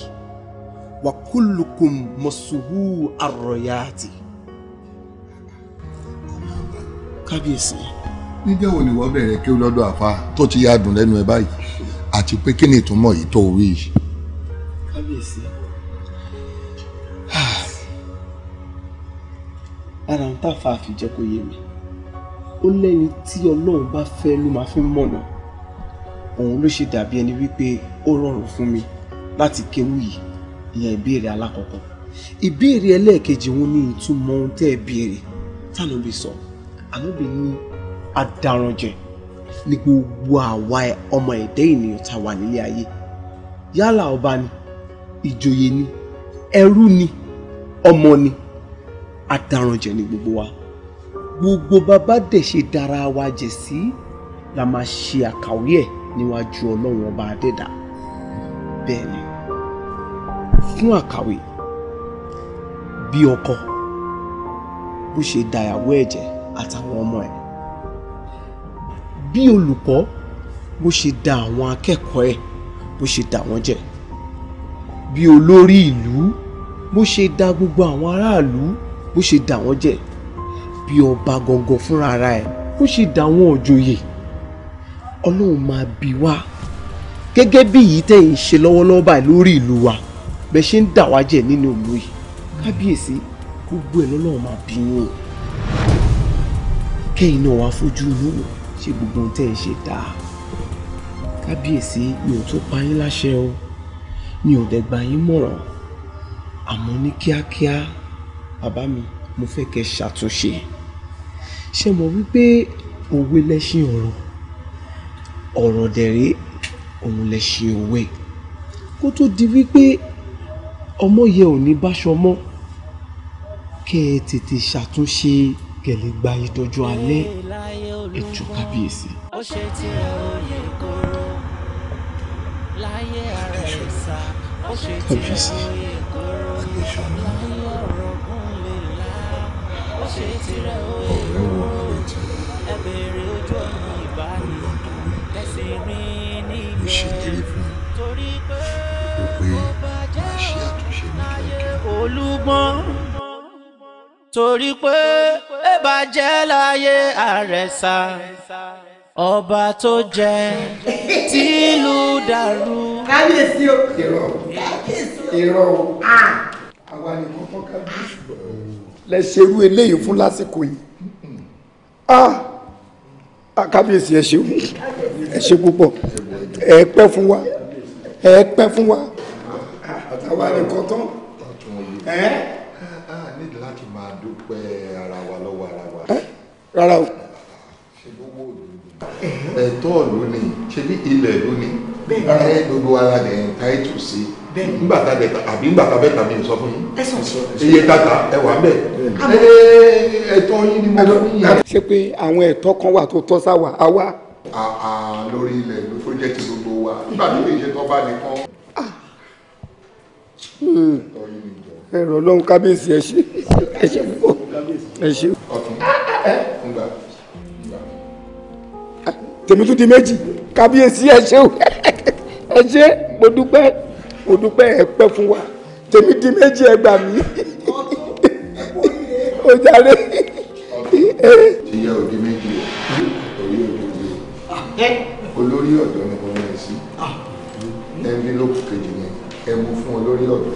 wa kullukum masuhu arroyati kábíyèsí. níjẹ́ wo ni wọ́n bẹ̀rẹ̀ kí o lọ́dọ̀ àfa tó ti yá dùn lẹ́nu ẹ báyìí àti pé kí ni ìtumọ̀ yìí tó wí. kábíyèsí lára ohun táfà fi jẹ́ kó yé mi ó lẹ́ni tí ọlọ́run bá fẹ́ ló máa fi mọ̀nà òun ló ṣe dàbí ẹni wípé ó rọrùn fún mi láti kéwú yìí ìyẹn ìbéèrè alákọ̀ọ́kọ́ ìbéèrè ẹlẹ́ẹ̀kejì wọn ní ìtumọ̀ ohun tẹ́ ẹ béèrè tánàbí sọ ànábì ní adaranjẹ ní gbogbo àwa ọmọ ẹ̀dá ènìyàn tá a wà nílé ayé yálà ọba ni ìjòyè ni ẹrú ni ọmọ ni adarànjẹ ni gbogbo wa gbogbo bàbá dẹ̀ ṣe dára wa jẹ̀ sí la máa ṣe àkàwé ẹ̀ níwájú ọlọ́run ọba adẹ́dà bẹ́ẹ̀ ni fún àkàwé bí ọkọ bó ṣe dàyàwó ẹ̀jẹ̀ àtàwọn ọmọ ẹ̀ bí olùkọ́ bó ṣe da àwọn akẹ́kọ̀ọ́ ẹ̀ bó ṣe dà wọ́n jẹ̀ bí olórí ìlú bó ṣe da gbogbo àwọn aráàlú bó ṣe dà wọ́n jẹ bí ọba gangan fúnra ara ẹ̀ bó ṣe dà wọ́n òjòyè ọlọ́run máa bí wá gẹ́gẹ́ bí èyí tẹ̀ ń ṣe lọ́wọ́lọ́wọ́ báyìí lórí ìlú wa bẹ́ẹ̀ ṣe ń dà wá jẹ nínú ìlú yìí kábíyèsí gbogbo ẹ̀ lọ́lọ́run máa bí yín o kẹ́yìn náà wá fojú inú wò ṣe gbogbo ohun tẹ́ ẹ ṣe dáa kábíyèsí mi ò tó pa yín láṣẹ o mi ò dẹ̀ yín mọ̀ràn àmọ́ ní kíákíá bàbá mi mo fẹ́ kẹ́ ṣàtúnṣe ṣe mọ̀ wípé òwe lẹ́ṣin ọ̀rọ̀ ọ̀rọ̀ dẹ̀rẹ́ òun lẹ́ṣin òwe kó tó di wípé ọmọ yẹ ò ní báṣọ mọ́ kẹ́ ẹ tètè ṣàtúnṣe kẹ̀lẹ́ gba ìtọ́jú alẹ́ ẹ̀jọ̀ kábíyèsí. ó ṣe tí ẹ ò yẹ láyé ara ẹ̀ sá ó ṣe tí ẹ ò yẹ kóró láyé ọ̀rẹ́ wo retí mo ṣèlérí fún ẹ pé màá ṣe àtúnṣe ní kíákíá torí pé ẹ bá jẹ́ láyé àrẹ̀sà ọba tó jẹ tìlú dàrú. kábíyèsí o. ìrọ̀ ìrọ̀ ah! àwa nìkan fọ́n kábíyèsí lẹ ṣerú eléyìí fún lásìkò yìí ah, ah kábíyèsí ẹ ṣeun ẹ ṣe púpọ̀ ẹ pẹ́ fún wa ẹ pẹ́ fún wa àtàwọn ẹ̀kọ́ tán ẹ. a nílò láti máa dúpẹ́ ara wa lọ́wọ́ ara wa. rárá o. ṣe gbogbo òdu ẹ̀tọ́ ló ní ṣe ní ilẹ̀ ló ní ẹ gbogbo ara rẹ̀ ń ta ètò sí i bẹ́ẹ̀ nígbà tá bẹ́ẹ̀ ta àbí nígbà tá bẹ́ẹ̀ ta mi sọ fún yín. ẹ sàn sọ. iye tata ẹ wà bẹ́ẹ̀. ẹ̀tọ́ yín ni mo fún yín. ṣé pé àwọn ẹ̀tọ́ kan wà tó tọ́ sáwà á wá. lórí ilẹ̀ ló tó jẹ́ ti gbogbo wa nígbà tó lè ṣe tán bá nìkan. Ah. ẹ̀rọ ọlọ́run kábíyèsí ẹ ṣe ẹ ṣe púpọ̀ ẹ ṣe. Ah, tèmi tún di méjì kábíyèsí ẹ ṣe <laughs> ẹ ṣe mo dúpẹ́ o dúpẹ́ ẹ pẹ́ fún wa tèmi di méjì ẹ gbà mí o jàre. ìyá òdi méjì o orí òdi o olórí ọ̀dọ́ ni mo mẹ́ sí ẹni ló kejì ni ẹ mú fún olórí ọ̀dọ́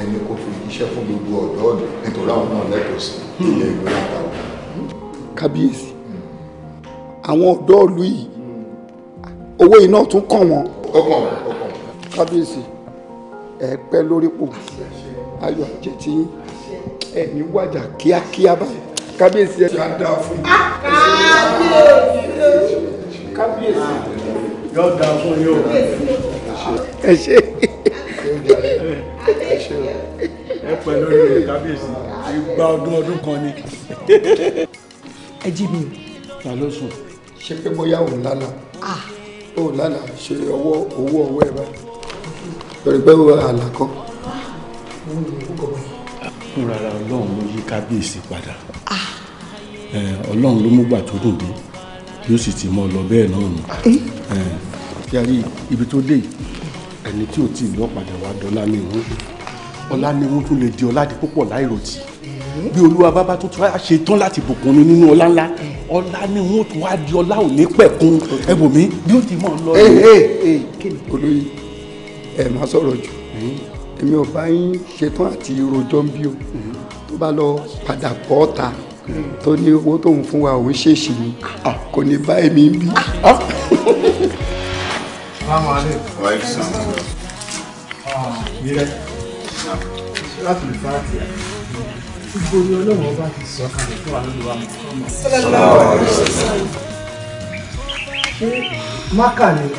ẹni kò fi iṣẹ́ fún gbogbo ọ̀dọ́ ọ̀dọ́ nítorí àwọn náà lẹ́tọ̀ọ́ sí ilé ìwé àtàwọn. kábíyèsí àwọn ọ̀dọ́ ìlú yìí owó iná tún kàn wọ́n. ó kàn wọ́n ó kàn wọ́n. kábíyèsí ẹ pẹ́ lórípò ayọ̀ àjẹ tí ẹ ní wàjà kíákíá báyìí kábíyèsí ẹ. dáadáa fún yín. Ah, kábíyèsí. kábíyèsí. yóò dáa fún yín o. ẹ ṣe. ẹ ṣe o ẹ pẹ́ lórí rẹ kábíyèsí ìgbà ọdún ọdún kan ni. ẹ jí mi. ta ló sùn. ṣé pé bóyá òun lálàá. Ah. òun lálàá ṣe ọwọ́ owó ọwọ́ ẹ báyìí torí pé wọ́n àlàkọ́. fúnra ọlọ́run ló yí kábíyèsí padà ọlọ́run ló mú gbà tó dùn dé yóò sì ti mọ ọ lọ bẹ́ẹ̀ náà nù. yàrá ibi tó dé ẹni tí ò tí ì lọ padà wá dọ́là ní ìwọ́n ọlá ní ìwọ́n tún lè di ọlá di púpọ̀ láìròtì bí olúwa bàbá tó tún wá ṣe tán láti bùkún ní nínú ọlá ńlá ọlá ní ìwọ́n tún wá di ọlá òní pẹ̀kun ẹ̀bùnmí yóò ti mọ̀ ọ lọ. olóyè ẹ má sọ̀rọ̀ jù mm-hmm. èmi ò bá yín ṣetán àti rojọ́ ń bí o mm-hmm. tó bá lọ padà bọ́ ta mm-hmm. tó ní owó tóun fún wa òun ṣèṣì ni ah. kò ní bá èmi ń bí. Ah. Assalamu Ah, ni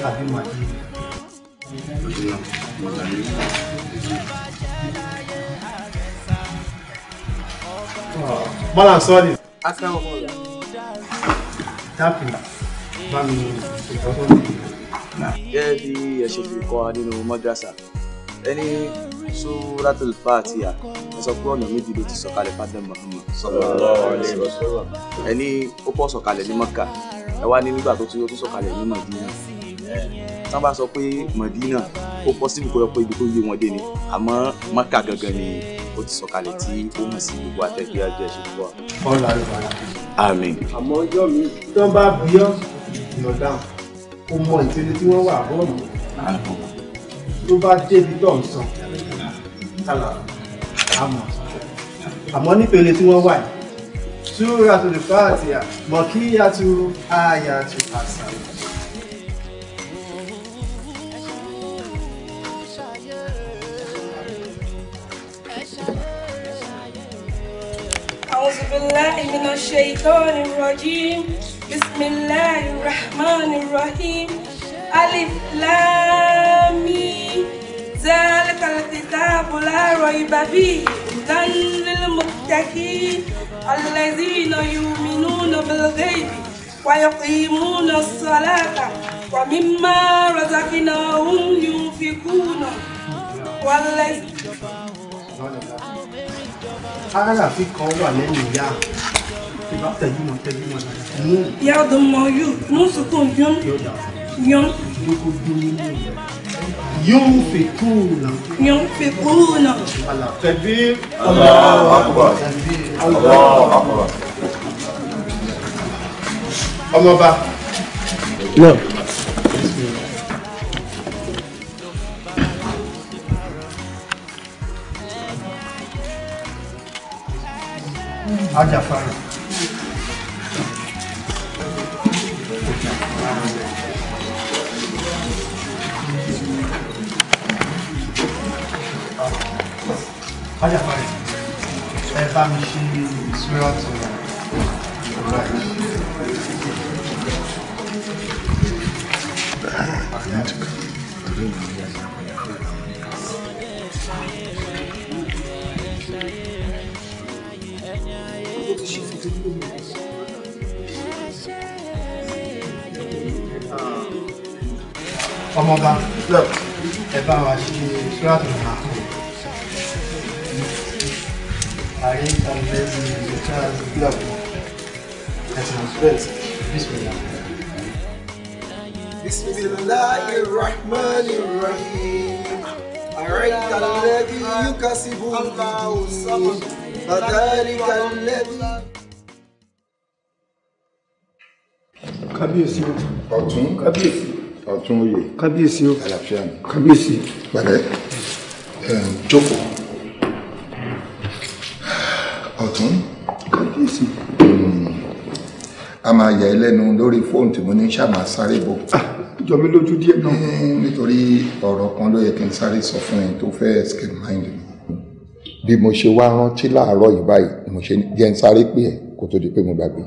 àbí Màdí? Bọ́lá sọ ni. Aṣáwọ̀ bọ́ọ̀lù. Dápì bá mi ìkọ́ tó ní. Gẹ́gẹ́ bí ẹ̀ṣẹ̀ fi kọ́ wa nínú mọ́dásà, ẹni tó látọ̀lù fà àti à, ẹ sọ pé ọ̀nà méjì ló ti sọ̀kalẹ̀ Fátẹ́ Mahama. Ẹni ó pọ̀ sọ̀kalẹ̀ ní Mọ́kà, ẹ wá ní nígbà tó tún yóò tún sọ̀kalẹ̀ ní Màdínà tán bá sọ pé mọ̀dínà ó pọ́sibú kó lọ pé ibi tó yé wọn dé ni àmọ́ mọ́kà gangan ni ó ti sọ̀kalẹ̀ tí ó mọ̀ sí gbogbo àtẹ̀gbẹ́ ajẹ́ ṣe fún wa. ọ̀la ló bá àmín. àmọ́ ọjọ́ mi tí wọ́n bá bí ọ́ ìyọ̀dá kò mọ ìpele tí wọ́n wà bọ́ọ̀lù tó bá débi tó ń sàn tálà àmọ́ àmọ́ nípele tí wọ́n wà yìí túra tó lè fà kí yàtú àyà tó بالله من الشيطان الرجيم بسم الله الرحمن الرحيم ألف لامي ذلك الكتاب لا ريب فيه هدى للمتقين الذين يؤمنون بالغيب ويقيمون الصلاة ومما رزقناهم ينفقون والذين aráàfin kan wà lẹ́yìn ìyá ìbá tẹ̀jú mọ́ tẹ̀jú mọ́ náà. ìyá ọdún mọ yóò mú sùkúù yún yún. ينفقون ينفقون التكبير الله اكبر الله اكبر الله اكبر نعم Haja fara. Haja fara. Ẹ bá mi ṣe ìṣúra tó rà. I need to go. ọmọọba ẹ bá wa ṣe sùràtù náà àrí ìtàlẹ́sì ìjọ́sáàlì gbìyànjú ẹ̀sìn spread bismillah. بسم الله الرحمن الرحيم أرأيت الذي يكسب الدين فذلك الذي kábíyèsí ọtún kábíyèsí ọ̀tún oyè. kábíyèsí o àlàáfíà mi. kábíyèsí. pẹ̀lẹ́ jókòó ọ̀tún. kábíyèsí. a máa yà ẹ́ lẹ́nu lórí fóònù tí mo ní sàmà sáré bò. Ah, jọ mi lójú díẹ̀ náà. nítorí ọ̀rọ̀ kan ló yẹ kí n sáré sọ fún ẹ tó fẹ́ escape mind mi bí mo ṣe wá rántí láàárọ̀ yìí báyìí mo ṣe jẹ́ ń sáré pé ẹ̀ kó tó di pé mo gbàgbé.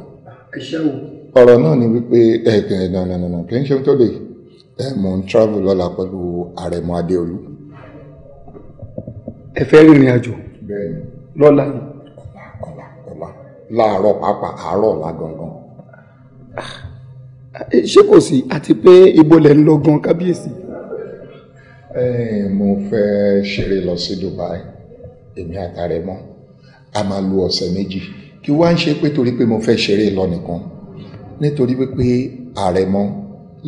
ọ̀rọ̀ náà ni wípé ẹ̀ẹ́dẹ̀ẹ̀dẹ̀ ẹ mò ń travel lọ́la pẹ̀lú àrẹ̀mọ adéolú. ẹ fẹ́ rìnrìn àjò. bẹ́ẹ̀ni. lọ́la ni. ọ̀la ọ̀la ọ̀la láàárọ̀ pàápàá àárọ̀ ọ̀la gangan. Ah, eh, ṣé kò sí àti pé ibo lẹ̀ ń lọ gan kábíyèsí. ẹ mo fẹ́ ṣeré lọ sí Dubai èmi àtàrẹ̀mọ a máa lo ọ̀sẹ̀ méjì kí wá ń ṣe pé torí pé mo fẹ́ ṣeré lọ nìkan nítorí wípé àrẹ̀mọ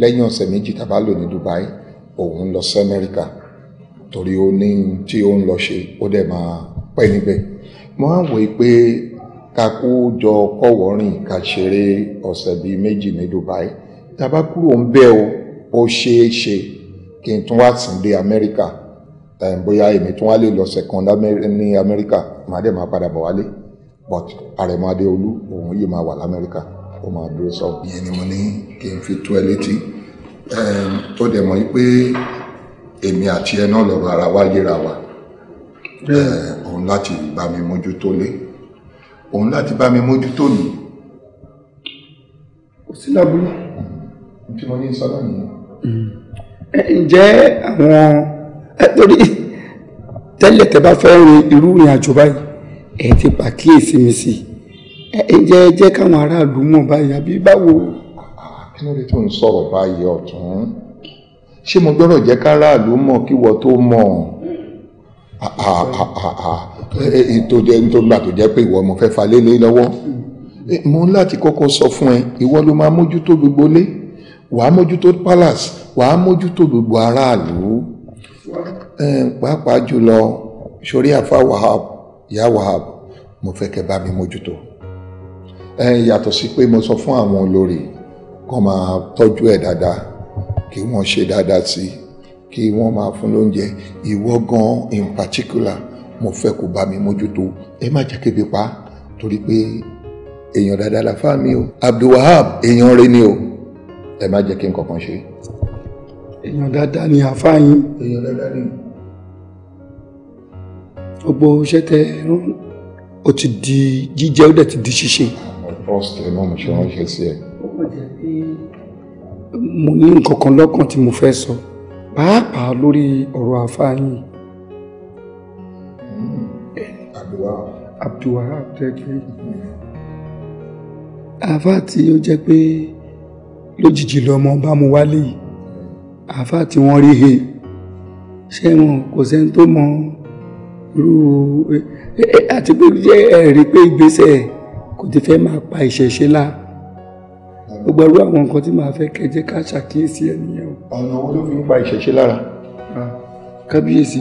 lẹ́yìn ọ̀sẹ̀ méjì tàbá lò ní Dubai òun lọ sí Amẹ́ríkà torí ó ní tí ó ń lọ ṣe ó dẹ̀ máa pẹ́ níbẹ̀ mo á wòye pé ká kó jọ kọ́wọ́rìn ká ṣeré ọ̀sẹ̀ bíi méjì ní Dubai tàbá kúrò ń bẹ́ o ó ṣeé ṣe kí n tún wá sìn dé Amẹ́ríkà bóyá èmi tún wá lè lọ second ní Amẹ́ríkà màá dẹ̀ máa padà bọ̀ wálé but àrẹ̀mọ adéolú òun yìí máa wà lamẹ́ríkà ó máa dúró sọ ìyẹn ni mo ní kí n fi tó ẹ létí tó dẹ̀ mọ̀ pé èmi àti ẹ náà lọ́rọ̀ ara wa yíra wa òun láti bá mi mójútó lé òun láti bá mi mójútó lù kò sí lábúrú tí mo ní sọ́dọ̀ nìyẹn. Hmm. ǹjẹ́ àwọn torí tẹ́lẹ̀ tẹ́ bá fẹ́ rin irú ìrìn àjò báyìí ẹ ti pàkíyèsí mi sí i ẹ jẹ́ ẹ jẹ́ káwọn aráàlú mọ̀ báyìí àbí báwo. kí ló dé tó ń sọ̀rọ̀ báyìí ọ̀tún ṣé mo gbọ́dọ̀ jẹ́ káráàlú mọ̀ kí wọ́n tó mọ̀ ètò jẹ́ nítorí gbà tó jẹ́ pé ìwọ ọmọ fẹ́ fa lélẹ̀ lọ́wọ́ mo ń láti kọ́kọ́ sọ fún ẹ ìwọ ló máa mójútó gbogbo lé wàá mójútó palace wàá mójútó gbogbo aráàlú pàápàá jùlọ sórí àfa wahab ya wahab mo fẹ́ kẹ́ bá mi mójútó ẹ yàtọ̀ sí pé mo sọ fún àwọn olórí kó máa tọ́jú ẹ̀ dáadáa kí wọ́n ṣe dáadáa sí kí wọ́n máa fún lóúnjẹ ìwọ gan in particular mo fẹ́ kó bá mi mójútó ẹ má jẹ́ kébi pa torí pé èèyàn dáadáa la fáàmì o Abdulwahab èèyàn rẹ ni o ẹ má jẹ́ kí n kankan ṣe. èèyàn dáadáa ni àfáàyín. èèyàn dáadáa ni. gbogbo iṣẹ́ tẹ ó ti di jíjẹ́ ó dẹ̀ ti di ṣíṣe trust imam ṣe ránṣẹ́ sí ẹ. mo ní nǹkan kan lọ́kàn tí mo fẹ́ sọ pàápàá lórí ọ̀rọ̀ àfáàyàn. Hmm, abdulwahab. abdulwahab tẹ́kí. àáfàá tí ó jẹ́ pé lójijì lọ́mọ bá mu wálé yìí àáfàá tí wọ́n rí he ṣẹ́wọ̀n kò sẹ́ni tó mọ irú àti pé ẹ pé ìgbésẹ̀ ẹ̀ kò ti fẹ́ máa pa ìṣẹ̀ṣe la gbogbo ẹrú àwọn nǹkan tí màá fẹ́ kẹjẹ ká ṣàkíyèsí ẹ nìyẹn o. ọ̀nà wo ló fi ń pa ìṣẹ̀ṣe lára. Ah, kábíyèsí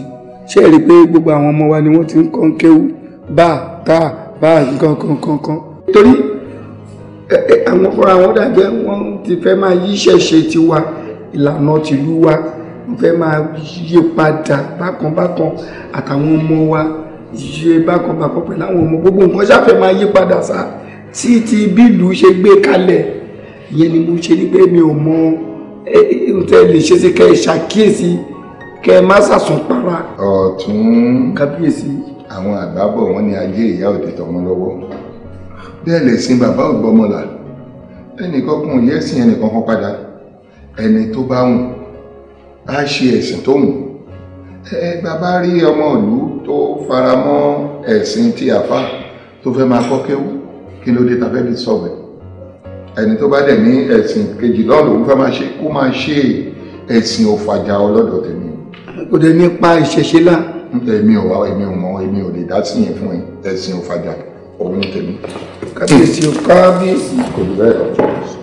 ṣé ẹ rí i pé gbogbo àwọn ọmọ wa ni wọ́n ti ń kọ́ ń kéwú bá a ká a bá a nǹkan kan kan kan. torí àwọn fúnra wọn dàgbẹ́ wọ́n ti fẹ́ máa yí ìṣẹ̀ṣe tiwa ìlànà tìlú wa wọ́n fẹ́ máa yí padà bákan bákan àtàwọn ọmọ wa ṣe bákanbákan pẹ̀lú àwọn ọmọ gbogbo nǹkan ṣàfẹ́ máa yí padà sá tí ti bílù ṣe gbé kalẹ̀ ìyẹn ni mo ṣe ní pé mi ò mọ ohun tẹ́ lè ṣe sí kẹ́ ẹ ṣàkíyèsí kẹ́ ẹ má ṣàsùn para. ọ̀tún kábíyèsí. àwọn àgbábọ̀ wọn ni ajé ìyá òde tọmọ lọ́wọ́ bẹ́ẹ̀ lè sin bàbá ògbọ́mọlà ẹnìkan kún yẹ́sìn ẹnìkan kan padà ẹni tó bá wù á ṣe ẹ̀sìn tó wù ẹ bàbá rí ọmọ ìlú tó fara mọ́ ẹ̀sìn tí àfa tó fẹ́ máa kọ́ kéwú kí ló dé ta fẹ́ fi sọ̀bẹ̀ ẹni tó bá dẹ̀ ní ẹ̀sìn kejì náà lòun fẹ́ máa ṣe kó máa ṣe ẹ̀sìn òfàjà ọlọ́dọ̀ tèmi. kò dé nípa ìṣẹ̀ṣe lá. èmi ò wá èmi ò mọ èmi ò lè dá sí yẹn fún ẹ̀sìn òfàjà òun tèmi. kábíyèsí kábíyèsí kò lè bẹ́ẹ̀ lọ.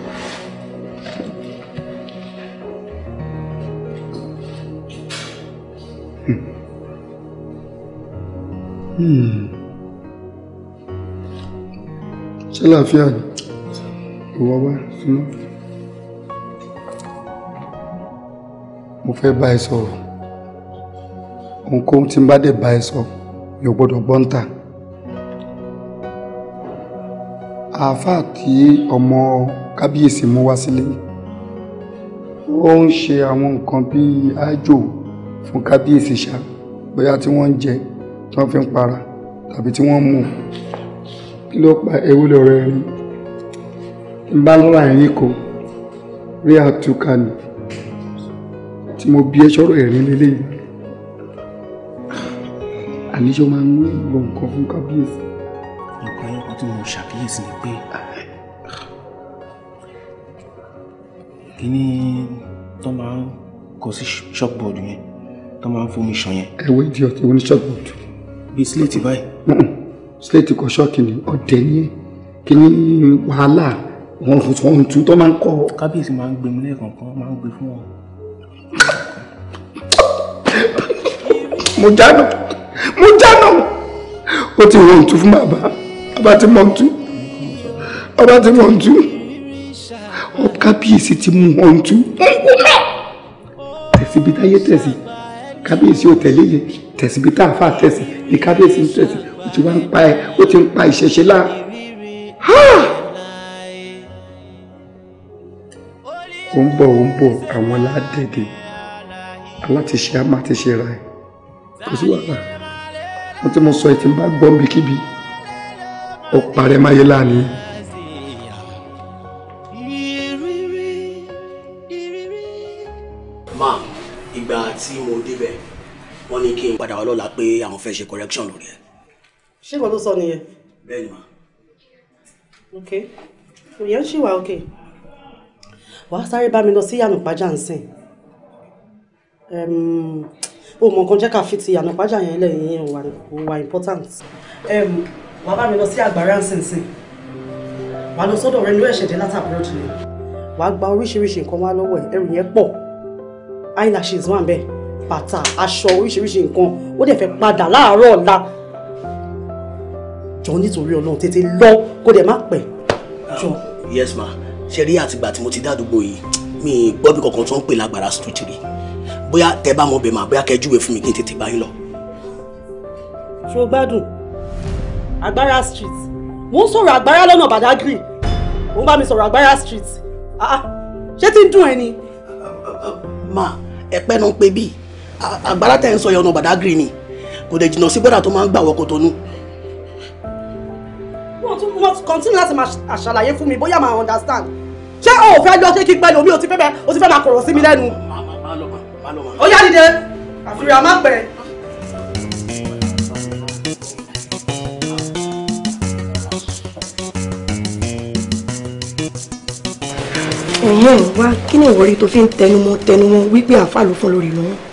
ṣé láàfíà ni ìwọ wá sínú mo fẹ́ bá ẹ sọ̀rọ̀ ohunkóhun tí n bá dẹ̀ bá ẹ sọ mi ò gbọ́dọ̀ gbọ́ ń tà àáfàá tí ọmọ kábíyèsí mú wá sílé ó ń ṣe àwọn nǹkan bíi ájò fún kábíyèsí ṣá bóyá tí wọ́n ń jẹ tí wọ́n fi ń para tàbí tí wọ́n mú kí ló pa ewúlẹ̀ ọ̀rẹ́ ẹni ń bá lọ́la ẹ̀yìn kò rí àtúkà nì tí mo bí ẹ sọ̀rọ̀ ẹ̀rín lélẹ́yìn àníṣe máa ń gbọ́ nǹkan fún kábíyèsí. nǹkan ayọ́kọ̀ tí mo ṣàkíyèsí ni pé kíní tó máa ń kọ sí ṣọ́ọ̀bù ọ̀dù yẹn tó máa ń fomi ṣan yẹn. ẹ̀wọ́ ìdí ọ̀tí oní ṣọ́ọ̀bù bíi síléètì báyìí. síléètì kọ ṣọ́ọ̀kì ni ọ̀dẹ̀ ni kí ni wàhálà wọn ò tún tó máa ń kọ́. kábíyèsí máa ń gbé mi lẹ́ẹ̀kọ̀ọ̀kan máa ń gbé fún wọn. mo jáná mo jáná ó ti wọ́n tún fún bàbá bàbá ti mọ̀ tún bàbá ti mọ̀ tún ọ kábíyèsí ti mú wọn tún. tẹ̀síbi táyé tẹ̀sí kábíyèsí ò tẹ̀lé lè tẹ̀sí bí táàfà tẹ̀sí ní kábíyèsí ń tẹ̀sí ó ti wá ń pa ẹ ó ti ń pa ìṣẹ̀ṣẹ̀ lá. ó ń bọ̀ ó ń bọ̀ àwọn aládẹ̀dẹ̀ alátiṣe á máa ti ṣe ra ẹ̀ kò sí wàhálà wọ́n ti mọ sọ ẹ̀ tí ń bá gbọ́n bíkíbi ọ̀pá rẹ̀ máa yẹ láàánú. wọ́n ní kí n padà wá pé àwọn fẹ́ ṣe correction lórí ẹ̀. ṣé ìwọ ló sọ nìyẹn. bẹ́ẹ̀ ni ma. ok òyìn ṣì wà ok wàá sáré bá mi lọ sí yànnà nsìn o mọ nǹkan jẹ́ ká fi ti yànnà yẹn lẹ́yìn yẹn wà important wàá bá mi lọ sí àgbàrá nsìnsìn wàá lọ sọ́dọ̀ rẹ ní ẹ̀ṣẹ̀ dé látàbúrò jùlọ wàá gba oríṣiríṣi nǹkan wá lọ́wọ́ ẹ̀ yẹn pọ̀ eyelashes wà ń bẹ́ẹ̀ bàtà aṣọ oríṣiríṣi nǹkan ó dẹ̀ fẹ́ padà láàárọ̀ ọ̀la jọ nítorí ọlọ́run tètè lọ kó dẹ̀ má pẹ́ yes ma ṣe rí àtìgbà tí mo ti dádúgbò yìí mi gbọ́ bí kankan tó ń pè lágbára street rí bóyá tẹ bá mọ bẹ́ẹ̀ mà bóyá kẹjúwe fún mi kí n tètè bá yín lọ. ṣó agbára street mo ń sọ̀rọ̀ agbára lọ́nà badagry mo ń bá mi sọ̀rọ̀ agbára street ah, ah. ṣé tí ń dùn ẹ ma ẹ pẹ́ nu pé bíi àgbàlá tẹ̀ ń sọ yẹn ọ̀nà Badagry ni kò dẹ̀ jìnnà sí bọ́dà tó máa ń gbà wọ Kòtónú. wọ́n tún wọ́n continue láti máa ṣàlàyé fún mi bóyá máa understand ṣé o ò fẹ́ lọ ṣé kí lómi o ti fẹ́ bẹ́ẹ̀ o ti fẹ́ máa kọ̀rọ̀ sí mi lẹ́nu. ó yá dìde àfihàn má pẹ́. ẹ̀yẹ́ ń wá kí ni ìwọ́rí tó fi ń tẹnumọ́ tẹnumọ́ wípé àǹfààní fún lórí lọ́wọ́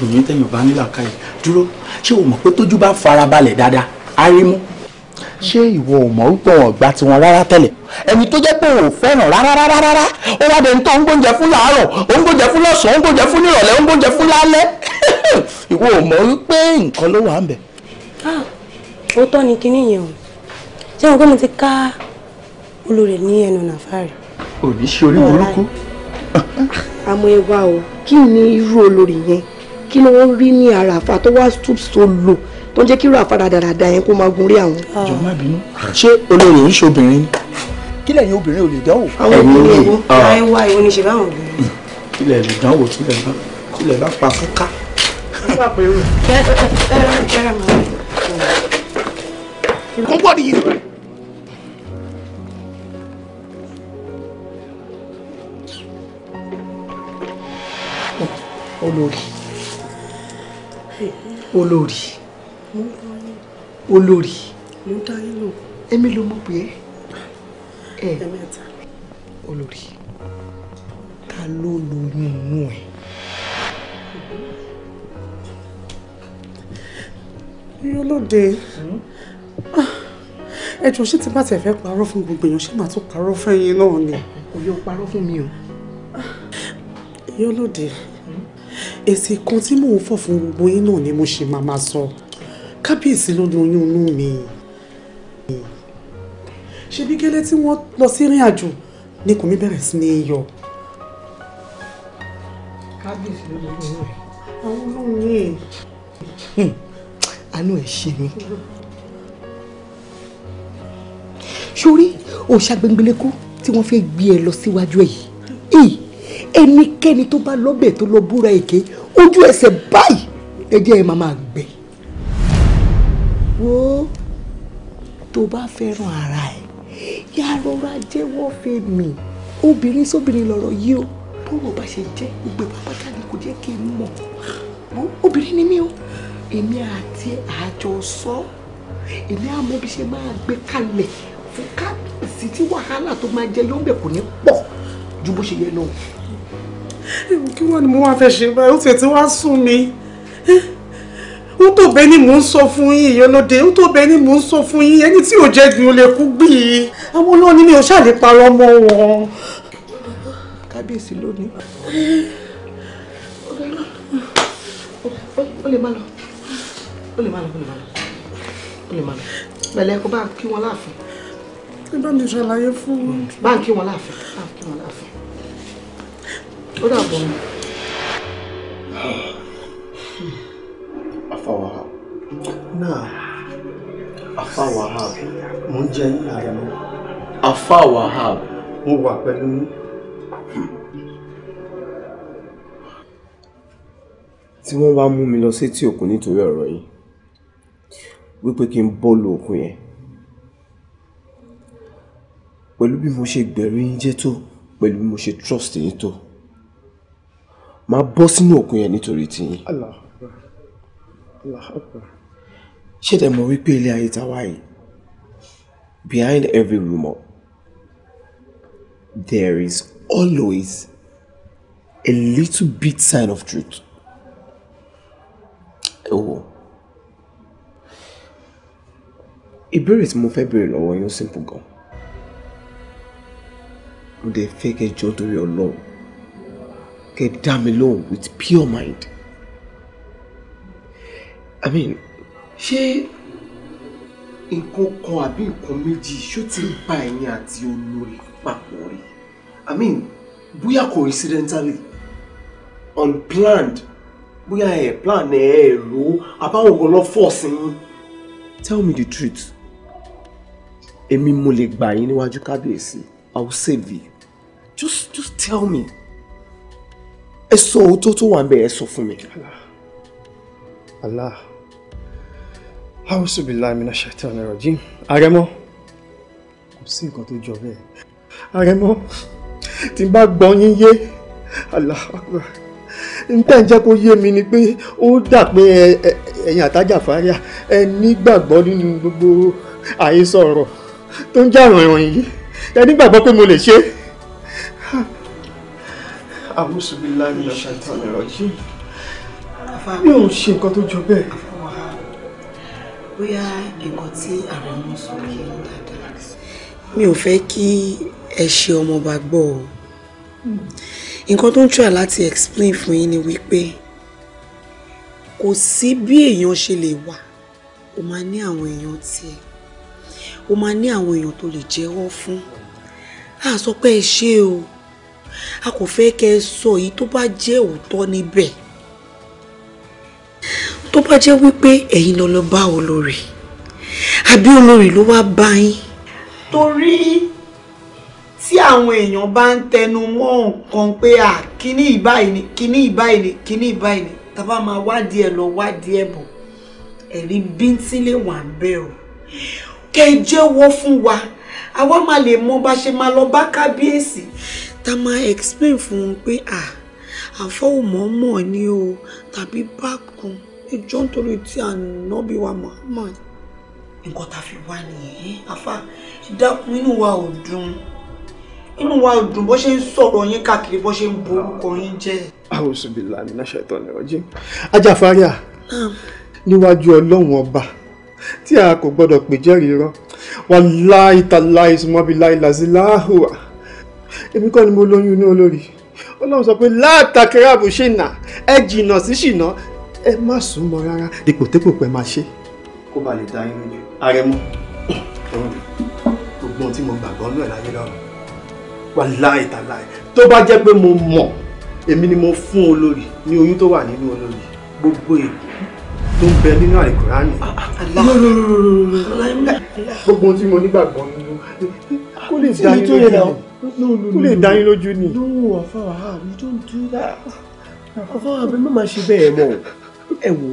dùn mí tẹ̀yìn ọba nílà káyè dúró ṣé o mọ̀ pé tójú bá farabalẹ̀ dáadáa á rí mú. ṣé ìwọ ò mọ̀ wípé wọn gba tiwọn rárá tẹ́lẹ̀ ẹni tó jẹ́ pé ò fẹ́ràn rárá rárá rárá ó wá dé nǹkan oúnjẹ fún làárọ̀ oúnjẹ fún lọ́sàn-án oúnjẹ fún nírọ̀lẹ́ oúnjẹ fún lálẹ́ <laughs> ìwọ ò mọ̀ wípé nǹkan ló wà ń bẹ̀. Ah, ó tọ́ ni kinní yẹn o ṣé wọn pé mo ti ká olórí ní ẹnu nàfàárì. ò ní ṣe orí burúkú. àmọ́ ẹ wá o kí ni irú olórí yẹn kí ni wọ́n rí ní ara àfa tó wá stoop so low tó ń jẹ́ kí irú àfa dáadáa yẹn kó máa gun rí àwọn. Ah. jọ má bínú ṣé olórí yìí ṣobìnrin ni. kí lẹ́yìn obìnrin ò lè dánwò. àwọn obìnrin èwo láì wá ìwọ ni ṣe báwọn obìnrin. Hmm. kílẹ̀ lè dánwò kílẹ̀ bá kílẹ̀ bá pa fún ká. What are olórí olórí olórí èmi ló mọ̀ pé ẹ olórí ta ló lóyún inú ẹ. yọlọ́dẹ ẹjọ́ ṣé tí bá tẹ̀ fẹ́ parọ́ fún gbogbo èèyàn ṣé màá tún parọ́ fẹ́yìn náà ni. kò yọ parọ́ fún mi o. yọlọ́dẹ èsì kan tí mò ń fọ̀ fún gbogbo yín náà ni mo ṣe máa máa sọ kábíyèsí ló lóyún inú mi ṣebí gẹ́lẹ́ tí wọ́n lọ sí ìrìn àjò ni kò mí bẹ̀rẹ̀ sí ní yọ. kábíyèsí ló lóyún inú rẹ̀ àwọn olóhùn yìí. Hmm. àánú ẹ̀ ṣe mí sórí òòṣà gbẹngbẹlẹ́kú tí wọ́n fẹ́ gbé ẹ lọ síwájú ẹ̀ yìí ẹnikẹ́ni tó bá lọ́bẹ̀ tó lọ búra èké ojú ẹsẹ̀ báyìí ẹjẹ́ ẹ máa gbẹ. wo tó bá fẹ́ràn ara ẹ̀ yá rọra jẹ́wọ́ fẹ́ mi obìnrin sóbìnrin lọ̀rọ̀ yìí o bọ́wọ́ bá ṣe jẹ́ gbogbo ìpàpàtà ni kò jẹ́ kí n mọ̀ obìnrin ni mí o èmi àti àjọ sọ èmi àmọ́ bí ṣe máa gbé kalẹ̀ fún kábíyèsí tí wàhálà tó máa jẹ yóò bẹ̀ kò ní pọ̀ ju bó ṣe yẹ lọ kí wọ́n ni mo wá fẹ́ ṣe báyìí ó tiẹ̀ ti wá sùn mi ó tó bẹ́ẹ̀ ni mò ń sọ fún yín ìyọlóde ó tó bẹ́ẹ̀ ni mò ń sọ fún yín ẹni tí ò jẹ́ gbìn ó lè kú gbìn àwọn olóòní mi ò ṣàlè parọ́ mọ́ wọn. kábíyèsí lónìí. ó lè má lọ ó lè má lọ ó lè má lọ ó kó bá kí wọn láàfin. ẹ bá mi ṣàlàyé fún bá ń kí wọn láàfin bá ń kí wọn láàfin ó dàbọ̀. Ah. afa wahab náà afa wahab mo ń jẹ yín àrẹ̀mọ. afa wahab. mo wà pẹ̀lú yín. tí wọ́n wá mú mi lọ sétí òkun nítorí ọ̀rọ̀ yìí wípé kí n bọ́ lu òkun yẹn pẹ̀lú bí mo ṣe gbẹ̀rí yín jẹ́ tó pẹ̀lú mo ṣe trust yín tó máa bọ́ sínú òkun yẹn nítorí tiyín. Allah ṣé ẹ mọ̀ wípé ilé ayé ta wáyé behind every rumor, there is always a little bit sign of truth. Oh. ìbéèrè tí mo fẹ́ béèrè lọ́wọ́ yín ó simple gan. mo dẹ̀ fẹ́ kẹ́ jọ́ torí ọlọ́run kẹ́ dá alone with pure mind i mean she, nǹkan kan àbí nǹkan méjì ṣó ti ń bá ẹ̀yin àti olórí papọ̀ rí i mean bóyá coincidentally unplanned bóyá ẹ̀ plan ẹ̀ ẹ̀ rò àbáwọn ọ̀gọ́ lọ fọ̀ tell me the truth èmi mo lè gbà yín níwájú kábíyèsí i will save you just just tell me ẹ sọ òótọ́ tó wà ń bẹ ẹ sọ fún mi. Allah A'udhu billahi minash shaitani rajim àrẹ̀mọ kò sí nǹkan tó jọ bẹ́ẹ̀ àrẹ̀mọ tí n bá gbọ́n yín yé Allah Akbar nígbà ń jẹ́ kó yé mi ni pé ó dà pé ẹ̀yin àtàjàfáríà ẹ nígbàgbọ́ nínú gbogbo àhesọ ọ̀rọ̀ tó ń jà rìnrìn yìí ẹ nígbàgbọ́ pé mo lè ṣe é àbúṣubílá ní ṣàtàn ìrọ̀jì mi ò ṣe nǹkan tó jọ bẹ́ẹ̀. bóyá nǹkan tí ààrẹ mú sọ kí ó dáadáa. mi ò fẹ́ kí ẹ ṣe ọmọọba gbọ́ o nǹkan tó ń try láti explain fún yín ni wípé kò sí bí èèyàn ṣe lè wà O máa ní àwọn èèyàn tiẹ̀ ó máa ní àwọn èèyàn tó lè jẹ́wọ́ fún a sọ pé ẹ ṣe o a kò fẹ́ kẹ́ ẹ sọ èyí tó bá jẹ́ òótọ́ níbẹ̀ tó bá jẹ́ wípé ẹ̀yin lọ lọ bá olórí àbí olórí ló wá bá yín. torí tí àwọn èèyàn bá ń tẹnu mọ́ nǹkan pé à kíní ìbáyìí ni kíní ìbáyìí ni kíní ìbáyìí ni tá máa wádìí ẹ̀ lọ wádìí ẹ̀ bọ̀ ẹ̀rí bíntílé wà ń bẹ̀rù kẹ́ ẹ jẹ́wọ́ fún wa àwa máa lè mọ bá ṣe máa lọ bá kábíyèsí tá a máa explain fún un pé à àfọwọ́mọ̀ọ́mọ̀ ni o tàbí bákan ẹjọ́ nítorí tí ànábì wa Muhammad nǹkan tá a fi wá nìyẹn afa dákun inú wa ò dùn inú wa ò dùn bó ṣe ń sọ̀rọ̀ yín káàkiri bó ṣe ń borúkọ yín jẹ́. àwòsù billahi minash shaitonir rajim ajáfáríà níwájú ọlọ́run ọba tí a kò gbọ́dọ̀ pè jẹ́rìí rọ wàláìtàláìsùmọ́bìláìlàsíláhùwà èmi kọ́ ni mo lóyún inú olórí ọlọ́run sọ pé látàkẹ́rẹ́ àbò ṣe nà ẹ jìnnà sí ṣìnà ẹ má sùn mọ́ rárá dípò tépò pẹ́ máa ṣe. kó ba lè dá inú yín arẹmú gbogbo ohun tí mo gbàgbọ́ ń lọ láyé lọ́rùn wà láì tà láì tó bá jẹ́ pé mo mọ̀ èmi ni mo fún olórí ní oyún tó wà nínú olórí gbogbo èkó tó ń bẹ nínú àìkúránì gbogbo ohun tí mo nígbàgbọ́ nínú kó lè dá inú yín lọ́rùn no no no lè dá yín ni. no afawa you don't do that afawa bẹ má máa ṣe bẹ́ẹ̀ mọ́ ẹ wo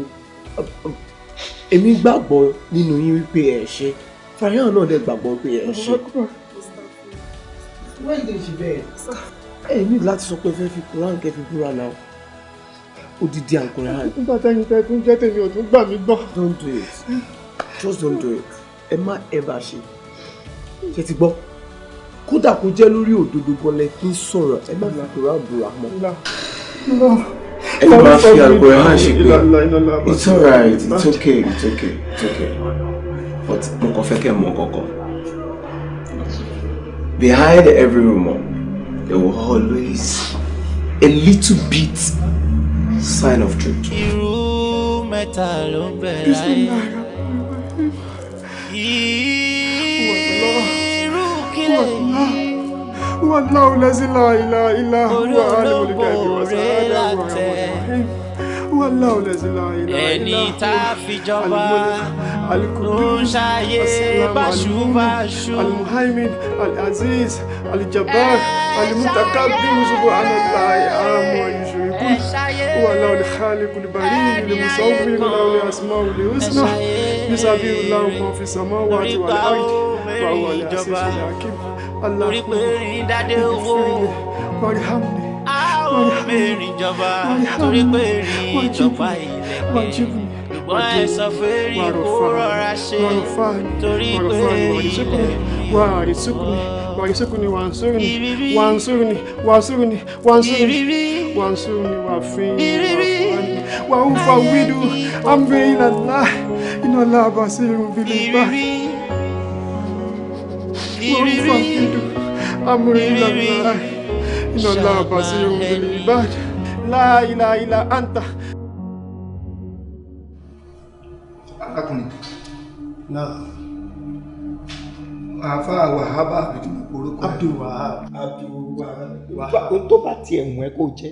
èmi gbàgbọ́ nínú yín wípé ẹ ṣe fàyàn náà dẹ̀ gbàgbọ́ pé ẹ ṣe. wọ́n lè ṣe bẹ́ẹ̀. ẹ ní láti sọ pé fẹ́ẹ́ fi koran kẹ́ fi búra now. odidi àkùnrin. nígbà tẹ́yìn tẹ́ tún jẹ́ tèmi ò tún gbà mí gbọ́. don't do it just don't do it Emma, ever she. ṣe ti gbọ́ kódà kó jẹ́ lórí òdodo gọlẹ̀ kí n sọ̀rọ̀ ẹ má fi àkùrọ̀ àbúrà mọ́. ẹ ní fi àgọ́ ẹ má ṣe pé it's alright it's okay it's okay it's okay but mo kàn fẹ́ kẹ́ mọ̀ kọ̀kọ̀ behind every rumour there will always a little bit sign of truth. irú mẹ́ta ló ń bẹ láyé. والله الذي لا اله الا هو عالم الغيب والشهاده هو الرحيم والله الذي لا اله الا هو الملك القدوس المهيمن العزيز الجبار المتكبر سبحان الله عما يشركون وله الخالق البريء المصور له الاسماء الحسنى يسبح له ما في السماوات والارض rìn ìjọba orí pé rìn dáadé owó a ò mẹ́rin ìjọba torí pé rìn ìjọba ìlẹ̀kẹ̀ ṣùgbọ́n ẹ sọ pé rí kó rọra ṣe torí pé ilẹ̀ mi warisukuni wansuni wansuni wansuni wansuni wansuni wafini waufawidu amri ilallah inallah basirun bilibah ìrírí amúnilàgbà ìnàlá àbàṣe òmìnira ìbàdàn láìláìlà àǹtà. arákùnrin náà àfa wàhábà orúkọ abdulwahab abdulwahab. ohun tó bá tiẹ̀ mú ẹ kó jẹ́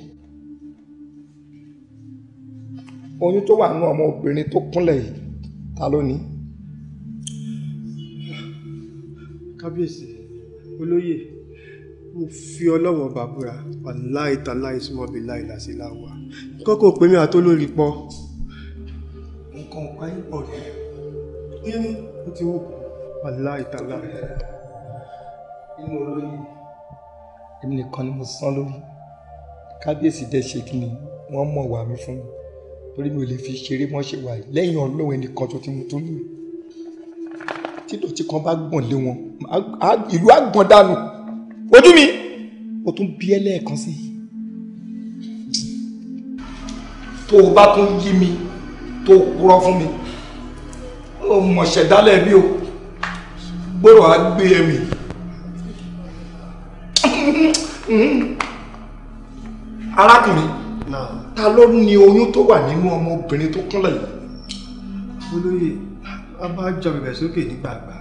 oyún tó wà nínú ọmọbìnrin tó kúnlẹ̀ yìí ta ló ní. kábíyèsí olóyè mo fi ọlọ́wọ́n bàbúra aláìta láìsúmọ́bi láìlàsí láwà kọ́kọ́ pé mi àtó lórí pọ́. nǹkan ọ̀pá yìí pọ̀ ní. kíni ó ti wò aláìta láì. inú olóyè èmi nìkan ni mo sán lórí kábíyèsí dẹ́ ṣe kí ni wọ́n mọ̀ wá mi fún mi torí mi ò lè fi ṣeré mọ́ ṣe wà lẹ́yìn ọlọ́wọ́ ẹnìkan tó ti mú tó lù mí tí ìdọ̀tí kan bá gbọ̀n lé wọn ìlú á gbọ̀n dànù ojú mi ó tún bí ẹ sí i tó o bá tún yí mi tó o kúrọ́ fún mi ó mọ̀ ṣẹ̀dálẹ̀ mi o gbọ́dọ̀ á gbé ẹ mi. arákùnrin ta ló ní oyún tó wà nínú ọmọbìnrin tó kúnlẹ̀ yìí a bá jọ bẹ̀bẹ̀ sókè ní gbàgbà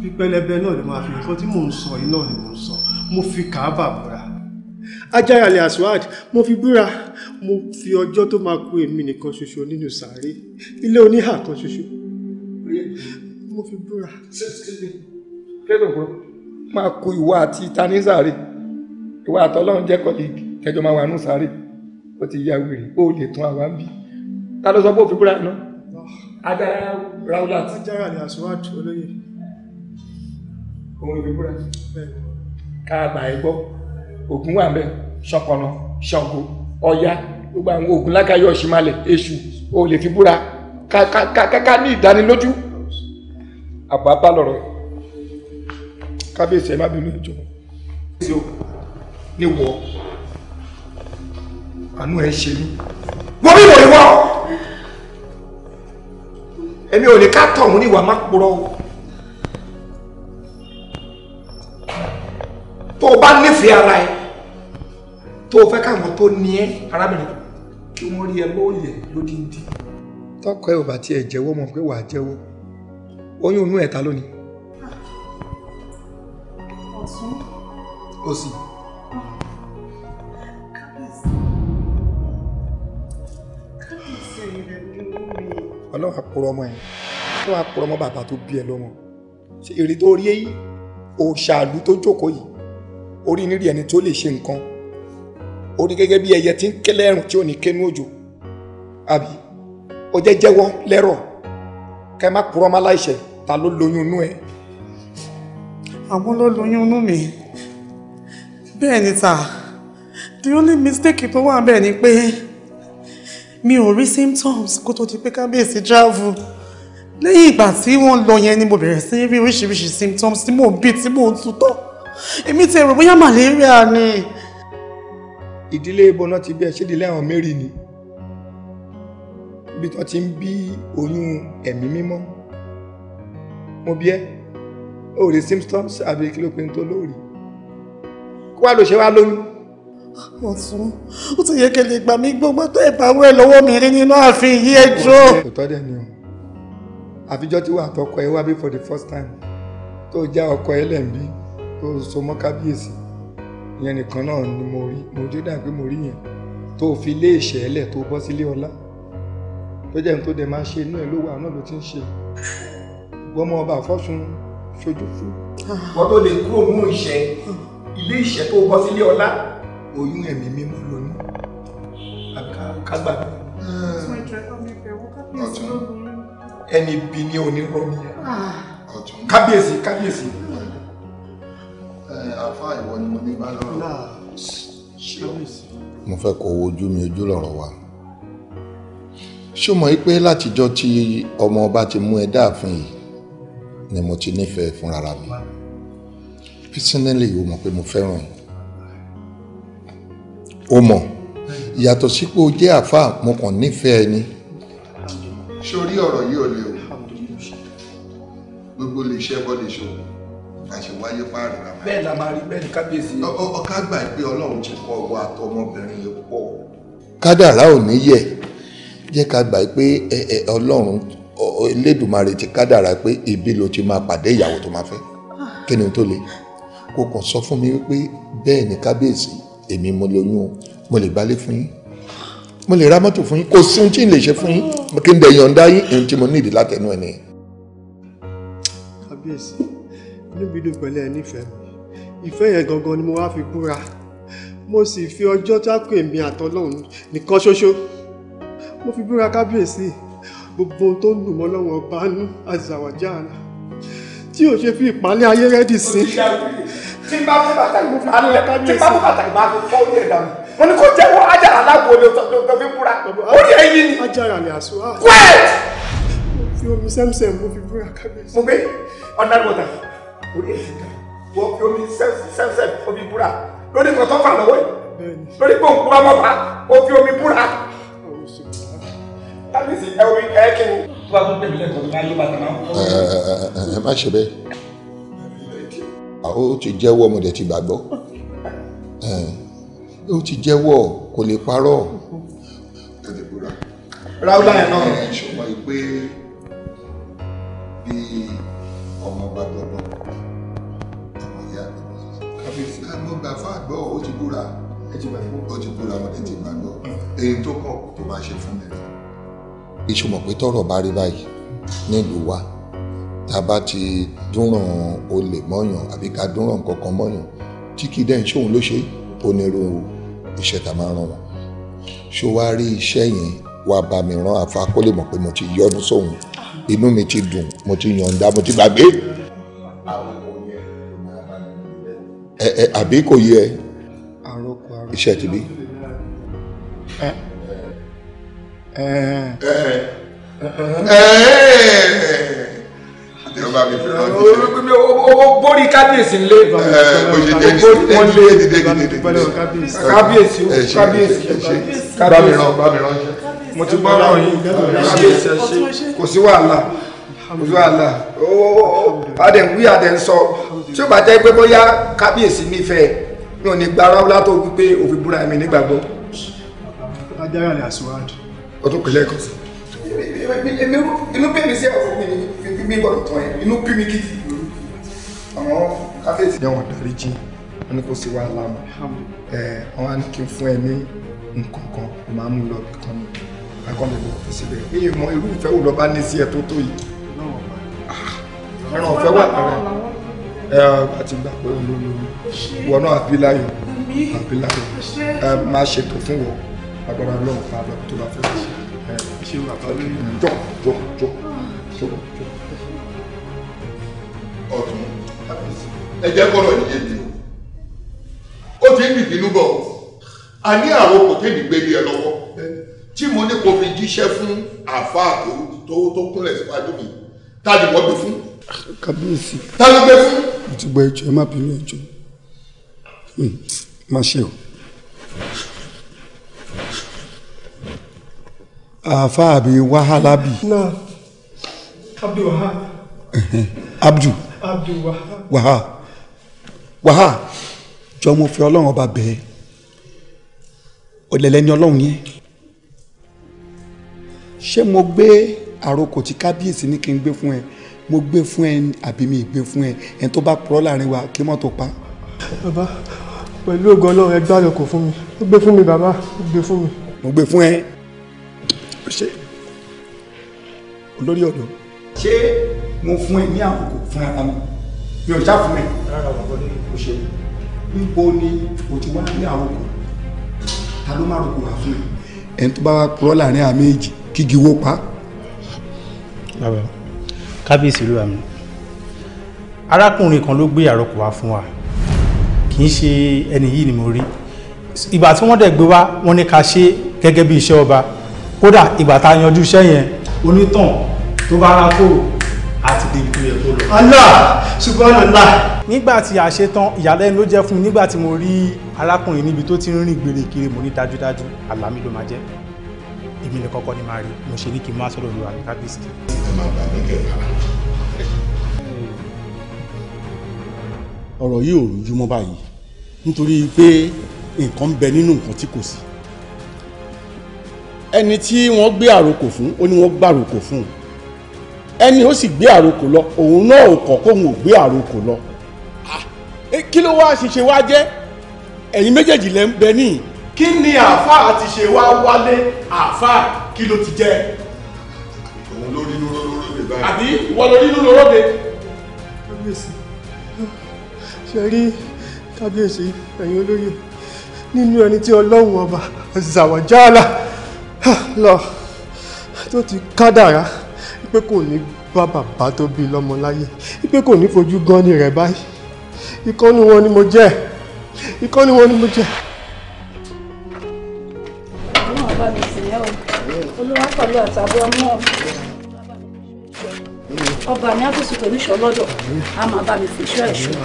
pípẹ́lẹ́bẹ́ náà ló máa fi nǹkan tí mò ń sọ yìí náà ni mò ń sọ mo fi kàábà búra ajáyàlẹ aswad mo fi búra mo fi ọjọ́ tó máa kú èmi nìkan ṣoṣo nínú sàárè ilé oníhà kan ṣoṣo mo fi búra. kẹ́lọ̀ bọ́ máa kó ìwọ àti ta ní sàárè ìwọ àtọ́lọ́run jẹ́ kọ́ kẹjọ máa wà nù sàárè ó ti ya wèrè ó lè tún àwa bí ta ló sọ pé ó fi búra náà. Agara Raulat. Ajara ni Aswad olóyè. Òun ìwé búra. Káàbà ẹgbọ́, ògùn wà mẹ́, ṣọpọ̀nà, ṣọ̀gbọ́, ọya, gbogbo àwọn ògùn lákàáyọ̀ ṣìmalẹ̀, èṣù, o lè fi búra. Ká ní ìdánilójú. Àbá bá lọ̀rọ̀. Kábíyèsí ẹ má bínú ìjọ. Kábíyèsí o, ní wọ, àánú ẹ ṣe mí. Wọ́n bí wọ̀ ìwọ èmi ò ní ká tọ̀hún ní ìwà má purọ́ o tó o bá nífẹ̀ẹ́ ara ẹ tó o fẹ́ káwọn tó ní ẹ arábìnrin kí wọ́n rí ẹ lóòyẹ̀ lódìndín. tọkọ ẹ ò bá tiẹ̀ jẹ́wọ́ mọ̀ pé wàá jẹ́wọ́ oyún inú ẹ̀ ta lónìí. ọ̀sùn. òsì. ọlọ́run àpòrọ ọmọ ẹ̀ ọlọ́run àpòrọ ọmọ bàbá tó bí ẹ lọ́mọ ṣe èrè tó rí èyí òṣàlù tó jókòó yìí orí nírì ẹni tó lè ṣe nǹkan orí gẹ́gẹ́ bí ẹyẹ tí ń kẹ́lẹ́ ẹ̀rùn tí ò ní kẹ́nu òjò àbí ó jẹ́ jẹ́wọ́ lẹ́rọ̀ ká má purọ́ má láìṣẹ̀ ta ló lóyún inú ẹ̀. àwọn ló lóyún inú mi bẹ́ẹ̀ ni ta the only mistake tó wà bẹ́ẹ̀ ni pé. Pe mi ò rí symptoms kó tó di pé kábíyèsí travel lẹ́yìn ìgbà tí wọ́n lọ yẹn ni mo bẹ̀rẹ̀ sí rí oríṣiríṣi symptoms tí mò ń bì tí mò ń tutọ́ èmi ti rò bóyá malaria ni. ìdílé ìbọnà ti bí ẹ ṣe ìdílé àwọn mary ni ibi tí wọ́n ti ń bí oyún ẹ̀mí mímọ́ mo bí ẹ o rí symptoms àbí kí ló pe ń tó lóòrì kó wá lọ lóyún ọ̀tún ó ti yẹ kí lè gbà mí gbogbo tó ìbáwọ́ ẹ lọ́wọ́ mi rí nínú ààfin yí ẹjọ́. òtọ́ dẹ̀ ni o àfijọ́ tí wà tọkọ ẹ wá bí for the first time tó já ọkọ ẹ lẹ́ǹbí tó so mọ́ kábíyèsí ìyẹn nìkan náà ni mo rí mo jó dà pé mo rí yẹn tó fi lé ìṣẹ̀lẹ̀ tó bọ́ sílé ọlá tó jẹ́ ní tó dẹ̀ máa ṣe inú ẹ̀ ló wà náà ló ti ń ṣe gbọ́mọ ọba àfọ́sùn ṣojú fún. Ah. wọ́n tó lè kúrò mú ìṣẹ́ ilé ìṣẹ́ tó bọ́ sílé ọlá oyún ẹ̀mí mímọ́ lóyún kágbà mi. ọ̀tún ẹni bí ní onírọ́ ni ah. kábíyèsí kábíyèsí. àfa ìwọ ni mo ní bá lọ́rọ̀. mo fẹ́ kó ojú mi ojú lọ́rọ̀ wa ṣó mọ̀ pé látijọ́ tí ọmọ ọba ti mú ẹ dáàfin yìí ni mo ti nífẹ̀ẹ́ fúnra mi personally o mọ̀ pé mo fẹ́ràn yìí o mọ̀ ìyàtọ̀ sí pé o jẹ́ àáfàá mo kàn nífẹ̀ẹ́ ni. sórí ọ̀rọ̀ yìí ò lè o gbogbo lè ṣe ẹbọ lè ṣòwò àṣewáyé páàrọ la máa. bẹ́ẹ̀ la máa rí bẹ́ẹ̀ ni kábíyèsí. ọkà gbà pé Ọlọ́run ti kọ ọwọ́ àtọmọbìnrin yẹn pọ̀. kádàrá ò ní yẹ̀ jẹ́ ká gbà pé Ọlọ́run Elédùmarè ti kádàrá pé ibi ló ti máa pàdé ìyàwó tó máa fẹ́ ah. kí ni tó le kó kàn sọ fún mi wípé bẹ́ẹ̀ ni kábíyèsí èmi mo lóyún mo lè gbálé fún yín mo lè ra mọ́tò fún yín kò sí ohun tí n lè ṣe fún yín mo kí n dẹ̀ yọ̀ǹda yín ohun tí mo nídìí látẹnu ẹ̀ ni. kábíyèsí inú mi dùn nífẹ̀ẹ́ mi ìfẹ́ yẹn gangan ni mo wá fi búra mo sì fi ọjọ́ tákù èmi àtọlọ́run nìkan ṣoṣo mo fi búra kábíyèsí gbogbo ohun tó ń mọ́ lọ́wọ́ ọba nú àzàwàjáàlà tí ò ṣe fi ìpálẹ̀ ayé rẹ́dì sí tí n bá fún bàtà ìlú fún alẹ́ tí n bá fún bàtà ìlú fún orí ẹ̀dá mi mo ní kó jẹ́wọ́ ajára aláàbò ni o fi búra orí ẹ̀yìn ni. ajára ni àṣọ á. quiet. mo fi omi sẹ́msẹ̀m mo fi búra kábíyèsí. mo gbé ọ̀nà àgbọ̀tà orí ẹ̀yìn kan mo fi omi sẹ́msẹ̀m mo fi búra lórí nǹkan tó fà lọ́wọ́ yìí lórí pé òkú ọmọba mo fi omi búra. kábíyèsí ẹ omi ẹ kí ni. tó bá tún tẹ̀lé ẹ̀kọ́ tó bá yí bàtà Ah, ó ti jẹ́wọ́ mo dẹ̀ ti gbàgbọ́ eh, ó ti jẹ́wọ́ kò lè parọ́. ráúlà yẹn náà ṣùgbọ́n ìpè bí ọmọ bá gbọ́dọ̀ ọmọ ìyá mi kábíyèsí mo gbà fún àgbọ̀ ó ti búra ó ti búra mo dẹ̀ ti gbàgbọ́ èyí mm. tó kọ̀ tó máa ṣe fún mi. ìṣùmọ̀ pé tọrọ bá rí báyìí nílùú wa tá a bá ti dúnràn olè mọ́yàn àbí ká dúnràn nǹkan kan mọ́yàn tí kì í dẹ́yìn ṣóun ló ṣe onírú iṣẹ́ tá a máa ràn wọ́n ṣó wá rí iṣẹ́ yẹn wá bá mi rán àfa kó lè mọ̀ pé mo ti yọdún sóhun inú mi ti dùn mo ti yọ̀ǹda mo ti gbàgbé. ẹ ẹ àbí kò yẹ iṣẹ́ ti bí. ẹ ẹ ẹ ẹ ni ó bá mi fi rántí. o borí kábíyèsí ńlẹ. bó ṣe jẹ́ dídé dídé dídé dídé. kábíyèsí kábíyèsí kábíyèsí. bá mi ránṣẹ́. mo ti gbọ́ ọ̀rọ̀ yìí kábíyèsí ẹ ṣe kò sí wàhálà kò sí wàhálà adẹ̀ ń wí adẹ̀ ń sọ tí ó bá jẹ́ pé bóyá kábíyèsí nífẹ̀ẹ́ mi ò ní gba ráúlá tó wípé òfin búra mi nígbàgbọ́. ajára ni àsùnwádìí. o tún pèlè kan sí i inú bí mi sí ẹ̀fọ́ mi ni mi gbọ́dọ̀ tán ẹ̀ inú bí mi gidi àwọn káfíńsì. bí àwọn adarí jí wọn ni kò sí wàhálà mọ wọn á ní kí n fún ẹ ní nǹkan kan mo máa mú lọ kan ní akọ́ni lọ fi síbẹ̀ èyí mọ irú ìfẹ́ wo lọ bá ní sí ẹ tó tó yìí ẹran ọ̀fẹ́ wà lára ẹ àti gbà pé olólùmí ìwọ náà àbí láyò àbí láyò máa ṣètò fún wọn agbára Ọlọ́run pa àbẹ tó bá fẹ́ ṣe ṣé o bàbá olórí mi. jọ jọ jọ jọ jọ ọtún ẹ jẹ kọrọ o ó ti ń dìbínú bọ a ní àròkò tẹ́lẹ̀ gbélé ẹ lọ́wọ́ tí mo ní kó fi jíṣẹ́ fún àáfàá tó tó kúnlẹ̀ síwájú mi táàdì wọ́n gbé fún. kábíyèsí. táàdì gbé fún. mo ti gbọ́ ẹjọ́ ẹ má bínú ẹjọ́ hmm, má ṣe o. afaabi wahalabi. náà abdul wahab. abdul. abdul wahab. wahab wahab jọ mo fi ọlọ́run ọba bẹ́ẹ̀ ọ̀lẹ́lẹ́ni ọlọ́run yẹn ṣé mo gbé àròkò tí kábíyèsí ní kí n gbé fún ẹ mo gbé fún ẹ àbí mi gbé fún ẹ ẹ tó bá purọ́ láàrin wa kí mọ́tò pa. bàbá pẹ̀lú ògo ọlọ́run ẹgbẹ́ àlọ́kọ̀ fún mi ó gbé fún mi bàbá ó gbé fún mi. mo gbé fún ẹ olórí ọ̀dọ́. ṣé mo fún ẹ ní àbùkù fún ara mi mi ò sáfún ẹ. rárá o wọlé o ṣe níbo ni o ti wá ní àròkọ ta ló má rògbò wá fún ẹ. ẹni tó bá wá purọ́ láàrin àmì èjì kígi wó pa. bàbá kábíyèsí olúwa mi arákùnrin kan ló gbé àròkọ wá fún wa kì í ṣe ẹni yìí ni mo rí ìgbà tí wọ́n dẹ̀ gbé wá wọ́n ní ká ṣe gẹ́gẹ́ bí iṣẹ́ ọba kódà ìgbà tá a yanjú iṣẹ́ yẹn onítàn tó bá ra kó àti débi tó yẹ kó lọ. Allah subhanallah. nígbà tí a ṣe tán ìyàlẹ́nu ló jẹ́ fún mi nígbà tí mo rí arákùnrin níbi tó ti ń rìn gbèrè kiri mo ní dájúdájú àlá mi ló máa jẹ́ èmi ni kọ́kọ́ ní máa rí mo ṣe ní kí n má sọ̀rọ̀ lu àmì kábíyèsí. ẹ máa bà mí kẹfà. ọ̀rọ̀ yìí ò rújú mọ́ báyìí nítorí pé nǹkan ń bẹ nínú nǹkan tí kò sí ẹni tí wọ́n gbé àròkò fún ó ní wọ́n gbàròkò fún un ẹni ó sì gbé àròkò lọ òun náà ò kọ̀ kóun ò gbé àròkò lọ. kí ló wá ṣiṣẹ́ wá jẹ́ ẹ̀yin méjèèjì lẹ́ ń bẹ níyì. kí ni àáfàá ti ṣe wá wálé àáfàá kí ló ti jẹ́. òun ló rí lóró lóróde báyìí. àbí ìwọ ló rí lóró lóróde. kábíyèsí ṣe rí kábíyèsí ẹ̀yin olóyè nínú ẹni tí ọlọ́run ọba zàwọ̀jálà lọ tó ti kádàrá pé kò ní bá bàbá tó bí lọ́mọ láyé pé kò ní fojú gan ni rẹ̀ báyìí ìkọ́ni wọn ni mo jẹ́ ìkọ́ni wọn ni mo jẹ́. o olúwa pẹ̀lú ọba mi á fèsì pẹ̀lú ìṣọ́ máa bá mi fèsì ẹ̀ṣọ́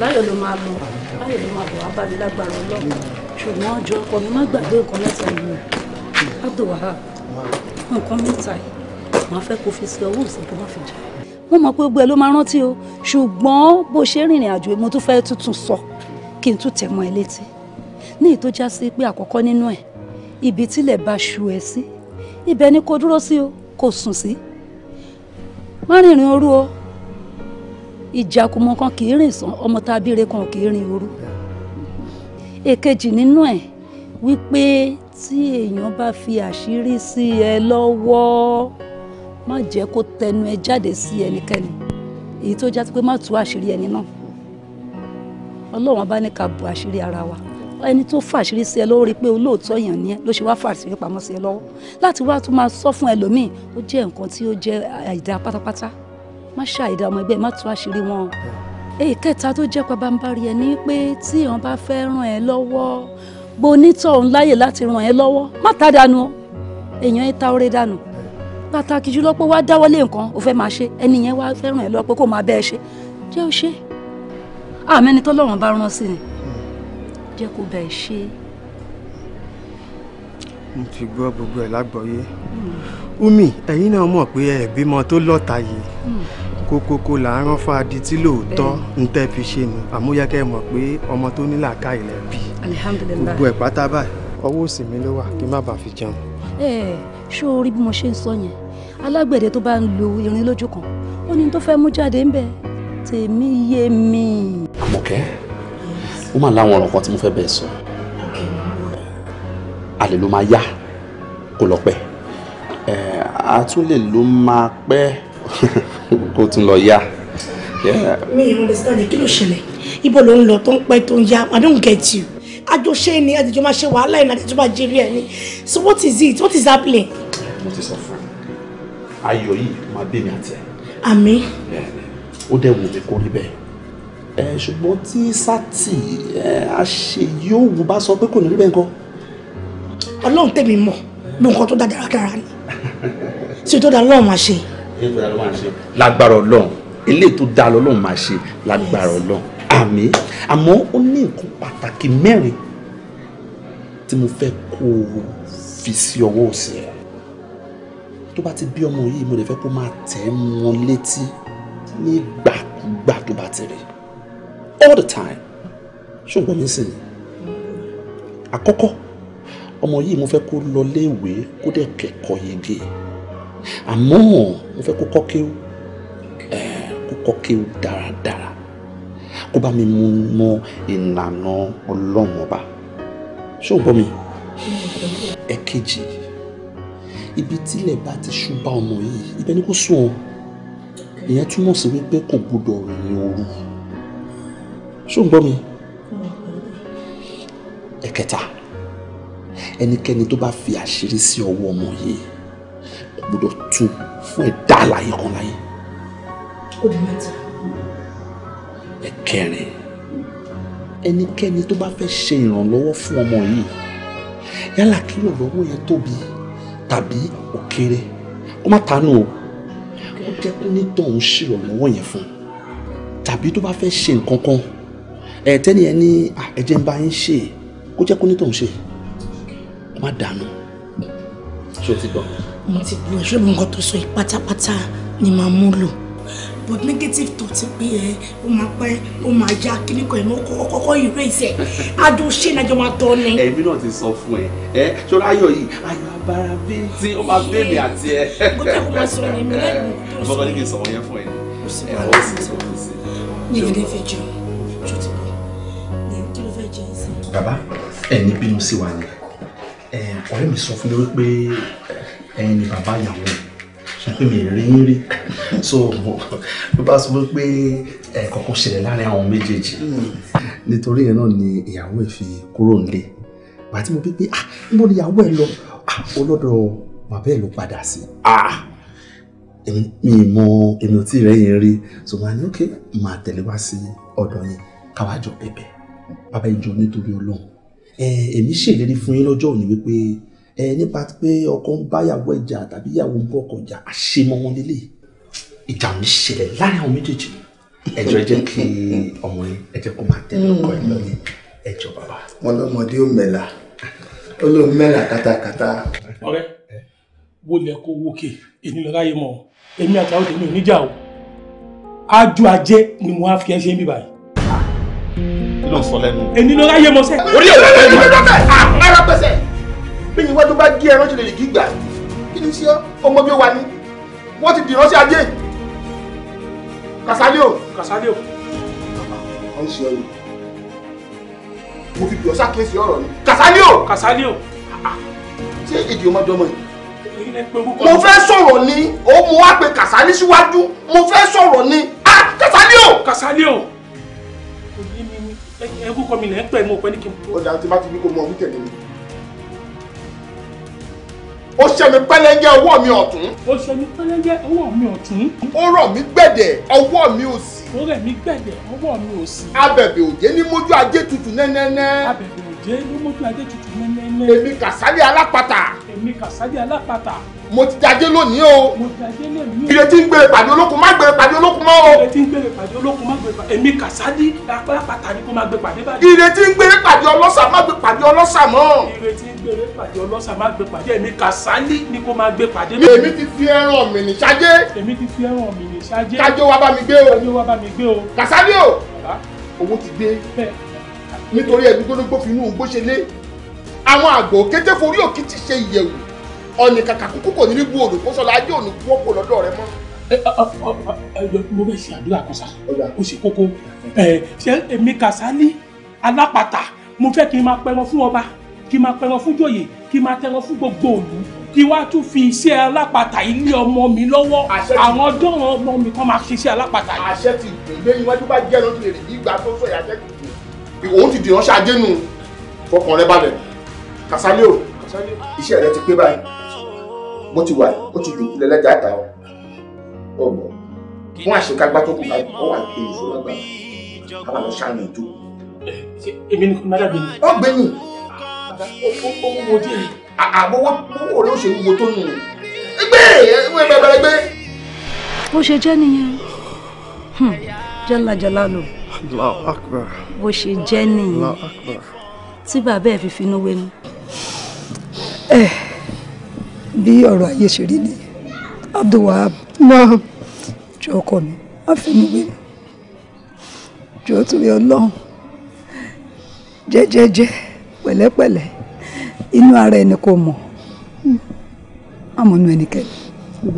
láyọ̀ ló máa lọ láyọ̀ ló máa bọ̀ wá bá mi lágbára ọlọ́run ṣùgbọ́n ọjọ́ ọkọ mi má gbàgbé nǹkan mẹ́ta yìí abdulwahab nǹkan mẹ́ta yìí màá fẹ́ kó fi sí ọwọ́ òsì kó má fi jà mo mọ̀ pé gbogbo ẹ ló máa rántí o ṣùgbọ́n bó ṣe rìnrìn àjò mo tún fẹ́ tuntun sọ kí n tún tẹ̀ mọ́ ẹ létí ní èyí já sí pé àkọ́kọ́ nínú ẹ̀ ibi tílẹ̀ bá ṣu ẹ sí ibẹ̀ ni kò dúró sí o kò sùn sí má rìnrìn òru o ìjàkùmọ kan kì í rìn sàn ọmọ tábìrẹ kan kì í rìn òru èkejì nínú ẹ̀ wípé tí èèyàn bá fi àṣírí sí ẹ lọ́wọ́ má jẹ́ kó tẹnu ẹ jáde sí ẹnikẹ́ni èyí tó já sí pé má tú àṣírí ẹni náà ọlọ́run bá ní ká bu àṣírí ara wa ẹni tó fàṣírí sí ẹ ló rí i pé olóòótọ́ èèyàn ni ẹ ló ṣe wá fàṣírí pamọ́ sí ẹ lọ́wọ́ láti wá tún máa sọ fún ẹlòmíì ó jẹ́ nǹkan tí ó jẹ́ àìdá pátápátá má ṣe àìdá ọmọ ẹgbẹ́ má tú àṣírí wọn èyí kẹta tó jẹ́ pabambarí ẹ ní pé tí èèyàn bá fẹ́ ràn ẹ lọ́wọ́ gbonítọ̀ ńláyè láti ràn ẹ lọ́wọ́ má tá dànù èèyàn ẹ ta oore dànù pàtàkì jùlọ pé wá dáwọ́lé nǹkan ò fẹ́ máa ṣe ẹni yẹn wá fẹ́ràn ẹ̀ lọ pé kó máa bẹ́ẹ̀ ṣe jẹ́ ó ṣe àmẹ́ni tọ́lọ́run bá rán sí ni jẹ́ kó bẹ́ẹ̀ ṣe. mo ti gbọ́ gbogbo ẹ̀ lágbọ́yé Umi ẹ̀yin náà mọ̀ pé ẹ̀ bímọ tó lọ́ta yìí kókókó là ń rán fáadì tí lóòótọ́ ń tẹ́ fi ṣe nu àmúyẹ́kẹ́ mọ̀ pé ọmọ tó ní làákàyè lẹ̀ bí gbogbo ẹ̀ pátá báyìí ọwọ́ òsì mi ló wà kí má bàa fi jẹun. ṣé o rí bí mo ṣe ń sọ yẹn alágbẹ̀dẹ tó bá ń lu irin lójú kan ó ní tó fẹ́ mú jáde ń bẹ tèmi yé mi. àmọ̀kẹ́ ó mà láwọn ọ̀rọ̀ kan tí mo fẹ́ bẹ́ẹ̀ sọ a lè ló máa yá kó lọ pẹ́ a tún ló máa pẹ́ <laughs> kó tún lọ yá. mi ì understand kí ló ṣẹlẹ̀ ibo ló ń lọ tó ń pẹ́ tó ń yá I don't get you àjọṣe ni àdìjọ máa ṣe wàhálà ẹ̀ ní àdìjọ máa jẹ́rí ẹ̀ ni so what is it what is happening. mo ti sọ fún ẹ ayọ̀ yìí máa bí mi àtẹ. àmín. ó dẹ̀ wù mí kó rí bẹ́ẹ̀ ẹ ṣùgbọ́n tí sátì ẹ àṣe yóò wù bá sọ pé kò ní rí bẹ́ẹ̀ nǹkan. ọlọ́run tẹ̀mí mọ̀ bí nǹkan tó dá dáradára ni tí o tó dá lọ́run máa ṣe. lágbára ọlọ́run eléyìí tó dá lọ́run máa ṣe lágbára ọlọ́run àmín àmọ́ ó ní nǹkan pàtàkì mẹ́rin tí mo fẹ́ kó o fi sí ọwọ́ òsì rẹ̀ tó bá ti bí ọmọ yìí mo lè fẹ́ kó máa tẹ̀ wọn létí nígbàkúgbà tó bá ti rí all the time ṣùgbọ́n mi sì ni àkọ́kọ́ ọmọ yìí mo fẹ́ kó lọ léèwé kó dẹ̀ kẹ́kọ̀ọ́ yege àmọ́ mo fẹ́ kó kọ́ kéwú kó kọ́ kéwú dáradára kó bá mi mú mọ ìlànà ọlọ́mọba ṣùgbọ́n mi ẹ̀kejì. E ibi tílẹ̀ bá ti ṣubá ọmọ yìí ibẹ̀ ni kò sùn o ìyẹn túmọ̀ sí wípé kò gbọdọ̀ rìn òru ṣó ń gbọ́ mi ẹ̀kẹta ẹnikẹ́ni tó bá fi àṣírí sí ọwọ́ ọmọ yìí kò gbọdọ̀ tú fún ẹ̀dá àlàyé kan láyé ẹ̀kẹrin ẹnikẹ́ni tó bá fẹ́ ṣe ìrànlọ́wọ́ fún ọmọ yìí yálà kí ìrànlọ́wọ́ yẹn tóbi tàbí ó kéré kó má tanú o ó jẹ́ kó ní tọ̀hún ṣèrànlọ́wọ́ yẹn fún un tàbí tó bá fẹ́ ṣe nǹkan kan ẹ̀ tẹ́ni ẹ ní ẹ̀jẹ̀ ń bá yín ṣe kó jẹ́ kó ní tọ̀hún ṣe kó má dànù ṣé o ti gbọ́. mo ti gbọ́ ṣé mo nǹkan tó sọ yìí pátápátá ni màá mú lò but negative thought pé ẹ ó máa pẹ́ ó máa yá kíní kan ẹ mọ kọ́kọ́ erase ẹ adùn ṣé nàjọ máa tọ́ ni. èmi náà ti sọ fún ẹ ẹ ṣọlá ayọ̀ yìí ayọ̀ abara bíi tí ó máa bẹ́ẹ̀ mi àti ẹ. gbọ́dọ̀ kó máa sọ yẹn mi lẹ́nu. <laughs> ọmọkàn ní kí n sọ̀rọ̀ yẹn fún ẹ ní ẹ ọ sì sọ fún sí. mi ò lè fẹ́ jẹun ṣó ti bọ̀ ní kí ló fẹ́ jẹun sí. bàbá ẹ ní bínú sí wa ni ọ̀rẹ́ mi sọ fún mi wípé ẹ̀yin ni bàbá ìyàwó mi pé mi rí yín rí so ló bá sọ pé ẹ̀ẹ̀kan kò ṣẹlẹ̀ láàrin àwọn méjèèjì nítorí yẹn náà ni ìyàwó ẹ̀ fi kúrò nílé bàtí mo bí pé ah níbo ni ìyàwó ẹ̀ lọ ah olódò bàbá ẹ̀ ló padà sí ah mi mọ èmi ò tí ì rẹ́yìn rí so màá ní okay màá tẹ̀lé wá sí ọ̀dọ̀ yẹn káwájọ bẹ̀bẹ̀ bàbá ìjọ nítorí Ọlọ́run èmi ṣèlérí fún yín lọ́jọ́ òní wípé ẹ nípa pé ọkọ ń bá ìyàwó ẹ̀ jà tàbí ìyàwó ń bọ́ ọkọ jà àṣemọ wọn lélẹ̀ ìjà ò ní ṣẹlẹ̀ láàrin àwọn méjèèjì ẹjọ ẹ jẹ́ kí ọmọ yẹn ẹ jẹ́ kó máa tẹ̀lé ọkọ ẹ lọ ní ẹjọ bàbá. wọn lọmọdé ò mẹ́la ó ló mẹ́la kátàkátà. ọ̀rẹ́ wo lẹ kó wókè èmi lọ ráyè mọ èmi àtàwọn tèmi ò níjà o ájú ajé ni mo á fi ẹ ṣe ń bíbáyìí ló sọ lẹ́nu. èmi ló ráyè mọ sẹ. orí ẹ̀ wọ́n fẹ́ mi. ara pẹ̀sẹ̀ bí yín wájú bá gé ẹran ṣe lè lè gígbà kí ni sí ọmọ bí ó wà ní wọ́n ti dìran sí ajé o kàsálíò ọ̀hún ṣe ọ̀yọ́ mo fi bìọ́ sákèsí ọ̀rọ̀ ni kàsálíò kàsálíò ṣé èdè ọmọdé ọmọ yìí mo fẹ́ sọ̀rọ̀ ni ó mo wá pe kàsálí síwájú mo fẹ́ sọ̀rọ̀ ni a ah! kàsálíò kàsálíò kò yé mi ẹkú kọ́ mi lẹ́ ń pẹ́ mo pẹ́ ní kí n. ọ̀dà tí bá ti bí kò mọ wí tẹ̀lé mi ó ṣe mi pẹ́lẹ́ńgẹ́ ọwọ́ mi ọ̀tún. ó ṣe mi pẹ́lẹ́ńgẹ́ ọwọ́ mi ọ̀tún. ó rọ̀ mí gbẹ̀dẹ̀ ọwọ́ mi òsì. ó rẹ̀ mí gbẹ̀dẹ̀ ọwọ́ mi òsì. abẹ̀bẹ̀ òjé ní mójú ajé tutù nẹ́nẹ́nẹ́. abẹ̀bẹ̀ òjé ní mójú ajé tutù nẹ́nẹ́nẹ́. èmi kàsálí alápatà. èmi kàsálí alápatà mo ti jajé lónìí o ìrètí ń gbèrè pàdé olókun má gbèrè pàdé olókun mọ́ o. ìrètí ń gbèrè pàdé olókun má gbèrè pàdé èmi kàsádì apá pàtàkì kó má gbèrè pàdé báyìí. ìrètí ń gbèrè pàdé ọlọ́sà má gbèrè pàdé ọlọ́sà mọ́. ìrètí ń gbèrè pàdé ọlọ́sà má gbèrè pàdé èmi kàsádì ni kó má gbèrè pàdé. èmi ti fi ẹran mi ni ṣáájé. èmi ti fi ẹran mi ni ṣáájé. kájọ wa bá mi gbé o. kájọ wa bá mi gbé o. kàsádì o owó ti gbé nítorí ẹni gbólógbó fi inú ògbó ṣe lé àwọn àgbò kété forí òkìtì ṣe ọ̀nì kàkà kúkú kò ní bú òdò fún sọlá ajé òní wọ́pọ̀ lọ́dọ̀ rẹ mọ́. mo bẹ ṣe àdúrà kan sa ó sì kókó ṣé èmi Kàsálí alápàtà mo fẹ́ kí n máa pẹran fún ọba kí n máa pẹran fún jòyè kí n máa tẹran fún gbogbo òlú kí wá tún fi iṣẹ́ alápàtà ilé ọmọ mi lọ́wọ́ àwọn dọ́ràn ọmọ mi kan máa ṣe iṣẹ́ alápàtà yìí. àṣẹ ti gbèlé iwájú bá jẹ́ lọ́dún èrè ìgbà tó sọ ìyàtẹ̀ kùtù òun ti dìran ṣáájú nù fọkàn rẹ balẹ̀ Kàsálí o iṣẹ́ rẹ ti pé báyìí bó ti wà ó ti dùn kulẹ̀ lẹ́jà àtà ọ ọgbọ fún àṣekágbá tó kù láti ọ wà pé ìṣòro àgbà àwọn àwọn ṣàánú ìjó. èmi ni kúndínlá gbẹ̀yìn. ọ gbẹ̀yìn ó wúwo díẹ̀. àbọ̀wọ́ owó ló ṣe wúwo tó nù. gbé ẹgbẹ́ bàbá gbé. bó ṣe jẹ́ nìyẹn hmm, jẹ́lá jẹ́lá lò. Allahu Akbar. bó ṣe jẹ́ nìyẹn tí bàbá ẹ̀ fi finú wé ni. Eh, bí ọ̀rọ̀ ayé ṣe rí ni Abdulwahab náà jọ ọkọ mi má fi mi wé mi jọ torí Ọlọ́run jẹ́jẹ́jẹ́ pẹ̀lẹ́pẹ̀lẹ́ inú ara ẹni kò mọ̀ àmọ́nú ẹnikẹ́ni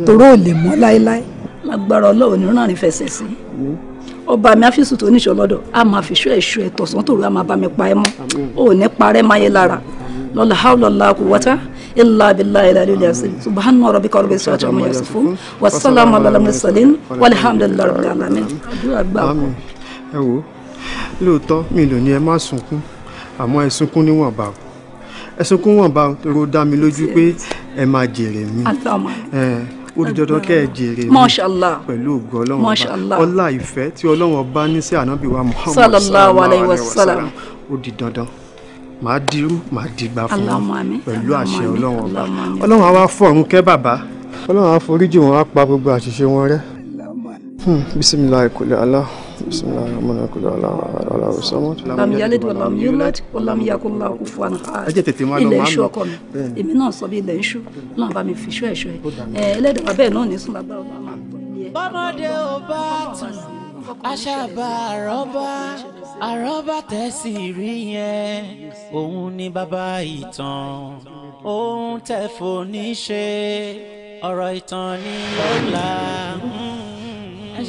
tòró ò lè mọ́ láéláé. lágbára Ọlọ́run ní ránrin fẹsẹ̀ sí ọba mi àfisù tó níṣọ lọ́dọ̀ a máa ẹ̀ṣọ́ ẹ̀ tọ̀sán tòru a máa bá mọ́ ò parẹ́ máyé lára lọ́la hawla la quwwata illa billahi ilà lílẹ̀ sí subhanahu rabbika rabbil izzati amma yasifun wa salamu alal mursalin walhamdulillahi rabbil alamin. ẹ wo lóòótọ́ mi lò ní ẹ má sunkún àmọ́ ẹ sunkún níwọ̀nba o ẹ sunkún níwọ̀nba o tó dá mi lójú pé ẹ máa jèrè mi ó di dandan kẹ́ ẹ jèrè mi pẹ̀lú ògùn ọlọ́run ọba ọlá ìfẹ́ tí ọlọ́run ọba ní sí ànábì wa sallallahu alayhi wa sallam ó di dandan màá dirú màá digba fún wọn pẹ̀lú àṣẹ ọlọ́run ọba ọlọ́run àwa fọ̀run kẹ́ bàbá ọlọ́run àá foríjì wọn á pa gbogbo àṣìṣe wọn rẹ́. bisimilayi kulẹ̀ alá bisimilayi rahman kulẹ̀ alá alá ọ̀sánmọ́. lam yalid wa lam yulad wa lam yakun lahu kufuwan ahad ilẹ̀ iṣu ọkọ mi èmi náà sọ bí ilẹ̀ iṣu náà bá mi fi iṣu ẹ̀ṣọ́ ẹ̀ ẹlẹ́dàá bẹ́ẹ̀ náà ní sùn lágbára ọba máa ń bọ̀. bọ́mọdé ò bá tù àṣà bá rọ́bà àrọ́bà tẹ́sí rí yẹn òun ni bàbá ìtàn òun tẹ̀ fòní ṣe ọ̀rọ̀ ìtàn ni ó là wá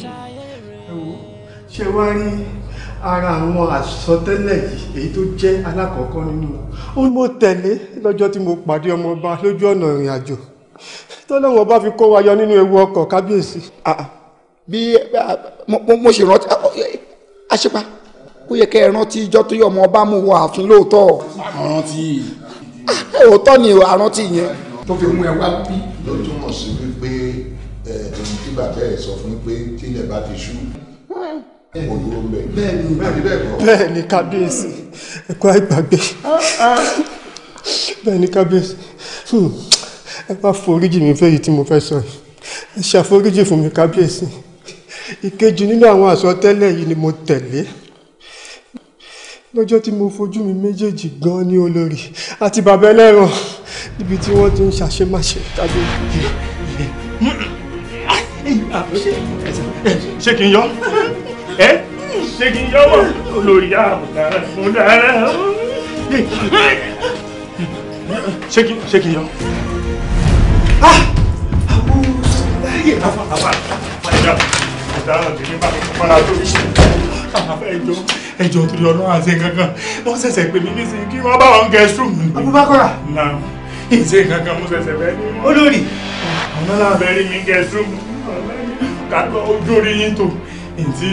rí ara àwọn àsọtẹ́lẹ̀ yìí èyí tó jẹ́ alákọ̀ọ́kọ́ nínú ó mo tẹ̀lé lọ́jọ́ tí mo pàdé ọmọọba lójú ọ̀nà ìrìn àjò tọ́lọ́wọ́n bá fi kó wa yọ nínú ewu ọkọ̀ kábíyèsí. bí mo ṣe rántí àṣepa kó yẹ kẹ́ ẹ rántí ijọ́ tó yọ ọmọ ọba mú wọ ààfin lóòótọ́. àrántí. Ah, òótọ́ ni àrántí yẹn. tó fi mú ẹ wá bí. ló túmọ̀ sí wípé ẹ̀ẹ́dùn tí bàbá ẹ̀ sọ fún pé tílẹ̀ bá ti ṣú bẹ́ẹ̀ni kábíyèsí ẹkọ àìgbàgbé bẹ́ẹ̀ni kábíyèsí ẹ bá hmm. foríjì mi fẹ́ yìí tí mo fẹ́ sọ yìí ẹ ṣàforíjì fún mi kábíyèsí ìkejì nínú àwọn àsọtẹ́lẹ̀ yìí ni mo tẹ̀lé lọ́jọ́ tí mo fojú mi méjèèjì gan ní olórí àti bàbá ẹlẹ́ran níbi tí wọ́n ti ń ṣàṣemáṣe tàbí. ṣé kí n yọ ẹ ṣé kí n yọ wọ olórí àmọ̀dára ṣé kí n yọ. Ah! àwọn ọ̀sán láyé àwọn àwọn àìdá àìdá ọ̀dẹ̀ nípa ìpara tó ń ẹjọ ẹjọ torí Ọlọ́run àti nǹkankan wọn ṣẹ̀ṣẹ̀ pè mí nísìnyí kí wọn bá wọn guest room mi. Abubakar. na ìṣe nǹkankan mo ṣẹ̀ṣẹ̀ fẹ́ ní. olórí. àwọn aláàbẹ̀ rí mi guest room kàtó ojú orí yín tó ìtì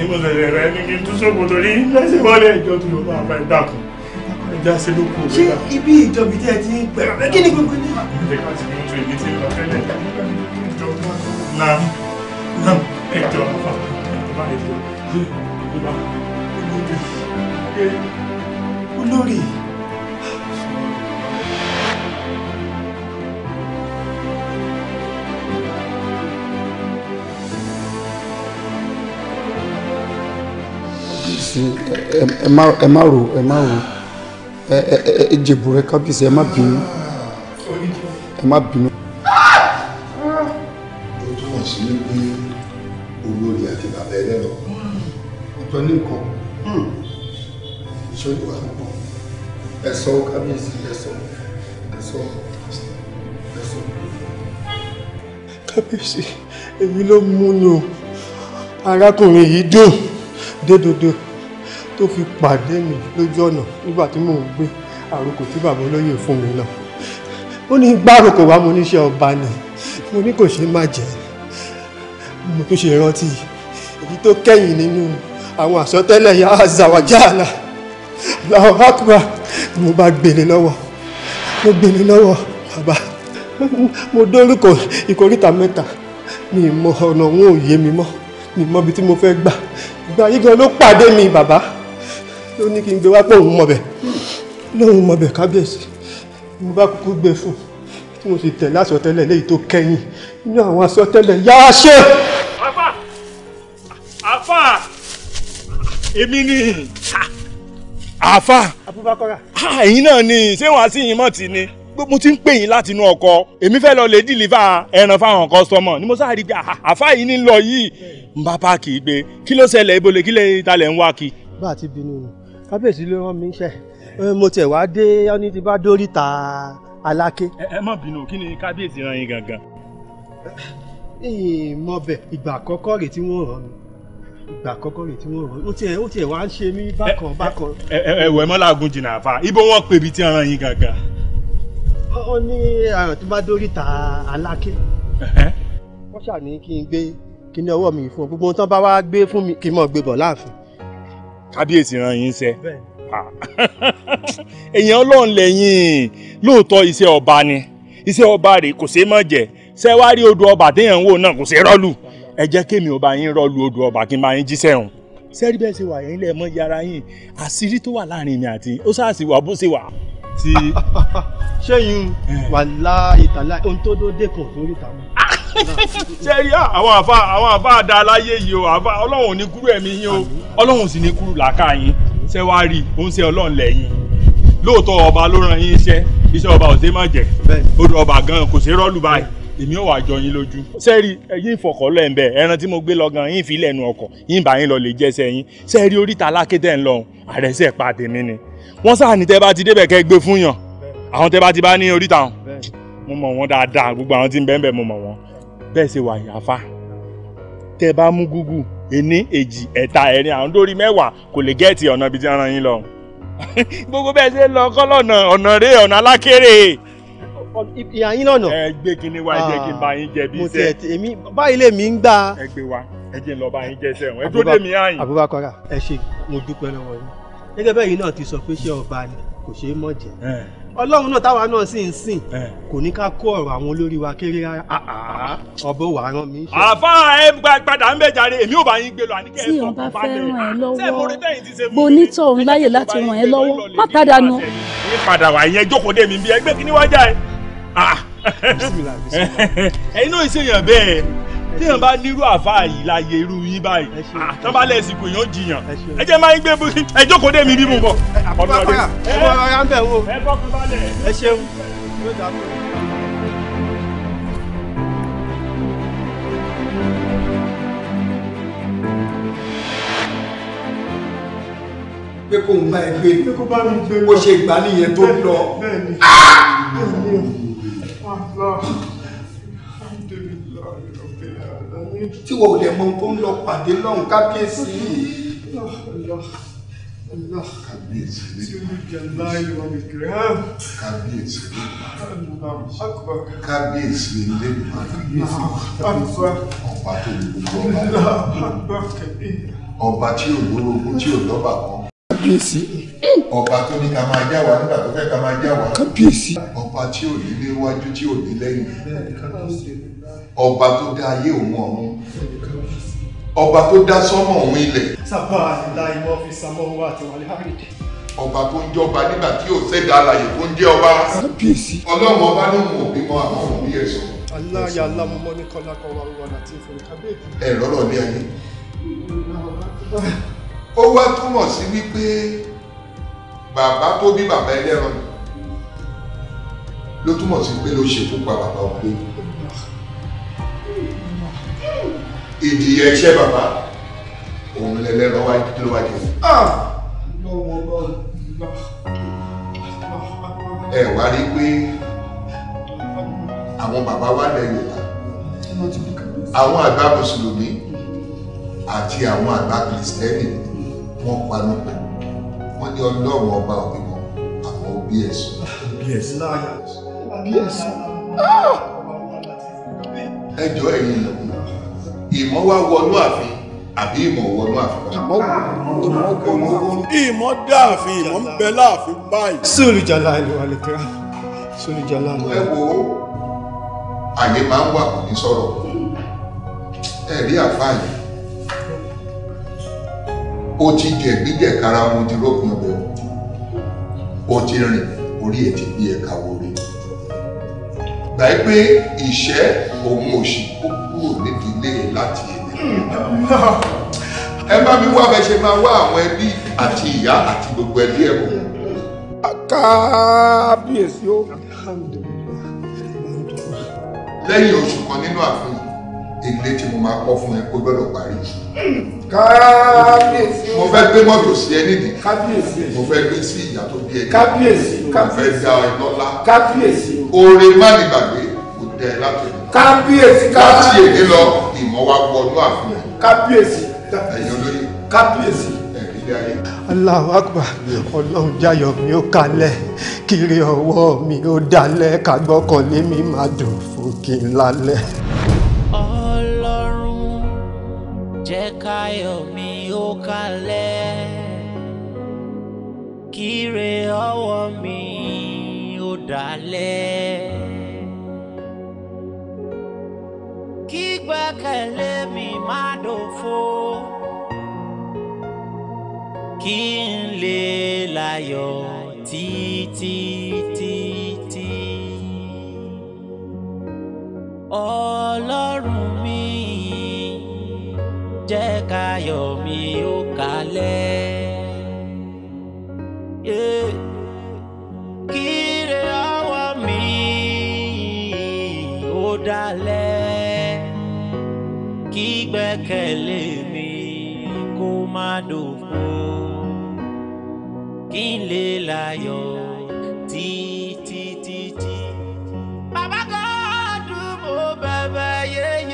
ìmọ ṣẹ̀ṣẹ̀ rẹ ní kí n tún ṣòkò torí lẹ́sẹ̀ wọlé ẹjọ torí Ọlọ́run àbẹ dàkún ẹjọ ṣe ló kú. ṣé ibi ìjọbi tí ẹ ti ń pẹ̀rọ kí ni gbogbo ní. Nam, nam, ẹjọ, ẹjọ, ẹjọ olórí ẹ má ro ẹ má ro ẹ jèbù rẹ kábíyèsí ẹ má bínú ẹ má bínú. kábíyèsí èmi ló mú ni o arákùnrin yìí dùn dédodo tó fi pàdé mi lójú ọ̀nà nígbà tí mò ń gbé àròkò tí bàbá olóyè fún mi lọ ó ní gbárùkù wá mo níṣẹ́ ọba ni mo ní kò ṣe má jẹ́ mo tún ṣe rántí èyí tó kẹ́yìn nínú àwọn àsọtẹ́lẹ̀ yà á zàwájáàlà làwọn akura ni mo bá gbélé e lọ́wọ́ mo gbélé e lọ́wọ́ bàbá mo dórúkọ ìkóríta mẹ́ta mi mọ ọ̀nà òun ò yé mi mọ́ mi mọ ibi tí mo fẹ́ gbà ìgbà yìí gan ló pàdé mi bàbá ló ní kí n gbé wá pé òun mọ̀bẹ̀ lóun mọ̀bẹ̀ kábíyèsí mo bá kúkú gbé fún tí mo sì tẹ̀lé àsọtẹ́lẹ̀ léyìí tó kẹ́yìn inú àwọn àsọtẹ́lẹ̀ yára ṣe. àfà àfà èmi ni àfà. àbúbakọ́ra. ẹ̀yin náà ni ṣé wàá sí yín mọ́ ti ni mo ti ń pè yín láti inú ọkọ èmi fẹ́ lọ lè dìlífà ẹran fáwọn kọ́sọ́mọ̀ ni mo sáré pé àfáà yìí ní lọ yìí ń bá páàkì gbé kí ló ṣẹlẹ̀ ibo kí lè talẹ̀ ń wá kí. bá a ti bínú ni kábíyèsí ló rán mi iṣẹ́ mo tiẹ̀ wá dé ọ́ní ti bá dórí ta aláké. ẹ má bínú kí ni kábíyèsí rán yín gangan. ìmọ̀bẹ̀ ìgbà àkọ́kọ́ rẹ̀ tí wọ́n rán mi ìgbà àkọ́kọ́ rẹ̀ tí wọ́n rán mi ó tiẹ̀ ó tiẹ̀ wá ń ṣe mí bákan bákan. ẹ ẹ wẹ̀ mọ́ làágùn jìnnà àfa ibo wọn pèbí tí wọn ó ní àrùn tó bá dórí ta aláké wọ́n ṣà ní kí n gbé kíní ọwọ́ mi fún ọ gbogbo ohun tán bá wá gbé fún mi kí n mọ̀ gbé bọ̀ láàfin. kábíyèsí rán yín ṣe <laughs> èèyàn ọlọ́run lẹ́yìn lóòótọ́ iṣẹ́ ọba ni iṣẹ́ ọba rẹ̀ kò ṣeé mọ̀ jẹ́ ṣe wá rí odò ọba téèyàn ń wò náà kò ṣeé rọ́ọ̀lù ẹ jẹ́ kémi ọba yín rọ́ọ̀lù odò ọba kí n bá yín jíṣẹ́ hùn sẹ́rí bẹ́ẹ̀ ṣe wà yẹn ilẹ̀ mọ́ yín àṣírí tó wà láàrin mi àti ó ṣáà sì wà bó ṣe wà tí. sẹ́yìn <laughs> eh. wàhálà ìtàlá ohun tó dó dé kò sórí ìta mọ́. sẹ́rí <laughs> àwọn àfa àwọn àfa àdá aláyé yìí o àfa ọlọ́run ò ní kúrú ẹ̀mí yín o ọlọ́run sì ní kúrú làákà yín ṣé wàá rí òun ṣe ọlọ́run lẹ́yìn lóòótọ́ ọba ló ran yín iṣẹ́ iṣẹ́ ọba ò ṣe má jẹ́ odò ọba gan kò ṣe rọ́ọ̀lù báyìí èmi ò wá jọ yín lójú. sẹ́ẹ̀rì ẹ̀yin ìfọ̀kọ́lọ́ ẹ̀ ń bẹ̀ ẹran tí mo gbé lọ gan yín fi lẹ́nu ọkọ̀ yín bá yín lọ lè jẹ́sẹ̀ yín sẹ́ẹ̀rì oríta alákédè ń lọ àrẹ́sẹ̀ pa ni wọ́n sáà ní tẹ́ bá ti débẹ̀ kẹ́ gbé fún yàn àwọn tẹ́ bá ti bá ní oríta wọn mo mọ̀ wọ́n dáadáa gbogbo àwọn tí ń bẹ́ẹ̀ mo mọ̀ wọ́n bẹ́ẹ̀ ṣe wà yàfa tẹ́ bá mú gúgù ení èjì ẹ̀ta ẹ̀rin àwọn tó rí mẹ́wàá kò lè gẹ́ẹ̀tì ọ̀nà ibi tí wọ́n ran yín lọ <laughs> gbogbo bẹ́ẹ̀ ṣe lọ kọ́lọ́nà ọ̀nà rẹ̀ ọ̀nà alákèrè ìyá yín lọ́nà. ẹ gbé kinní wá jẹ́ kí n bá yín jẹ bí iṣẹ́. èmi báyìí lèmi ń gbà. ẹ gbé wa ẹ jẹ́ n lọ bá yín jẹ sẹ́wọ̀n ẹ tó dé mi àyìn. Abubakar ẹ ṣé mo dúpẹ́ lọ́wọ́ yín gẹ́gẹ́ bẹ́ẹ̀ yìí náà ti sọ pé ṣé ọba ni kò ṣeé mọ̀ jẹ́ ọlọ́run náà táwa náà sì ń sìn kò ní ká kó ọ̀rọ̀ àwọn olórí wa kéré rárá ọbọ̀ wà á rán mi. àfa ẹ padà ń bẹ jàre èmi ò bá yín gbé lọ àníkẹ́ ẹ sọ fún balẹ̀ ṣé mo rí tẹ̀yìn ti ṣe fún mi. bonitọ ń láyè láti ràn ẹ́ lọ́wọ́ má padà nù. ní padà wà yẹn jókòó dé mi bí ẹgbẹ́ kí ni wọ́n já ẹ. ẹ̀yin náà ṣèyàn bẹ́ẹ̀ téèyàn bá nírú àfa yìí láàyè irú yín báyìí ah, tán bá lẹ̀ sìnkú èèyàn jiyàn ẹ jẹ́ máa ń gbé bó ẹ jókòó dé mi bí mo bọ̀. ọ̀dọ́ ẹ bọ́ kan balẹ̀ ẹ ṣeun. pé kò ń bá ẹ gbé bó ṣe gbà nìyẹn tó ń lọ tí wọ́n ò dẹ̀ mọ ohun tó ń lọ pàdé lọ́hùn kábíyèsí. Kábíyèsí ah! kábíyèsí ilé ìmọ̀ ọba tó gbogbo ọba tí ò gbogbo tí ò lọ́ba kan kábíyèsí. ọba tó ní ká máa já wa nígbà tó fẹ́ ká máa já wa. kábíyèsí. ọba tí ò ní níwájú tí ò ní lẹ́yìn ọba tó dá ayé òun ọ̀run ọba tó dá sánmọ̀ òun ilẹ̀. sábà ìlà ìmọ̀ fi sàmọ́ owó àti wàlẹ́ àrídẹ́. ọba tó ń jọba nígbà tí ò ṣẹ̀dá alàyè tó ń jẹ́ ọba. kábíyèsí. ọlọ́run ọba ló mú òbí mọ àwọn òbí ẹ̀ sọ. aláya alámọmọ ní kọlá kan wà wà láti ìfòrò ẹ rọrọ ní ayé. ó wá túmọ̀ sí wípé bàbá tó bí bàbá ẹlẹ́ran ló túmọ̀ sí pé ló ṣekú pa bàbá òun ìdìyẹ iṣẹ́ bàbá òun lẹ́lẹ́rọ wá ló wá jẹ. Ah! ẹ wá rí i pé àwọn bàbá wa lẹ́yìn àwọn àgbà mùsùlùmí àti àwọn àgbà kìrìsìtẹ́nì wọ́n panu pọ̀ wọ́n ní ọlọ́run ọba òbí wọn àwọn òbí ẹ̀sùn. òbí ẹ̀sùn. òbí ẹ̀sùn. ẹjọ́ ẹ̀yin lọ́kùnrin ìmọ̀ wá wọnú ààfin àbí ìmọ̀ wọnú ààfin. ìmọ̀ wọnú. ìmọ̀ dá ààfin ìmọ̀ ń bẹ láàfin báyìí. sórí jàlá ìlú àlèkèrè sórí jàlá ìlú. ẹ wo àyè máa ń wà kò ní sọ̀rọ̀ ẹ rí àfáàyè ó ti jẹ̀bi jẹ̀kara mo ti rókun ọbẹ̀ ó ti rìn orí ẹ̀ ti gbé ẹ̀ka wọlé gbà pé ìṣẹ́ òun òṣì ó láti èdè ẹ bá mi wá bẹ ṣe máa wá àwọn ẹbí àti ìyá àti gbogbo ẹbí ẹ mú. kábíyèsí o. lẹ́yìn oṣù kan nínú ààfin ilé tí mo máa kọ́ fún ẹ kó gbọ́dọ̀ parí. kábíyèsí o. mo fẹ́ gbé mọ́tò sí ẹ nídìí. kábíyèsí. mo fẹ́ gbé sí ìyá tó bí ẹ. kábíyèsí. mo fẹ́ dá ẹ lọ́lá. kábíyèsí. oore má ní gbàgbé kò tẹ̀ láti. kábíyèsí kábíyèsí. láti èdè lọ wọ́n wá wọnú àfihàn. kábíyèsí ẹ̀yin olóyè kábíyèsí. Allahu Akbar ọlọ́run jayọ̀ mi ó kalẹ̀ kiri ọwọ́ mi ó dalẹ̀ kagbọ́kànlé mi máa dùn fòkè lálẹ́. ọlọ́run jẹ́ káyọ̀ mi ó kalẹ̀ kiri ọwọ́ mi ó dalẹ̀. kí gbẹ́kẹ̀lé mi má dòfo kí n lè láyọ̀ títí títí ọlọ́run mi jẹ́ káyọ̀ mi ó kalẹ̀. Yeah. Kí ire ọwọ́ mi ó dalẹ̀ gbẹ́kẹ̀lé mi kó má dòfo kí n lè láyọ̀ títí títí. bàbá kan mo bẹ̀bẹ̀ yéye.